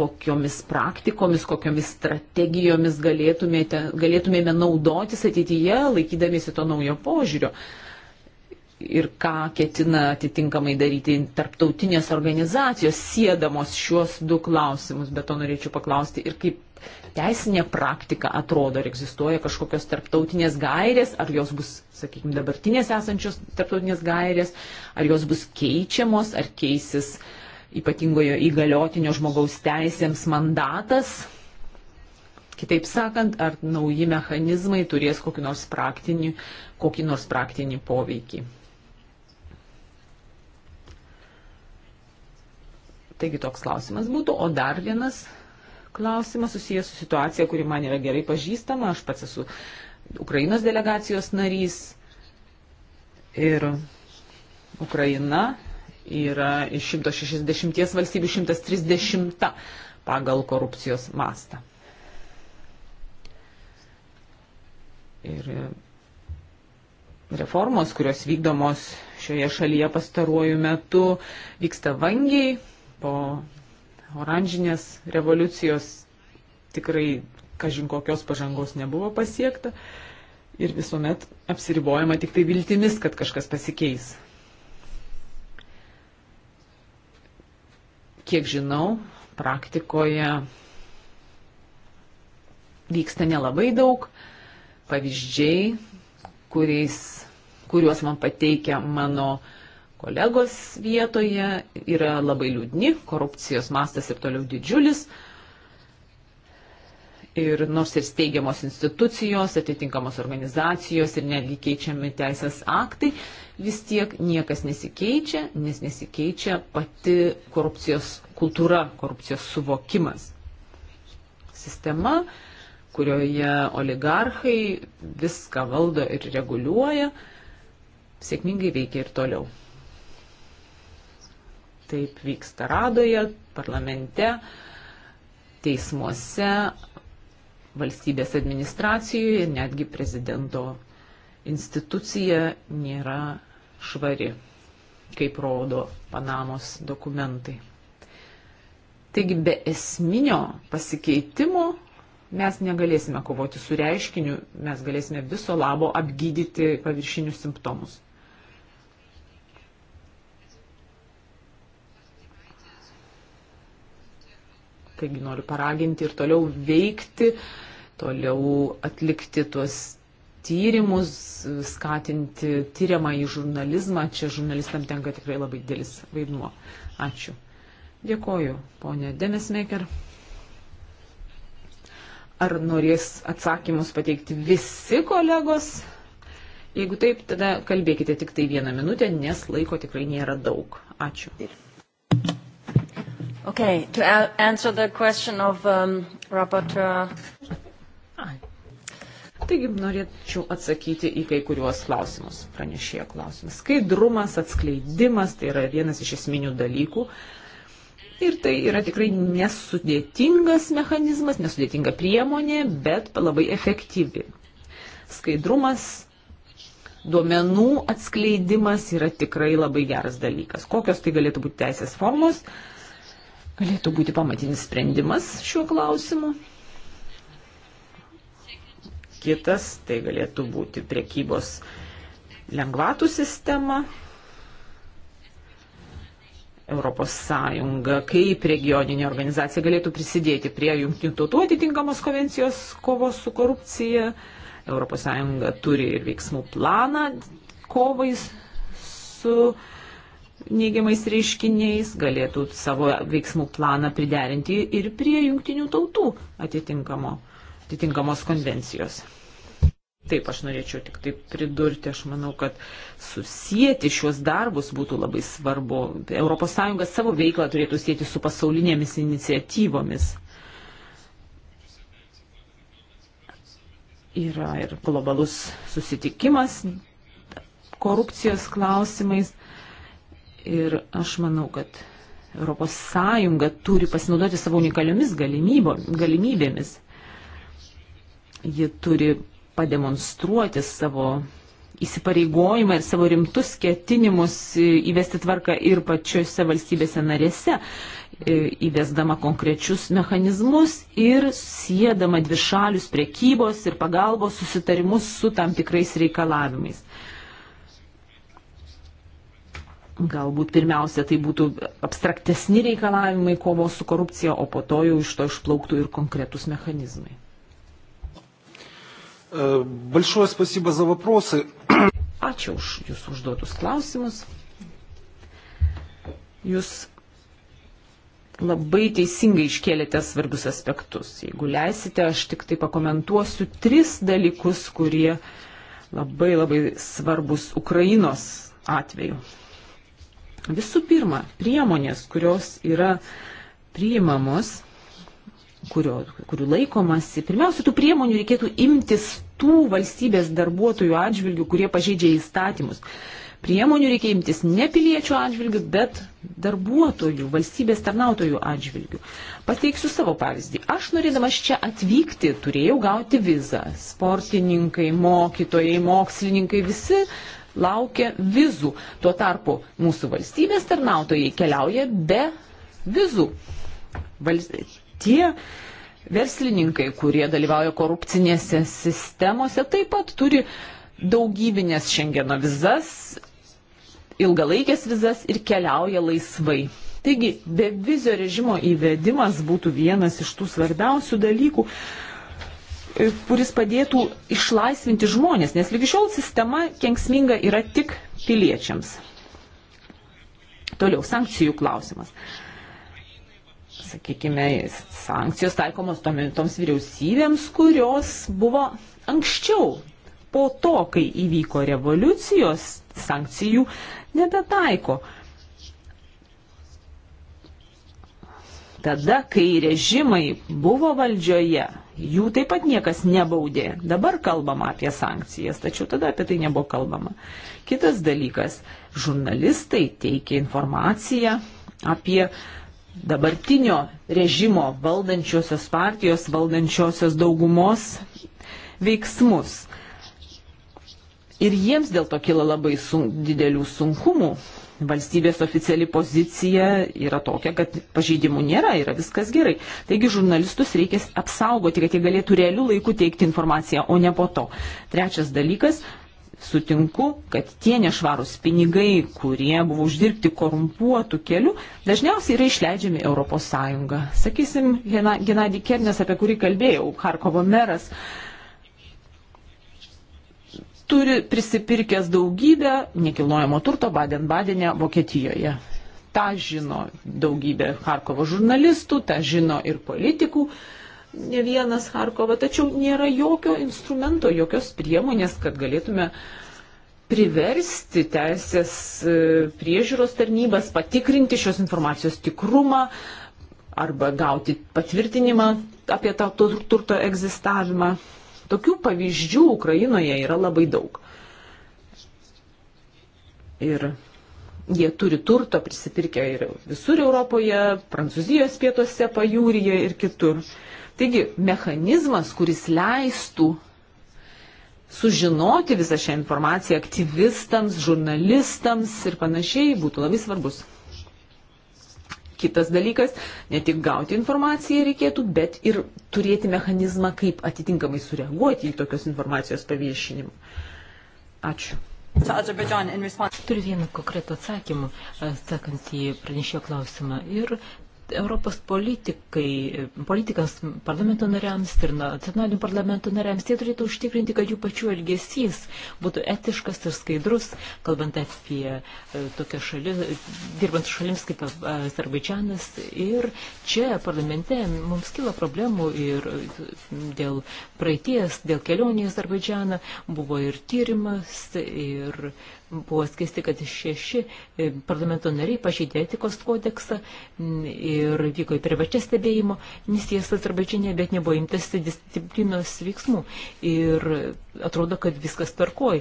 kokiomis praktikomis, kokiomis strategijomis galėtumėme naudotis ateityje, laikydamėsi to naujo požiūrio. Uh, ir ką ketina atitinkamai daryti tarptautinės organizacijos siedamos šiuos du klausimus. Bet to norėčiau paklausti ir kaip teisinė praktika atrodo, ar egzistuoja kažkokios tarptautinės gairės, ar jos bus, sakykime, dabartinės esančios tarptautinės gairės, ar jos bus keičiamos, ar keisis ypatingojo įgaliotinio žmogaus teisėms mandatas. Kitaip sakant, ar nauji mechanizmai turės kokį nors praktinį, kokį nors praktinį poveikį. Taigi toks klausimas būtų. O dar vienas klausimas susijęs su situacija, kuri man yra gerai pažįstama. Aš pats esu Ukrainos delegacijos narys. Ir Ukraina yra iš 160 valstybių 130 pagal korupcijos mastą. Ir reformos, kurios vykdomos šioje šalyje pastaruoju metu, vyksta vangiai, po oranžinės revoliucijos tikrai kažin kokios pažangos nebuvo pasiekta ir visuomet apsiribojama tik tai viltimis, kad kažkas pasikeis. Kiek žinau, praktikoje vyksta nelabai daug pavyzdžiai, kuriais, kuriuos man pateikia mano uh, kolegos vietoje yra labai liūdni, korupcijos mastas ir toliau didžiulis. Ir nors ir steigiamos institucijos, atitinkamos organizacijos ir netgi keičiami teisės aktai, vis tiek niekas nesikeičia, nes nesikeičia pati korupcijos kultūra, korupcijos suvokimas. Sistema, kurioje oligarchai viską valdo ir reguliuoja, sėkmingai veikia ir toliau. Taip vyksta radoje, parlamente, teismuose, valstybės administracijoje ir netgi prezidento institucija nėra švari, kaip rodo Panamos dokumentai. Taigi be esminio pasikeitimo mes negalėsime kovoti su reiškiniu, mes galėsime viso labo apgydyti paviršinius simptomus. Taigi noriu paraginti ir toliau veikti, toliau atlikti tuos tyrimus, skatinti tyriamą į žurnalizmą. Čia žurnalistam tenka tikrai labai didelis vaidmuo. Ačiū. Dėkoju, ponė Demesmaker. Ar norės atsakymus pateikti visi kolegos? Jeigu taip, tada kalbėkite tik tai vieną minutę, nes laiko tikrai nėra daug. Ačiū. Taip. Okay, to answer the question of um, rapporteur. Taigi norėčiau atsakyti į kai kuriuos klausimus, pranešėjo klausimas. Skaidrumas, atskleidimas, tai yra vienas iš esminių dalykų. Ir tai yra tikrai nesudėtingas mechanizmas, nesudėtinga priemonė, bet labai efektyvi. Skaidrumas, duomenų atskleidimas yra tikrai labai geras dalykas. Kokios tai galėtų būti teisės formos? Uh, galėtų būti pamatinis sprendimas šiuo klausimu. Kitas tai galėtų būti priekybos lengvatų sistema. Europos Sąjunga kaip regioninė organizacija galėtų prisidėti prie jungtinių tautų atitinkamos konvencijos kovos su korupcija. Europos Sąjunga turi ir veiksmų planą kovais su korupcija neigiamais reiškiniais, galėtų savo veiksmų planą priderinti ir prie jungtinių tautų atitinkamo, atitinkamos konvencijos. Taip, aš norėčiau tik taip pridurti, aš manau, kad susijęti šios darbus būtų labai svarbu. ES savo veiklą turėtų sėti su pasaulinėmis iniciatyvomis. Yra ir globalus susitikimas korupcijos klausimais Ir aš manau, kad ES turi pasinaudoti savo unikaliomis galimybėmis. Ji turi pademonstruoti savo įsipareigojimą ir savo rimtus ketinimus įvesti tvarką ir pačiose valstybėse narėse, e, įvesdama konkrečius mechanizmus ir siedama dvišalius priekybos ir pagalbos susitarimus su tam tikrais reikalavimais. Galbūt pirmiausia tai būtų abstraktesni reikalavimai kovos su korupcija, o po to jau iš to išplauktų ir konkretus mechanizmai. Большое спасибо за вопросы. Ačiū už Jūsų užduotus klausimus. Jūs labai teisingai iškėlėte svarbius aspektus. Jeigu leisite, aš tik tai pakomentuosiu tris dalykus, kurie labai labai svarbus Ukrainos atveju. Visų pirma, priemonės, kurios yra priimamos, kurio, kurių laikomasi, pirmiausia, tų priemonių reikėtų imtis tų valstybės darbuotojų atžvilgių, kurie pažeidžia įstatymus. Priemonių reikia imtis ne piliečių atžvilgių, bet darbuotojų, valstybės tarnautojų atžvilgių. Pateiksiu savo pavyzdį. Aš norėdamas čia atvykti turėjau gauti vizą. Sportininkai, mokytojai, mokslininkai, visi laukia vizų. Tuo tarpu mūsų valstybės tarnautojai keliauja be vizų. Vals... Tie verslininkai, kurie dalyvauja korupcinėse sistemose, taip pat turi daugybinės šengeno vizas, ilgalaikės vizas ir keliauja laisvai. Taigi, bevizio režimo įvedimas būtų vienas iš tų svarbiausių dalykų, E, kuris padėtų išlaisvinti žmonės, nes lygi šiol sistema kenksminga yra tik piliečiams. Toliau, sankcijų klausimas. Sakykime, sankcijos taikomos toms vyriausybėms, kurios buvo anksčiau, po to, kai įvyko revoliucijos, sankcijų nebetaiko. Tada, kai režimai buvo valdžioje, Jų taip pat niekas nebaudė. Dabar kalbama apie sankcijas, tačiau tada apie tai nebuvo kalbama. Kitas dalykas - žurnalistai teikia informaciją apie dabartinio režimo valdančiosios partijos, valdančiosios daugumos veiksmus. Ir jiems dėl to kila labai sun, didelių sunkumų, valstybės oficiali pozicija yra tokia, kad pažeidimų nėra, yra viskas gerai. Taigi žurnalistus reikia apsaugoti, kad jie galėtų realių laikų teikti informaciją, o ne po to. Trečias dalykas. Sutinku, kad tie nešvarūs pinigai, kurie buvo uždirbti korumpuotų kelių, dažniausiai yra išleidžiami ES. Sakysim, Genadį Kernes, apie kurį kalbėjau, Harkovo meras, uh, turi prisipirkęs daugybę nekilnojamo turto Baden-Badenė Vokietijoje. Ta žino daugybė Harkovo žurnalistų, ta žino ir politikų, ne vienas Harkova, tačiau nėra jokio instrumento, jokios priemonės, kad galėtume priversti teisės e, priežiūros tarnybas patikrinti šios informacijos tikrumą arba gauti patvirtinimą apie tą turto egzistavimą. Tokių pavyzdžių Ukrainoje yra labai daug. Ir jie turi turto prisipirkę ir visur Europoje, Prancūzijos pietuose, pajūryje ir kitur. Taigi mechanizmas, kuris leistų sužinoti visą šią informaciją aktyvistams, žurnalistams ir panašiai, būtų labai svarbus. Kitas dalykas, ne tik gauti informaciją reikėtų, bet ir turėti mechanizmą, kaip atitinkamai sureaguoti į tokios informacijos paviešinimą. Ačiū. Turiu vieną konkretų atsakymą, atsakant į pranešėjo klausimą. Ir Europos politikai, politikams, parlamento nariams ir nacionalinių parlamento nariams, jie turėtų užtikrinti, kad jų pačių elgesys būtų etiškas ir skaidrus, kalbant apie e, tokią šalį, dirbant šalims kaip e, Azerbaidžianas. Ir čia parlamente mums kila problemų ir e, dėl praeities, dėl kelionės Azerbaidžianą buvo ir tyrimas, ir buvo skisti, kad šeši e, parlamento nariai pažeidė etikos kodeksą ir vyko į privačias stebėjimo misijas Azerbaidžinė, bet nebuvo imtasi disciplinos veiksmų. Ir atrodo, kad viskas tvarkoj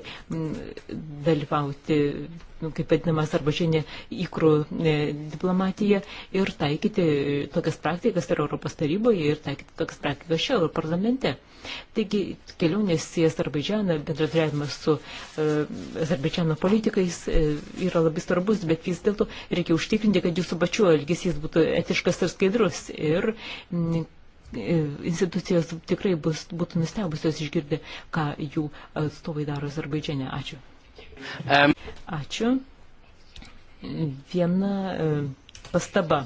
dalyvauti, nu, kaip vadinama, Azerbaidžinė įkrų e, diplomatija ir taikyti tokias praktikas ir Europos taryboje ir taikyti tokias praktikas čia, Europos parlamente. Taigi kelionės į Azerbaidžianą, bendradarbiavimas su e, Azerbaidžiano politikais e, yra labai svarbus, bet vis dėlto reikia užtikrinti, kad jūsų pačiu elgesys būtų etiškas ir skaidrus. Ir, m, mm, e, institucijos tikrai bus, būtų nustebusios išgirdę, ką jų atstovai daro Azerbaidžiane. Ačiū. Ačiū. Viena e, pastaba.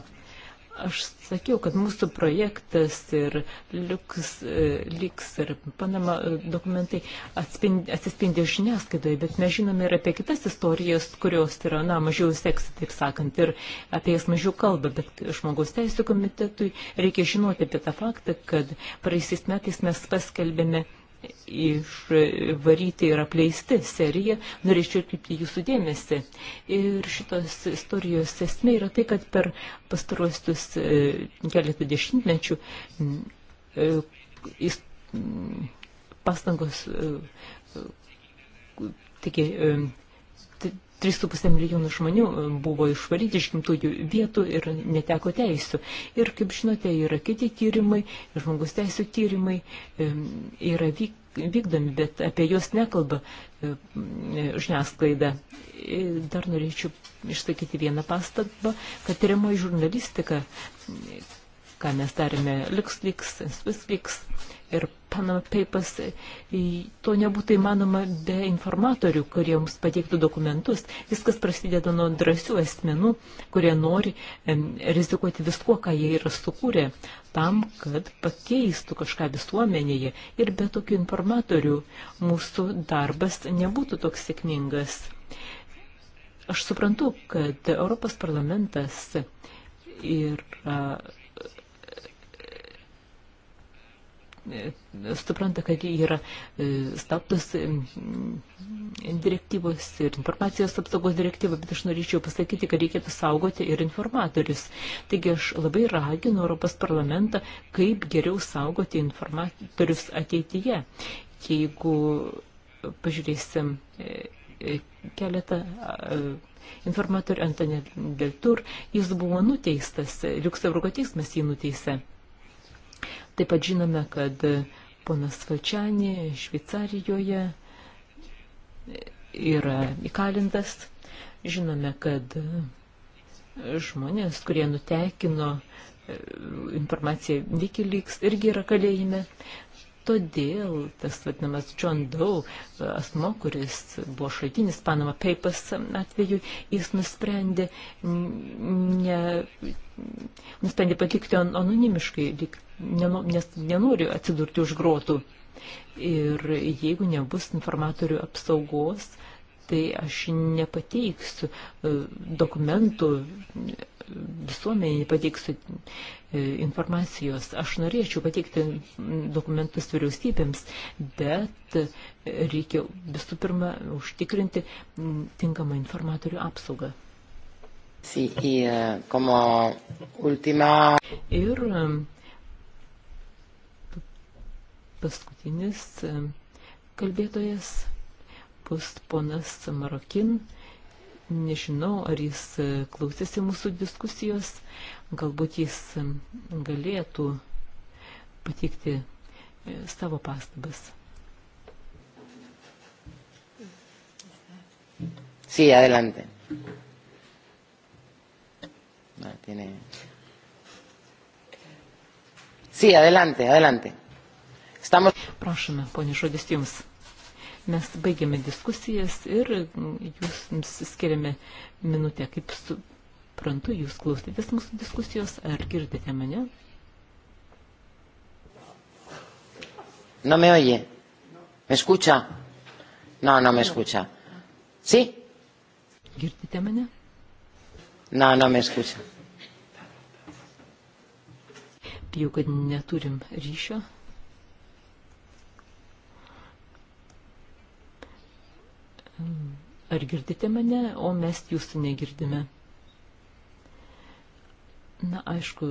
Aš sakiau, kad mūsų projektas ir liuks, e, liks ir panama dokumentai atspind, atsispindi žiniasklaidoje, bet mes žinome ir apie kitas istorijas, kurios yra, na, mažiau seksy, taip sakant, ir apie jas mažiau kalba, bet žmogaus teisų komitetui reikia žinoti apie tą faktą, kad praeisiais metais mes paskelbėme išvaryti ir apleisti seriją, norėčiau atkreipti jūsų dėmesį. Ir šitos istorijos esmė yra tai, kad per pastaruosius e, keletą dešimtmečių e, pastangos e, taigi, 3,5 milijonų žmonių e, buvo išvaryti iš gimtųjų vietų ir neteko teisų. Ir kaip žinote, yra kiti tyrimai, žmogus teisų tyrimai e, yra vykdomi, bet apie juos nekalba e, žiniasklaida. Dar norėčiau išsakyti vieną pastabą, kad tyriamoji žurnalistika, ką mes darėme LuxLeaks, SwissLeaks, ir Panama Papers, to nebūtų įmanoma be informatorių, kurie mums pateiktų dokumentus. Viskas prasideda nuo drąsių asmenų, kurie nori rizikuoti viskuo, ką jie yra sukūrę, tam, kad pakeistų kažką visuomenėje. Ir be tokių informatorių mūsų darbas nebūtų toks sėkmingas. Aš suprantu, kad Europos parlamentas ir uh, E, supranta, kad yra e, staptus e, direktyvos ir informacijos apsaugos direktyva, bet aš norėčiau pasakyti, kad reikėtų saugoti ir informatorius. Taigi aš labai raginu Europos parlamentą, kaip geriau saugoti informatorius ateityje. Jeigu pažiūrėsim keletą informatorių Antonė Deltur, jis buvo nuteistas, Liuksemburgo teismas jį nuteisė. Taip pat žinome, kad ponas Valčiani Šveicarijoje yra įkalintas. Žinome, kad žmonės, kurie nutekino informaciją Wikileaks, irgi yra kalėjime. Todėl tas vadinamas John Doe asmo, kuris buvo šaltinis Panama Papers atveju, jis nusprendė ne nusprendė patikti anonimiškai, nes nenori atsidurti už grotų. Ir jeigu nebus informatorių apsaugos, tai aš nepateiksiu e, dokumentų visuomenį pateiksiu e, informacijos. Aš norėčiau pateikti dokumentus vyriausybėms, bet e, reikia visų pirma užtikrinti tinkamą informatorių apsaugą. Sí, y uh, como última. Ir eh, paskutinis eh, kalbėtojas bus ponas Marokin. Nežinau, ar jis klausėsi mūsų diskusijos, galbūt jis galėtų pateikti savo pastabas. Sí, adelante. Ah, tiene... Sí, adelante, adelante. Estamos... Prašome, ponė Žodis, jums. Mes baigėme diskusijas ir jūs skiriame minutę, kaip suprantu, jūs klausėtės mūsų diskusijos, ar girdite mane? No me oye. ¿Me escucha? No, no me escucha. ¿Sí? Girdite mane? No, no me escucha. Bijau, kad neturim ryšio. Ar girdite mane, o mes jūsų negirdime. Na, aišku,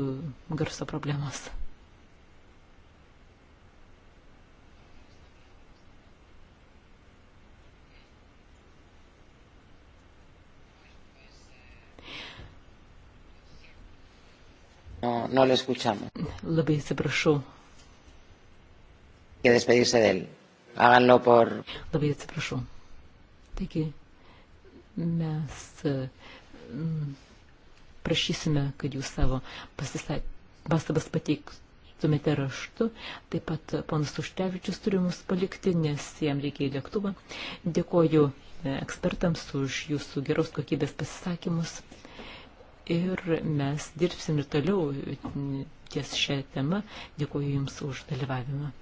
garso problemos. No, no le escuchamos. Labai atsiprašau. Que despedirse de él. Háganlo por. Labai atsiprašau. Taigi, mes mm, prašysime, kad jūs savo pastabas pateiktumėte raštu. Taip pat ponas Užtevičius turi mus palikti, nes jam reikia į lėktuvą. Dėkoju e, ekspertams už jūsų geros kokybės pasisakymus ir mes dirbsim ir toliau ties šią temą. Dėkuoju Jums už dalyvavimą.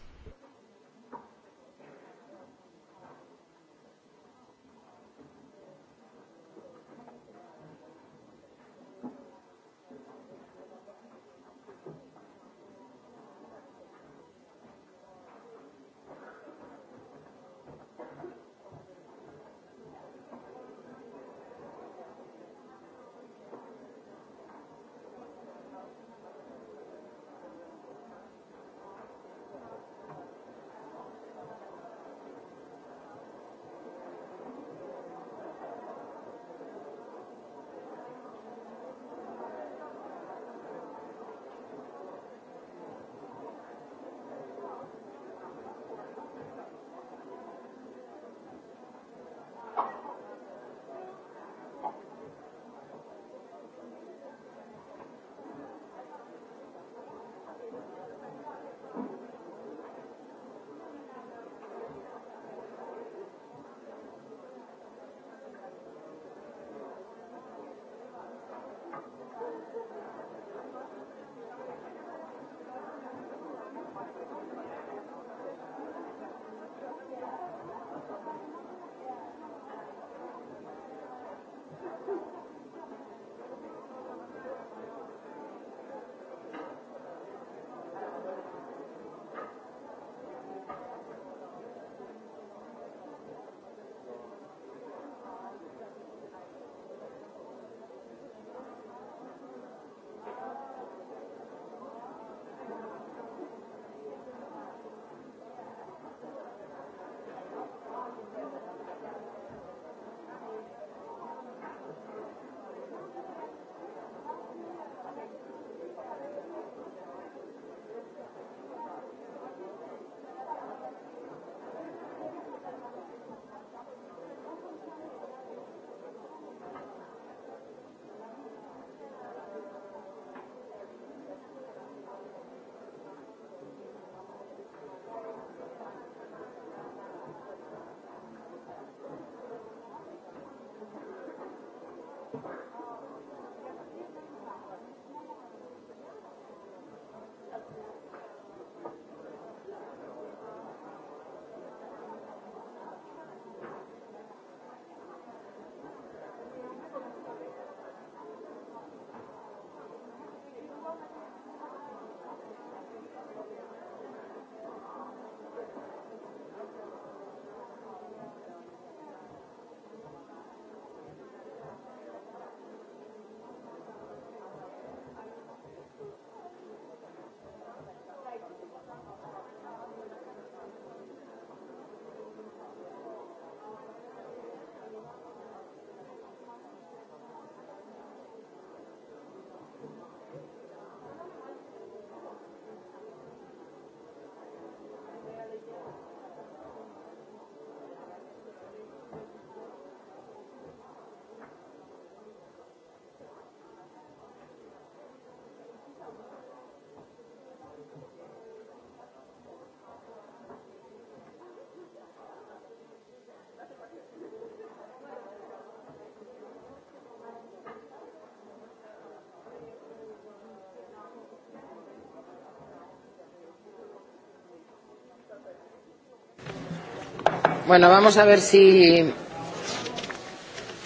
Bueno, vamos a ver si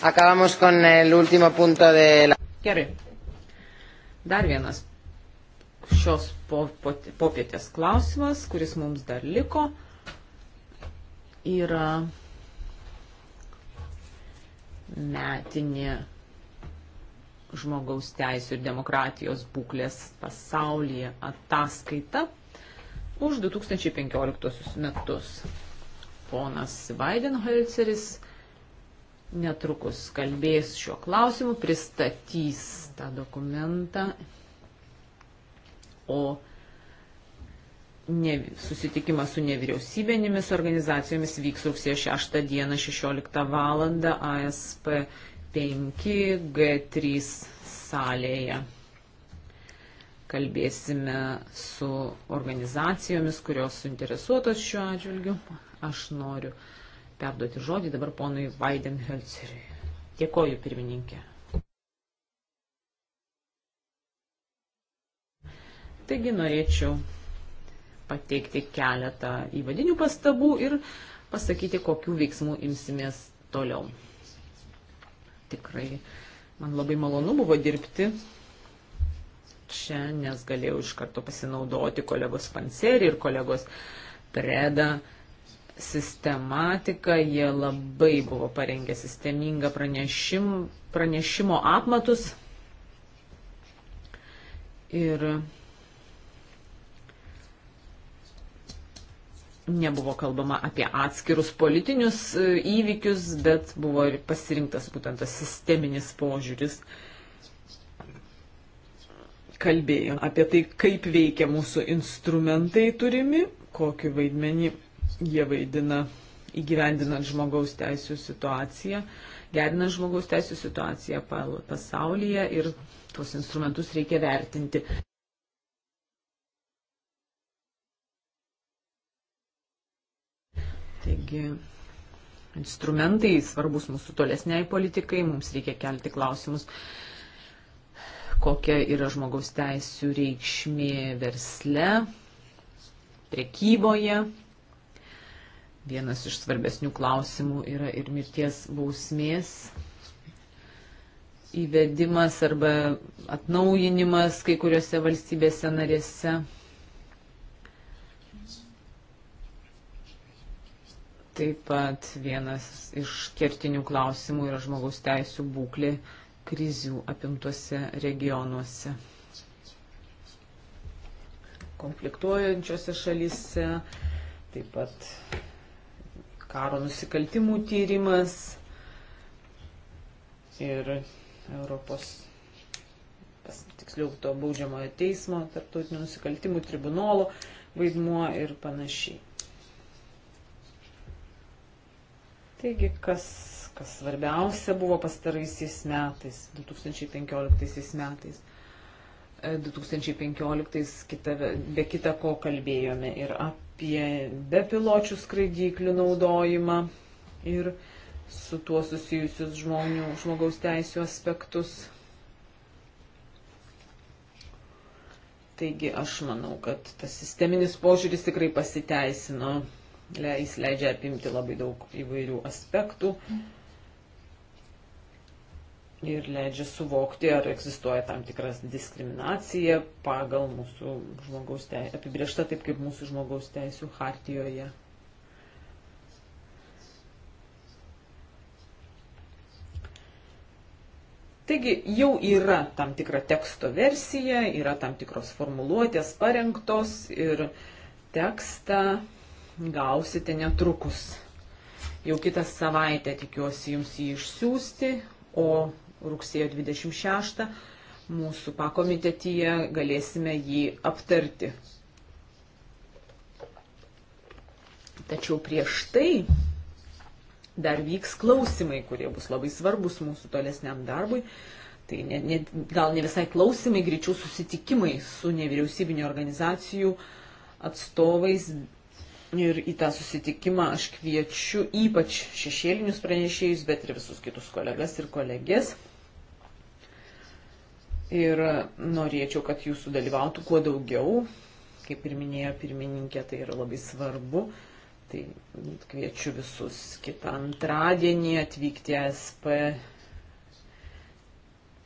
acabamos con el último punto de la. Gerai. Dar vienas šios popietės klausimas, kuris mums dar liko, yra metinė žmogaus teisų ir demokratijos būklės pasaulyje ataskaita už 2015 metus. Ponas Weidenholzeris netrukus kalbės šiuo klausimu, pristatys tą dokumentą, o ne, susitikimas su nevyriausybinėmis organizacijomis vyks rugsėjo 6 dieną 16 val. ASP 5G3 salėje kalbėsime su organizacijomis, kurios suinteresuotos šiuo atžvilgiu. Aš noriu perduoti žodį dabar ponui Weidenhölzeriui. Dėkoju, pirmininkė. Taigi norėčiau pateikti keletą įvadinių pastabų ir pasakyti, kokių veiksmų imsimės toliau. Tikrai man labai malonu buvo dirbti čia, nes galėjau iš karto pasinaudoti kolegos Panseri ir kolegos Preda uh, sistematiką, jie labai buvo parengę sistemingą pranešim, pranešimo apmatus. Ir nebuvo kalbama apie atskirus politinius e, įvykius, bet buvo ir pasirinktas būtent tas sisteminis požiūris. Kalbėjom apie tai, kaip veikia mūsų instrumentai turimi, kokį vaidmenį Jie vaidina įgyvendinant žmogaus teisų situaciją, gerinant žmogaus teisų situaciją pasaulyje ir tuos instrumentus reikia vertinti. Taigi, instrumentai svarbus mūsų tolesniai politikai, mums reikia kelti klausimus, kokia yra žmogaus teisų reikšmė versle, prekyboje, Vienas iš svarbesnių klausimų yra ir mirties bausmės įvedimas arba atnaujinimas kai kuriuose valstybėse narėse. Taip pat vienas iš kertinių klausimų yra žmogaus teisų būklė krizių apimtuose regionuose. Konfliktuojančiose šalyse, taip pat karo nusikaltimų tyrimas ir Europos, pas, tiksliau, to baudžiamojo teismo, tarptautinių nusikaltimų tribunolo vaidmuo ir panašiai. Taigi, kas, kas svarbiausia buvo pastaraisiais metais, 2015 metais. 2015 e, kita, be kita ko kalbėjome ir apie apie bepiločių skraidyklių naudojimą ir su tuo susijusius žmonių, žmogaus teisų aspektus. Taigi aš manau, kad tas sisteminis požiūris tikrai pasiteisino, jis leidžia apimti labai daug įvairių aspektų. Mm ir leidžia suvokti, ar egzistuoja tam tikras diskriminacija pagal mūsų žmogaus teisų, apibriešta taip kaip mūsų žmogaus teisų hartijoje. Taigi jau yra tam tikra teksto versija, yra tam tikros formuluotės parengtos ir tekstą gausite netrukus. Jau kitą savaitę tikiuosi jums jį išsiųsti, o rugsėjo 26 mūsų pakomitetyje galėsime jį aptarti. Tačiau prieš tai dar vyks klausimai, kurie bus labai svarbus mūsų tolesniam darbui. Tai ne, ne, gal ne visai klausimai, greičiau susitikimai su nevyriausybinio organizacijų atstovais. Ir į tą susitikimą aš kviečiu ypač šešėlinius pranešėjus, bet ir visus kitus kolegas ir kolegės. Ir norėčiau, kad jūs sudalyvautų kuo daugiau. Kaip ir minėjo pirmininkė, tai yra labai svarbu. Tai kviečiu visus kitą antradienį atvykti į SP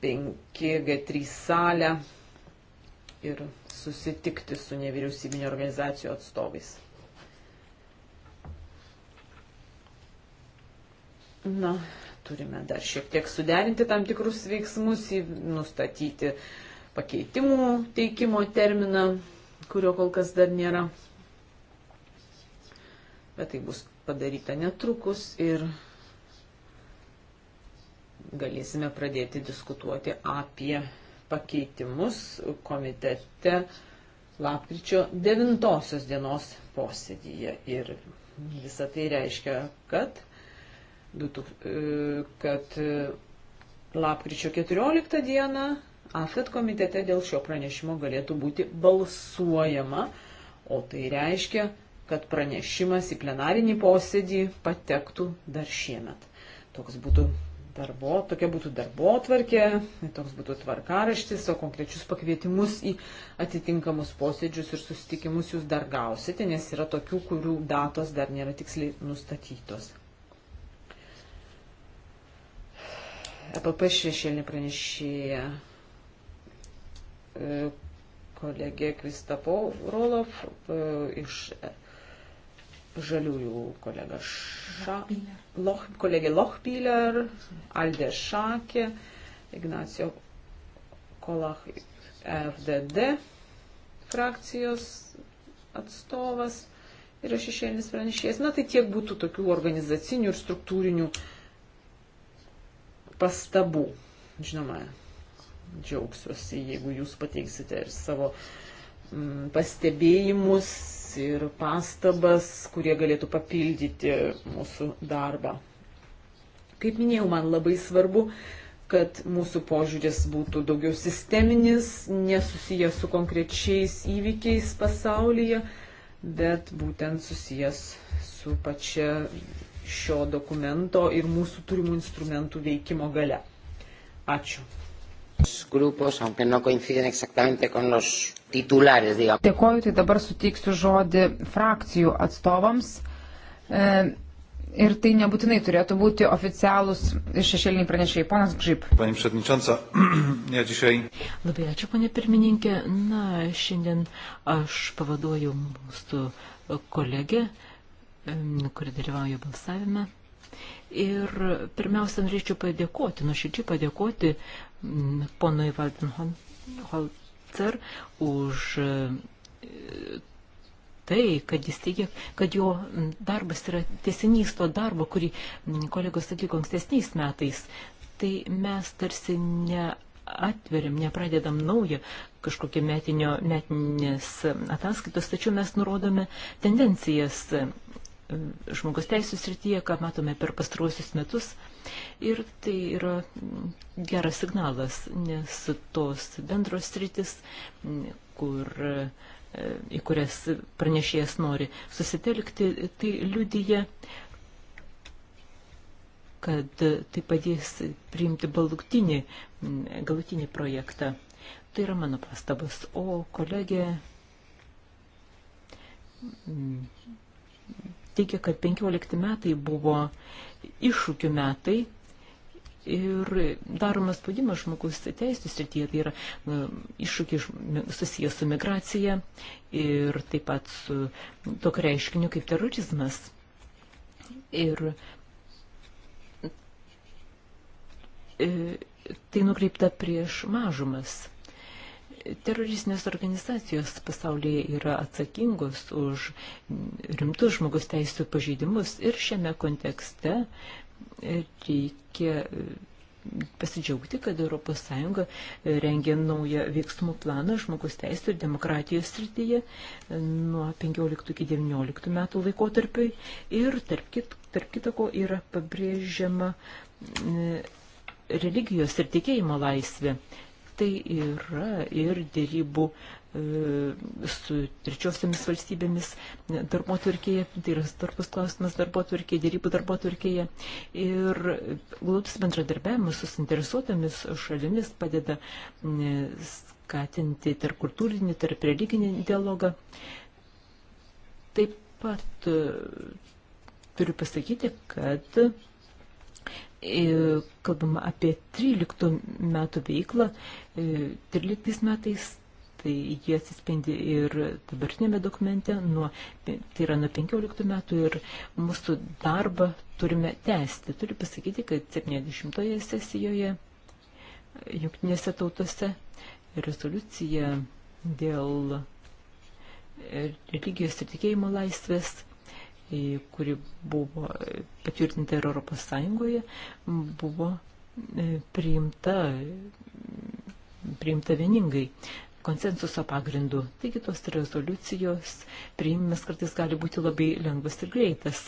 5G3 salę ir susitikti su nevyriausybinio organizacijų atstovais. Na, Turime dar šiek tiek suderinti tam tikrus veiksmus, nustatyti pakeitimų teikimo terminą, kurio kol kas dar nėra. Bet tai bus padaryta netrukus ir galėsime pradėti diskutuoti apie pakeitimus komitete lapkričio 9 dienos posėdyje. Ir visą tai reiškia, kad E, kad e, lapkričio 14 dieną AFET komitete dėl šio pranešimo galėtų būti balsuojama, o tai reiškia, kad pranešimas į plenarinį posėdį patektų dar šiemet. Toks būtų darbo, tokia būtų darbo tvarkė, toks būtų tvarkaraštis, o konkrečius pakvietimus į atitinkamus posėdžius ir susitikimus jūs dar gausite, nes yra tokių, kurių datos dar nėra tiksliai nustatytos. EPP šešėlinį pranešėją e, kolegė Kristapo Rolov e, iš žaliųjų kolega Ša, Loch, kolegė Lochpiler, Aldė Šakė, Ignacio Kolach FDD frakcijos atstovas yra šešėlinis pranešėjas. Na tai tiek būtų tokių organizacinių ir struktūrinių uh, pastabų. Žinoma, džiaugsiuosi, jeigu jūs pateiksite ir savo mm, pastebėjimus ir pastabas, kurie galėtų papildyti mūsų darbą. Kaip minėjau, man labai svarbu, kad mūsų požiūris būtų daugiau sisteminis, nesusijęs su konkrečiais įvykiais pasaulyje, bet būtent susijęs su pačia šio dokumento ir mūsų turimų instrumentų veikimo gale. Ačiū. Grupos, aunque no coinciden exactamente con los titulares, digamos. Dėkoju, tai dabar suteiksiu žodį frakcijų atstovams. E, ir tai nebūtinai turėtų būti oficialūs šešėliniai pranešėjai. Ponas Gžyp. Pane Šatničiansa, ne dzisiaj. Labai ačiū, ponė pirmininkė. Na, šiandien aš pavaduoju mūsų kolegę kuri dalyvauja balsavime. Ir pirmiausia, norėčiau padėkoti, nuoširdžiai padėkoti mm, ponui Valdenholzer už e, tai, kad jis teigia, kad jo darbas yra tiesinys to darbo, kurį mm, kolegos atliko ankstesniais metais. Tai mes tarsi ne atveriam, nepradedam naują kažkokį metinio, metinės ataskaitos, tačiau mes nurodome tendencijas žmogus teisų srityje, ką matome per pastaruosius metus. Ir tai yra geras signalas, nes tos bendros sritis, kur, e, į kurias pranešėjas nori susitelkti, tai liudyje kad tai padės priimti galutinį, galutinį projektą. Tai yra mano pastabas. O kolegė teigia, kad 15 metai buvo iššūkių metai ir daromas spaudimas žmogus teisų srityje, tai yra nu, iššūkiai susijęs su migracija ir taip pat su tokiu reiškiniu kaip terorizmas. Ir e, tai nukreipta prieš mažumas. Teroristinės organizacijos pasaulyje yra atsakingos už rimtus žmogus teisų pažeidimus ir šiame kontekste e, reikia e, pasidžiaugti, kad ES e, rengia naują veiksmų planą žmogus teisų ir demokratijos srityje nuo 15 iki 19 metų laikotarpiui ir tarp, kit, tarp kitako yra pabrėžiama religijos ir tikėjimo laisvė. Tai yra ir dėrybų e, su trečiosiamis valstybėmis darbo tvarkėje, tai yra svarbus klausimas darbo tvarkėje, dėrybų darbo tvarkėje. Ir glaudus bendradarbiavimas su suinteresuotomis šalimis padeda e, skatinti tarp kultūrinį, tarp religinį dialogą. Taip pat e, turiu pasakyti, kad kalbama apie 13 metų veiklą, 13 e, metais, tai jie atsispindi ir dabartinėme dokumente, nuo, tai yra nuo 15 metų ir mūsų darbą turime tęsti. Turiu pasakyti, kad 70-oje sesijoje jungtinėse tautose rezoliucija dėl religijos ir tikėjimo laisvės E, kuri buvo patvirtinta ir Europos Sąjungoje, buvo e, priimta, priimta vieningai konsensuso pagrindu. Taigi tos rezoliucijos priimimas kartais gali būti labai lengvas ir greitas.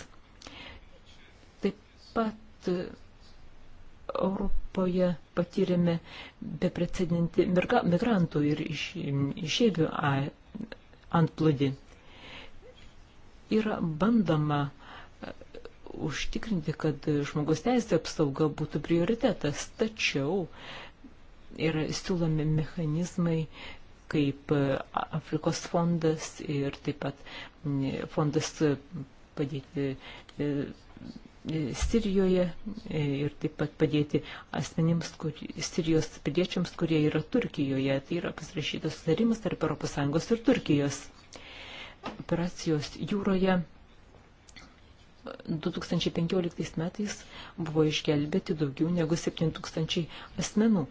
Taip pat Europoje patyrėme beprecedentį migrantų ir išėgių antplūdį yra bandama e, užtikrinti, kad žmogus teisė apsauga būtų prioritetas, tačiau yra siūlomi mechanizmai kaip e, Afrikos fondas ir taip pat fondas padėti e, Sirijoje ir taip pat padėti asmenims, kur, Sirijos piliečiams, kurie yra Turkijoje. Tai yra pasirašytas sutarimas tarp ES ir Turkijos operacijos jūroje 2015 metais buvo išgelbėti daugiau negu 7000 asmenų,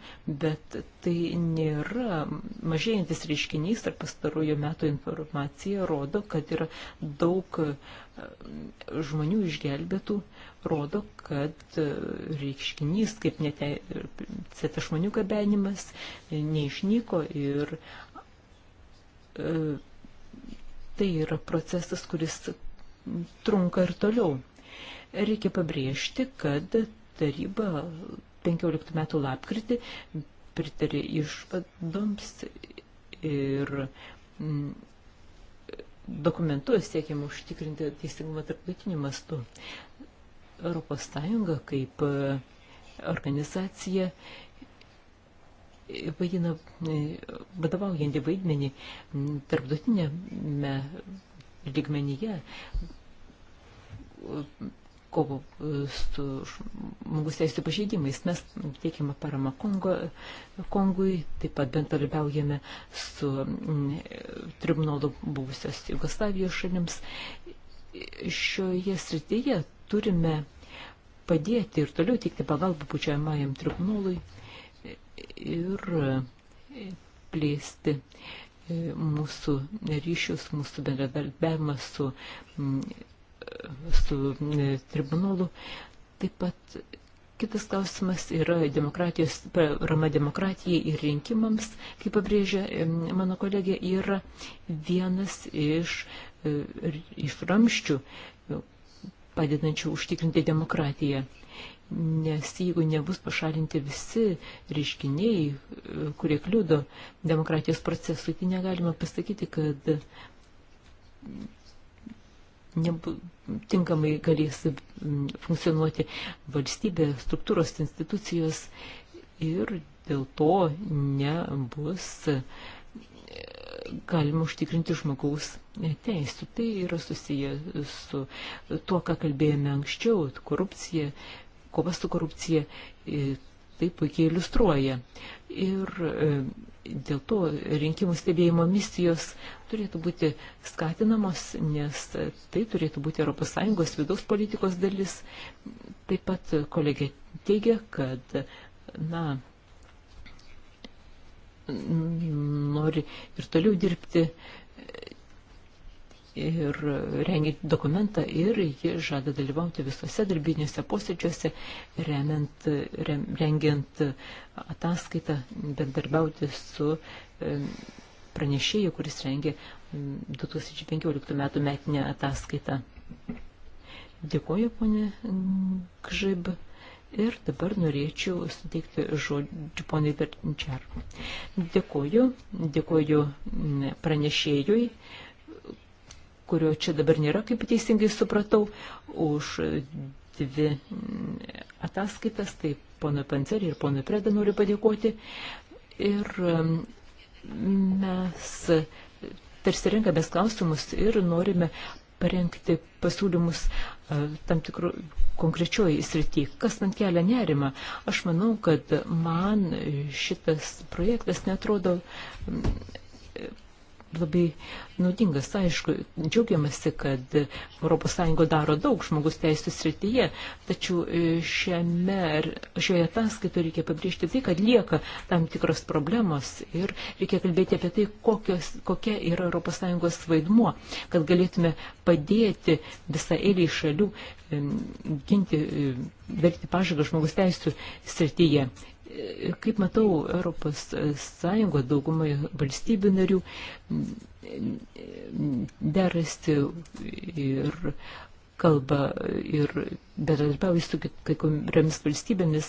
bet tai nėra mažėjantis reiškinys ir pastarojo metų informacija rodo, kad yra daug e, žmonių išgelbėtų, rodo, kad e, reiškinys kaip neteisėta žmonių gabenimas neišnyko ir e, Tai yra procesas, kuris trunka ir toliau. Reikia pabrėžti, kad taryba 15 metų lapkritį pritarė išvadoms ir mm, dokumentu siekiama užtikrinti teisingumą tarptautiniu mastu. Europos Sąjunga kaip e, organizacija vaidina e, vadovaujantį vaidmenį tarptautinėme lygmenyje kovo e, su žmogus teisų pažeidimais. Mes teikiame paramą Kongo, Kongui, taip pat bendradarbiaujame su tribunolu buvusios Jugoslavijos šalims. Šioje srityje turime padėti ir toliau teikti pagalbą pučiamajam tribunolui ir e, plėsti e, mūsų ryšius, mūsų bendradarbiavimą su, e, su tribunolu. Taip pat kitas klausimas yra demokratijos, rama demokratijai ir rinkimams, kaip pabrėžia mano kolegė, yra vienas iš, iš ramščių padedančių užtikrinti demokratiją nes jeigu nebus pašalinti visi reiškiniai, e, kurie kliudo demokratijos procesui, tai negalima pasakyti, kad nebu, tinkamai galės funkcionuoti valstybė, struktūros, institucijos ir dėl to nebus e, galima užtikrinti žmogaus teisų. Tai yra susiję su tuo, ką kalbėjome anksčiau, korupcija, kova su korupcija e, tai puikiai iliustruoja. Ir e, dėl to rinkimų stebėjimo misijos turėtų būti skatinamos, nes tai turėtų būti ES vidaus politikos dalis. Taip pat kolegė teigia, kad, na, nori ir toliau dirbti ir rengiant dokumentą ir ji žada dalyvauti visose darbinėse posėdžiuose, remiant, rem, rengiant ataskaitą, bendarbiauti su pranešėju, kuris rengia 2015 metų metinę ataskaitą. Dėkuoju, ponė Gžib. Ir dabar norėčiau suteikti žodžiu poniai Bertinčiar. Dėkuoju, dėkuoju pranešėjui kurio čia dabar nėra, kaip teisingai supratau, už dvi ataskaitas, tai pono Pancerį ir pono Preda noriu padėkoti. Ir um, mes tarsi renkamės klausimus ir norime parengti pasiūlymus uh, tam tikrų konkrečioji srity. Kas man kelia nerima? Aš manau, kad man šitas projektas netrodo um, labai naudingas. Aišku, džiaugiamasi, kad ES daro daug žmogus teisų srityje, tačiau e, šiame, šioje ataskaitoje reikia pabrėžti tai, kad lieka tam tikros problemos ir reikia kalbėti apie tai, kokios, kokia yra ES vaidmuo, kad galėtume padėti visą eilį šalių ginti, e, daryti pažangą žmogus teisų srityje kaip matau, Europos Sąjungos daugumai valstybių narių derasti ir kalba ir bendradarbiauja su kai kuriomis valstybėmis,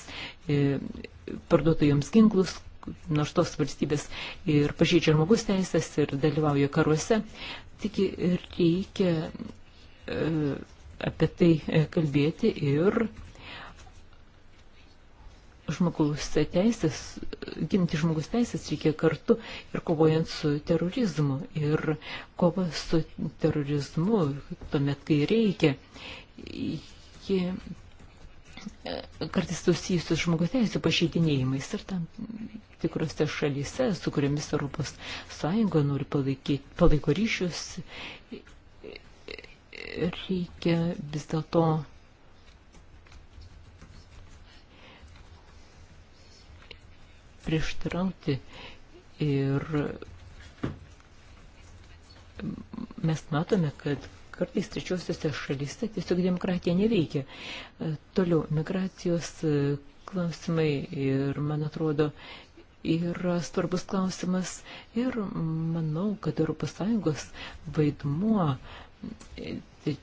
e, parduotų joms ginklus, nors tos valstybės ir pažeidžia žmogus teisės ir dalyvauja karuose. Tik reikia e, apie tai e, kalbėti ir žmogaus teisės, ginti žmogus teisės reikia kartu ir kovojant su terorizmu. Ir kova su terorizmu, tuomet, kai reikia, ji e, kartais susijusi žmogus teisų pažeidinėjimais ir tam tikrose šalyse, su kuriamis Europos Sąjunga nori palaikyti, palaiko ryšius, reikia vis dėlto prieštarauti ir mes matome, kad kartais trečiosiuose šalyse tiesiog demokratija neveikia. Toliau, migracijos klausimai ir, man atrodo, yra svarbus klausimas ir manau, kad ES vaidmuo tai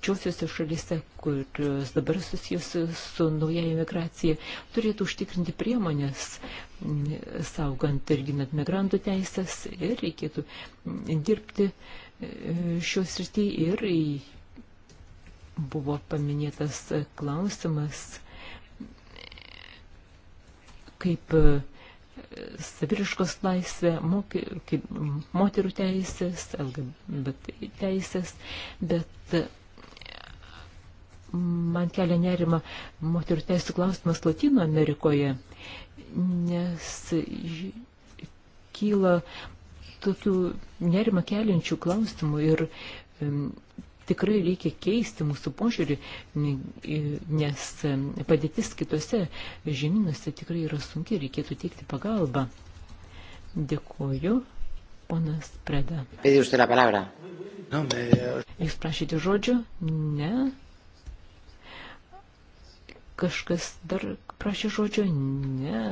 trečiosiuose šalise, kurios e, dabar susijusi su nauja imigracija, turėtų užtikrinti priemonės, saugant ir ginant migrantų teisės ir reikėtų dirbti e, šios rytį ir buvo paminėtas klausimas, kaip e, saviriškos laisvė, moky, kaip moterų teisės, LGBT teisės, bet man kelia nerima moterų teisų klausimas Latino Amerikoje, nes kyla tokių nerima keliančių klausimų ir tikrai reikia keisti mūsų požiūrį, nes padėtis kitose žemynuose tikrai yra sunki, reikėtų teikti pagalbą. Dėkuoju, ponas Preda. Jūs prašėte žodžio? Ne. Kažkas dar prašė žodžio? Ne.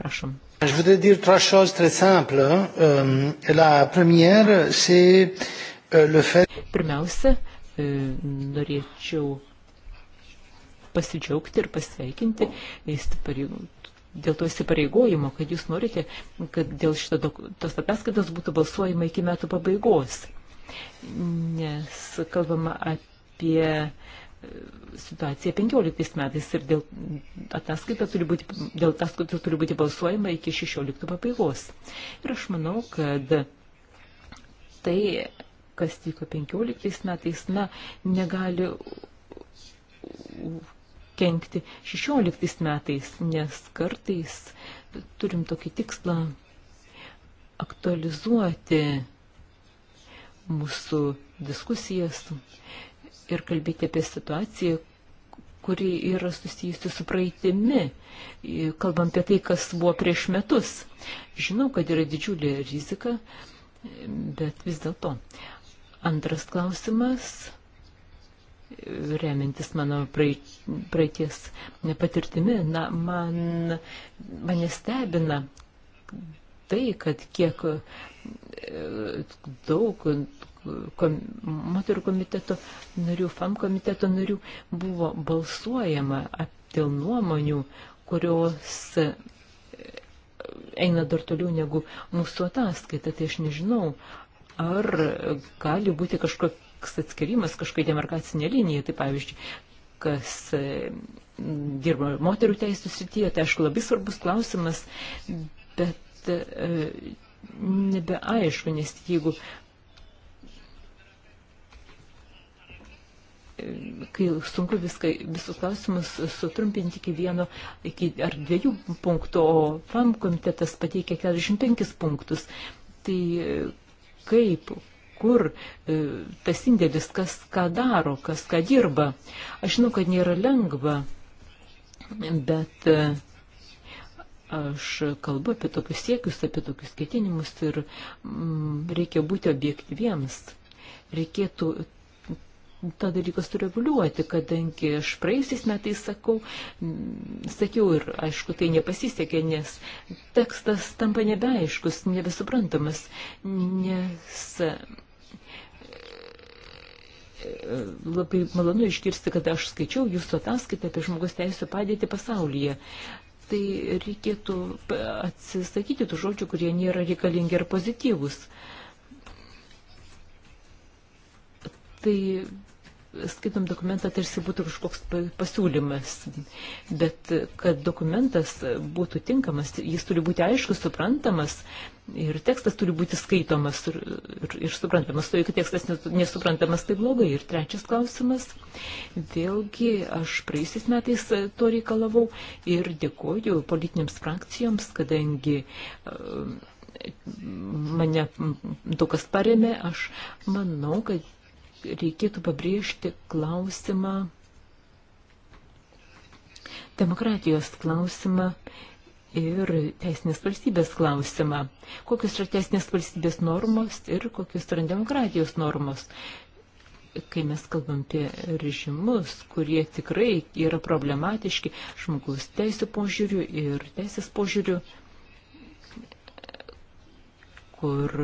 Prašom. Je voudrais dire trois choses très simples. Euh, la première, c'est euh, le fait. Pirmiausia, euh, norėčiau pasidžiaugti ir pasveikinti dėl to įsipareigojimo, kad jūs norite, kad dėl šito, tos ataskaitos būtų balsuojama iki metų pabaigos. Nes kalbama apie situacija 15 metais ir dėl ataskaita turi būti, dėl ataskaita turi būti balsuojama iki 16 pabaigos. Ir aš manau, kad tai, kas vyko 15 metais, na, negali kenkti 16 metais, nes kartais turim tokį tikslą aktualizuoti mūsų diskusijas ir kalbėti apie situaciją, kuri yra susijusi su praeitimi, kalbam apie tai, kas buvo prieš metus. Žinau, kad yra didžiulė rizika, bet vis dėlto. Antras klausimas, remintis mano praeities patirtimi, na, man, mane stebina tai, kad kiek e, daug kom, moterų komiteto narių, FAM komiteto narių buvo balsuojama dėl nuomonių, kurios e, eina dar toliau negu mūsų ataskaita. Tai aš nežinau, ar gali būti kažkoks atskirimas, kažkokia demarkacinė linija. Tai pavyzdžiui, kas e, dirba moterų teisų srityje, tai aišku labai svarbus klausimas, bet e, nebeaišku, nes jeigu kai sunku viską, visus klausimus sutrumpinti iki vieno iki, ar dviejų punktų, o FAM komitetas pateikė 45 punktus. Tai kaip, kur e, tas indėlis, kas ką daro, kas ką dirba. Aš žinau, kad nėra lengva, bet e, aš kalbu apie tokius siekius, apie tokius ketinimus ir mm, reikia būti objektyviems. Reikėtų tą dalyką sureguliuoti, kadangi aš praeisiais metais sakau, sakiau ir aišku, tai nepasisekė, nes tekstas tampa nebeaiškus, nebesuprantamas, nes e, labai malonu išgirsti, kad aš skaičiau jūsų ataskaitą apie žmogus teisų padėtį pasaulyje tai reikėtų atsisakyti tų žodžių, kurie nėra reikalingi ar pozityvus. Tai skaitom dokumentą, tarsi būtų kažkoks pasiūlymas, bet kad dokumentas būtų tinkamas, jis turi būti aiškus, suprantamas ir tekstas turi būti skaitomas ir, ir, ir suprantamas. O jeigu tekstas nesuprantamas, tai blogai. Ir trečias klausimas, vėlgi aš praeisiais metais to reikalavau ir dėkoju politinėms frakcijoms, kadangi e, mane daug kas paremė, aš manau, kad reikėtų pabrėžti klausimą, demokratijos klausimą ir teisinės valstybės klausimą. Kokios yra teisinės valstybės normos ir kokios yra demokratijos normos. Kai mes kalbam apie režimus, kurie tikrai yra problematiški žmogus teisų požiūrių ir teisės požiūrių, kur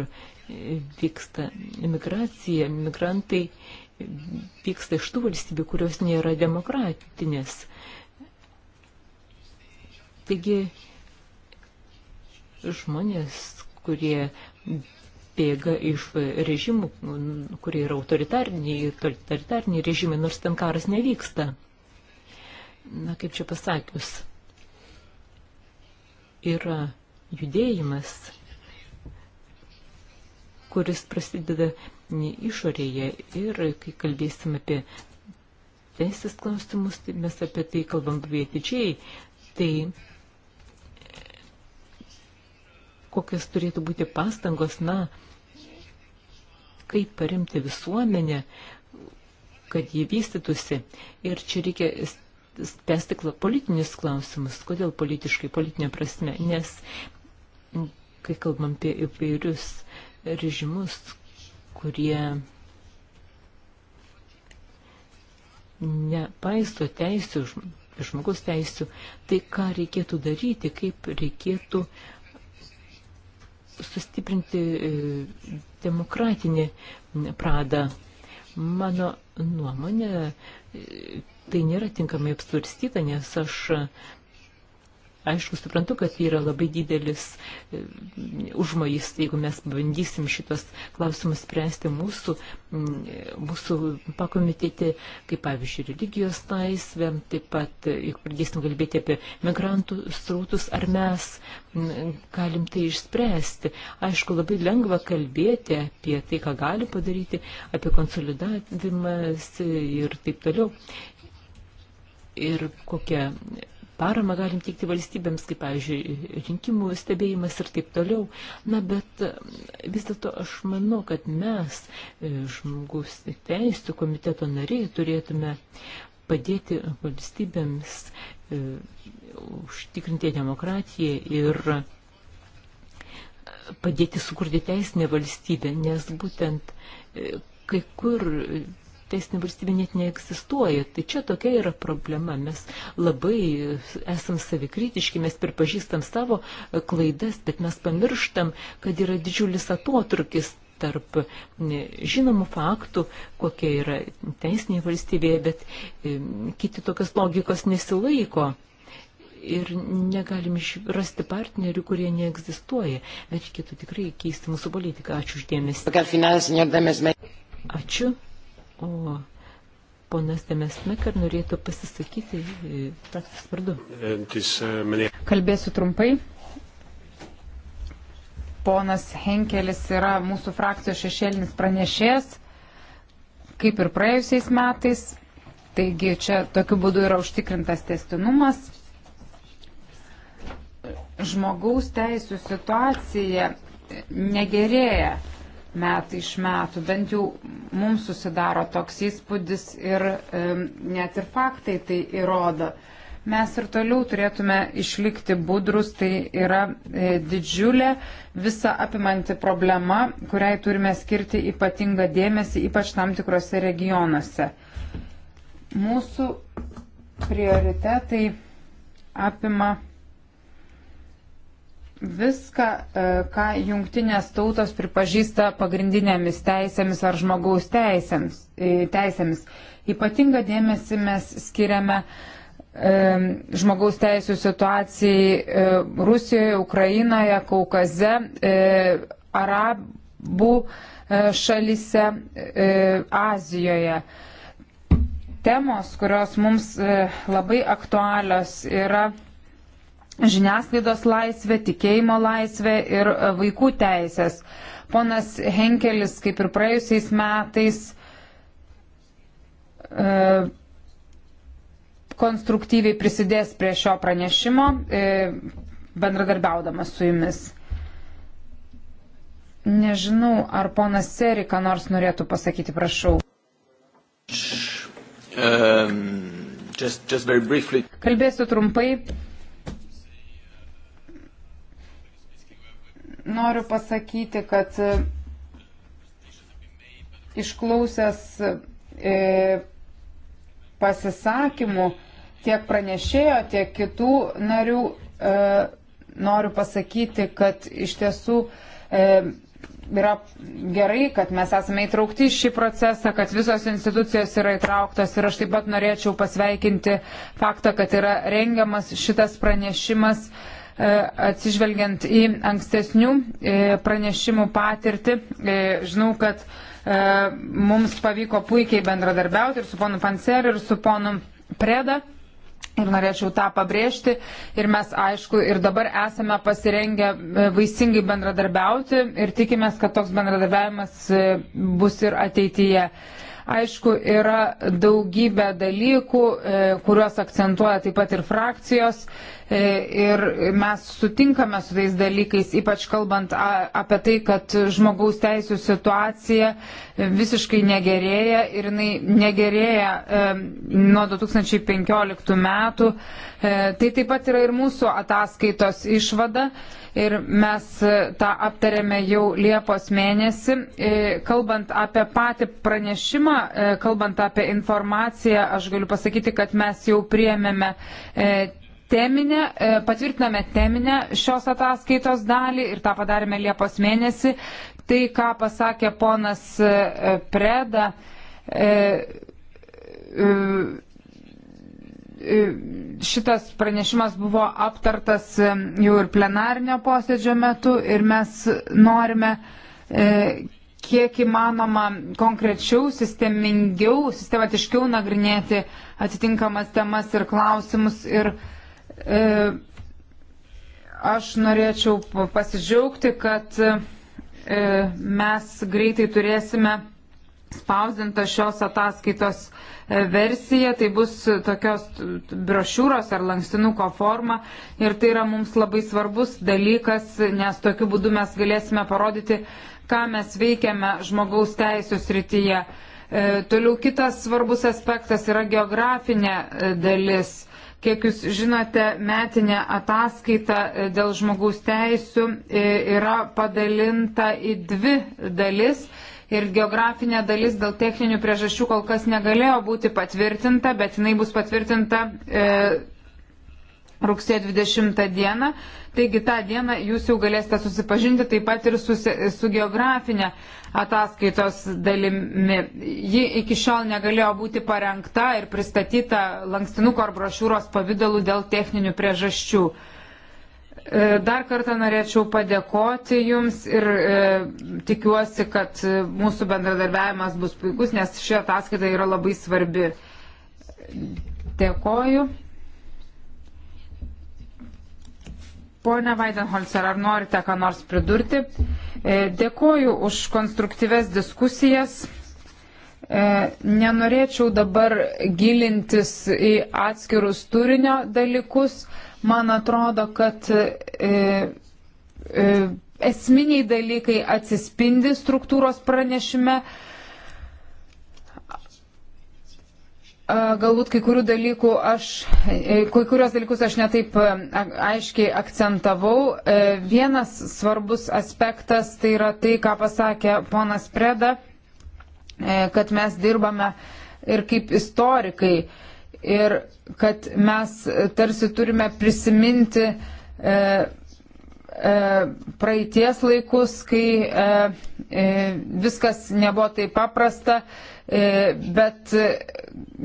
vyksta migracija, migrantai vyksta iš tų valstybių, kurios nėra demokratinės. Taigi žmonės, kurie bėga iš režimų, kurie yra autoritariniai, autoritariniai režimai, nors ten karas nevyksta. Na, kaip čia pasakius, yra judėjimas kuris prasideda išorėje. Ir kai kalbėsim apie teisės klausimus, tai mes apie tai kalbam labai atidžiai. Tai kokios turėtų būti pastangos, na, kaip paremti visuomenę, kad jį vystytųsi. Ir čia reikia spręsti politinius klausimus. Kodėl politiškai, politinė prasme? Nes kai kalbam apie įvairius režimus, kurie nepaisto teisų, žmogus teisų, tai ką reikėtų daryti, kaip reikėtų sustiprinti e, demokratinį pradą. Mano nuomonė, e, tai nėra tinkamai apsvarstyta, nes aš Aišku, suprantu, kad tai yra labai didelis e, užmojis, jeigu mes bandysim šitos klausimus spręsti mūsų, mūsų pakomitėti, kaip pavyzdžiui, religijos laisvę, taip pat, e, jeigu pradėsim kalbėti apie migrantų srautus, ar mes galim tai išspręsti. Aišku, labai lengva kalbėti apie tai, ką gali padaryti, apie konsolidavimas ir taip toliau. Ir kokia paramą galim teikti valstybėms, kaip, pavyzdžiui, rinkimų stebėjimas ir taip toliau. Na, bet e, vis dėlto aš manau, kad mes, e, žmogus teisų komiteto nariai, turėtume padėti valstybėms e, užtikrinti demokratiją ir padėti sukurti teisinę valstybę, nes būtent kai kur teisinė valstybė net neegzistuoja. Tai čia tokia yra problema. Mes labai esam savikritiški, mes pripažįstam savo klaidas, bet mes pamirštam, kad yra didžiulis atotrukis tarp žinomų faktų, kokia yra teisinė valstybė, bet e, kiti tokios logikos nesilaiko. Ir negalim rasti partnerių, kurie neegzistuoja. Bet reikėtų tikrai keisti mūsų politiką. Ačiū uždėmesi. Ačiū. O ponas Demesmeker norėtų pasisakyti e, frakcijos vardu. E, Kalbėsiu trumpai. Ponas Henkelis yra mūsų frakcijos šešėlinis pranešėjas, kaip ir praėjusiais metais. Taigi čia tokiu būdu yra užtikrintas testinumas žmogaus teisų situacija negerėja metai iš metų. Bent jau mums susidaro toks įspūdis ir e, net ir faktai tai įrodo. Mes ir toliau turėtume išlikti budrus, tai yra e, didžiulė visa apimanti problema, kuriai turime skirti ypatingą dėmesį, ypač tam tikrose regionuose. Mūsų prioritetai apima viską, e, ką jungtinės tautos pripažįsta pagrindinėmis teisėmis ar žmogaus teisėms, e, teisėmis. Ypatinga dėmesį mes skiriame e, žmogaus teisų situacijai Rusijoje, Ukrainoje, Kaukaze, Arabų šalise, Azijoje. Temos, kurios mums labai aktualios, yra žiniasklaidos laisvė, tikėjimo laisvė ir e, vaikų teisės. Ponas Henkelis, kaip ir praėjusiais metais, e, konstruktyviai prisidės prie šio pranešimo, e, bendradarbiaudamas su jumis. Nežinau, ar ponas Serika nors norėtų pasakyti, prašau. Um, just, just Kalbėsiu trumpai. noriu pasakyti, kad e, išklausęs e, pasisakymų tiek pranešėjo, tiek kitų narių e, noriu pasakyti, kad iš tiesų e, yra gerai, kad mes esame įtraukti į šį procesą, kad visos institucijos yra įtrauktos ir aš taip pat norėčiau pasveikinti faktą, kad yra rengiamas šitas pranešimas. E, E, atsižvelgiant į ankstesnių e, pranešimų patirtį. E, žinau, kad mums pavyko puikiai bendradarbiauti ir su ponu Panseriu, ir su ponu Preda. Ir norėčiau tą pabrėžti. Ir mes, aišku, ir dabar esame pasirengę vaisingai bendradarbiauti ir tikimės, kad toks bendradarbiavimas bus ir ateityje. Aišku, yra daugybė dalykų, kuriuos akcentuoja taip pat ir frakcijos. E, ir mes sutinkame su tais dalykais, ypač kalbant apie tai, kad žmogaus teisų situacija visiškai negerėja ir jinai negerėja e, nuo 2015 metų. E, tai taip pat yra ir mūsų ataskaitos išvada ir mes tą aptarėme jau Liepos mėnesį. Kalbant apie patį pranešimą, kalbant apie informaciją, aš galiu pasakyti, kad mes jau priemėme teminę, e, patvirtiname teminę šios ataskaitos dalį ir tą padarėme Liepos mėnesį. Tai, ką pasakė ponas e, Preda, e, šitas pranešimas buvo aptartas jau ir plenarnio posėdžio metu ir mes norime kiek įmanoma konkrečiau, sistemingiau, sistematiškiau nagrinėti atitinkamas temas ir klausimus ir uh, E, aš norėčiau pasidžiaugti, kad e, mes greitai turėsime spausdinta šios ataskaitos e, versija, tai bus tokios brošiūros ar lankstinuko forma ir tai yra mums labai svarbus dalykas, nes tokiu būdu mes galėsime parodyti, ką mes veikiame žmogaus teisų srityje. Toliau kitas svarbus aspektas yra geografinė dalis. Kiek jūs žinote, metinė ataskaita e, dėl žmogaus teisų e, yra padalinta į dvi dalis. Ir geografinė dalis dėl techninių priežasčių kol kas negalėjo būti patvirtinta, bet jinai bus patvirtinta e, rugsėjo 20 dieną. Taigi tą dieną jūs jau galėsite susipažinti taip pat ir su, su geografinė ataskaitos dalimi. Ji iki šiol negalėjo būti parengta ir pristatyta lankstinuko ar brošiūros pavydalu dėl techninių priežasčių. E, dar kartą norėčiau padėkoti Jums ir e, tikiuosi, kad mūsų bendradarbiavimas bus puikus, nes ši ataskaita yra labai svarbi. Dėkoju. Pone Vaidenholzer, ar norite ką nors pridurti? E, dėkoju už konstruktyves diskusijas. E, nenorėčiau dabar gilintis į atskirus turinio dalykus. Man atrodo, kad e, esminiai dalykai atsispindi struktūros pranešime. Galbūt kai, dalykų aš, e, kai kurios dalykus aš netaip e, aiškiai akcentavau. E, vienas svarbus aspektas tai yra tai, ką pasakė ponas Preda, kad mes dirbame ir kaip istorikai ir kad mes tarsi turime prisiminti praeities laikus, kai viskas nebuvo taip paprasta E, bet e,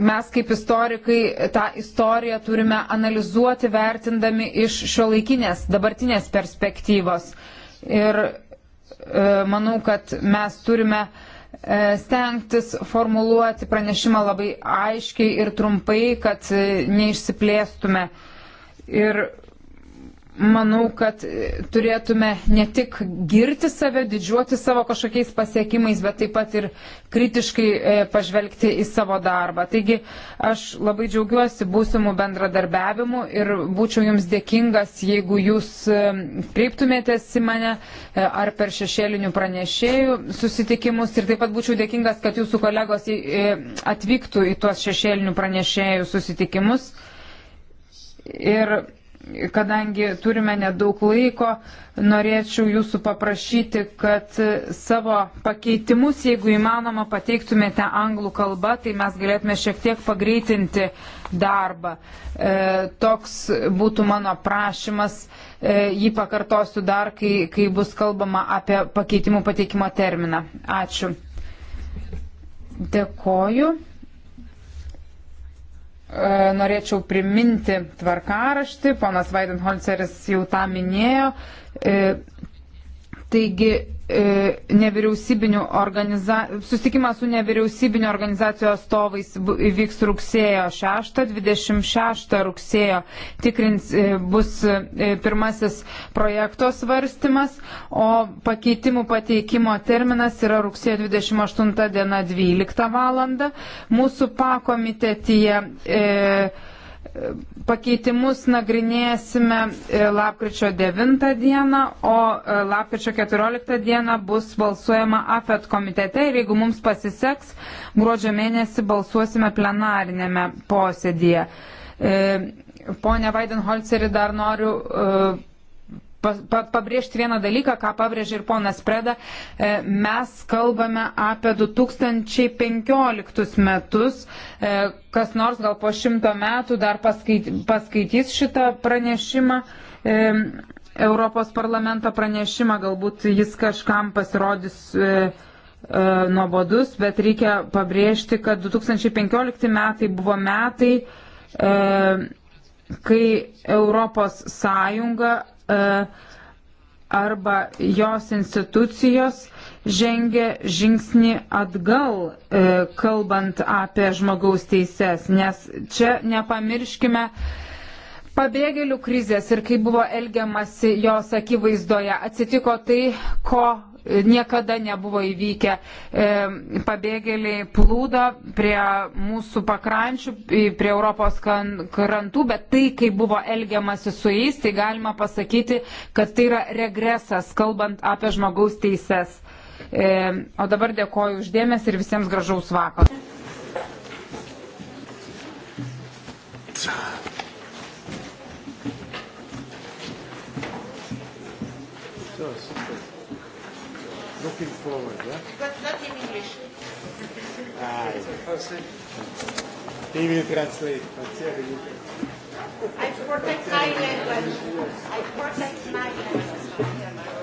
mes kaip istorikai tą istoriją turime analizuoti vertindami iš šio laikinės, dabartinės perspektyvos. Ir e, manau, kad mes turime stengtis formuluoti pranešimą labai aiškiai ir trumpai, kad neišsiplėstume. Ir manau, kad e, turėtume ne tik girti save, didžiuoti savo kažkokiais pasiekimais, bet taip pat ir kritiškai e, pažvelgti į savo darbą. Taigi aš labai džiaugiuosi būsimų bendradarbiavimų ir būčiau jums dėkingas, jeigu jūs e, kreiptumėtės į mane ar per šešėlinių pranešėjų susitikimus ir taip pat būčiau dėkingas, kad jūsų kolegos atvyktų į tuos šešėlinių pranešėjų susitikimus. Ir kadangi turime nedaug laiko, norėčiau jūsų paprašyti, kad savo pakeitimus, jeigu įmanoma, pateiktumėte anglų kalbą, tai mes galėtume šiek tiek pagreitinti darbą. E, toks būtų mano prašymas, e, jį pakartosiu dar, kai, kai bus kalbama apie pakeitimų pateikimo terminą. Ačiū. Dėkoju. E, norėčiau priminti tvarkaraštį, ponas Vaidenholceris jau tą minėjo. E, Taigi e, nevyriausybinių organizacijų, susitikimas su nevyriausybinio organizacijų atstovais vyks rugsėjo 6, 26 rugsėjo tikrins e, bus e, pirmasis projekto svarstymas, o pakeitimų pateikimo terminas yra rugsėjo 28 diena 12 val. Mūsų pakomitetyje e, pakeitimus nagrinėsime e, lapkričio 9 dieną, o e, lapkričio 14 dieną bus balsuojama AFET komitete ir jeigu mums pasiseks, gruodžio mėnesį balsuosime plenarinėme posėdėje. E, pone Vaidenholcerį dar noriu pabrėžti vieną dalyką, ką pabrėžė ir ponas Preda. E, mes kalbame apie 2015 metus. E, kas nors gal po šimto metų dar paskaitys šitą pranešimą. E, Europos parlamento pranešimą, galbūt jis kažkam pasirodys nuobodus, bet reikia pabrėžti, kad 2015 metai buvo metai, kai Europos Sąjunga E, arba jos institucijos žengia žingsnį atgal, e, kalbant apie žmogaus teises, nes čia nepamirškime, pabėgėlių krizės ir kaip buvo elgiamasi jos akivaizdoje atsitiko tai, ko niekada nebuvo įvykę. E, pabėgėliai plūdo prie mūsų pakrančių, prie Europos krantų, bet tai, kai buvo elgiamasi su jais, tai galima pasakyti, kad tai yra regresas, kalbant apie žmogaus teises. E, o dabar dėkoju uždėmės ir visiems gražaus vakaro. So. looking forward, yeah? But not in English. Ah, he will translate. I protect my language. I protect my language.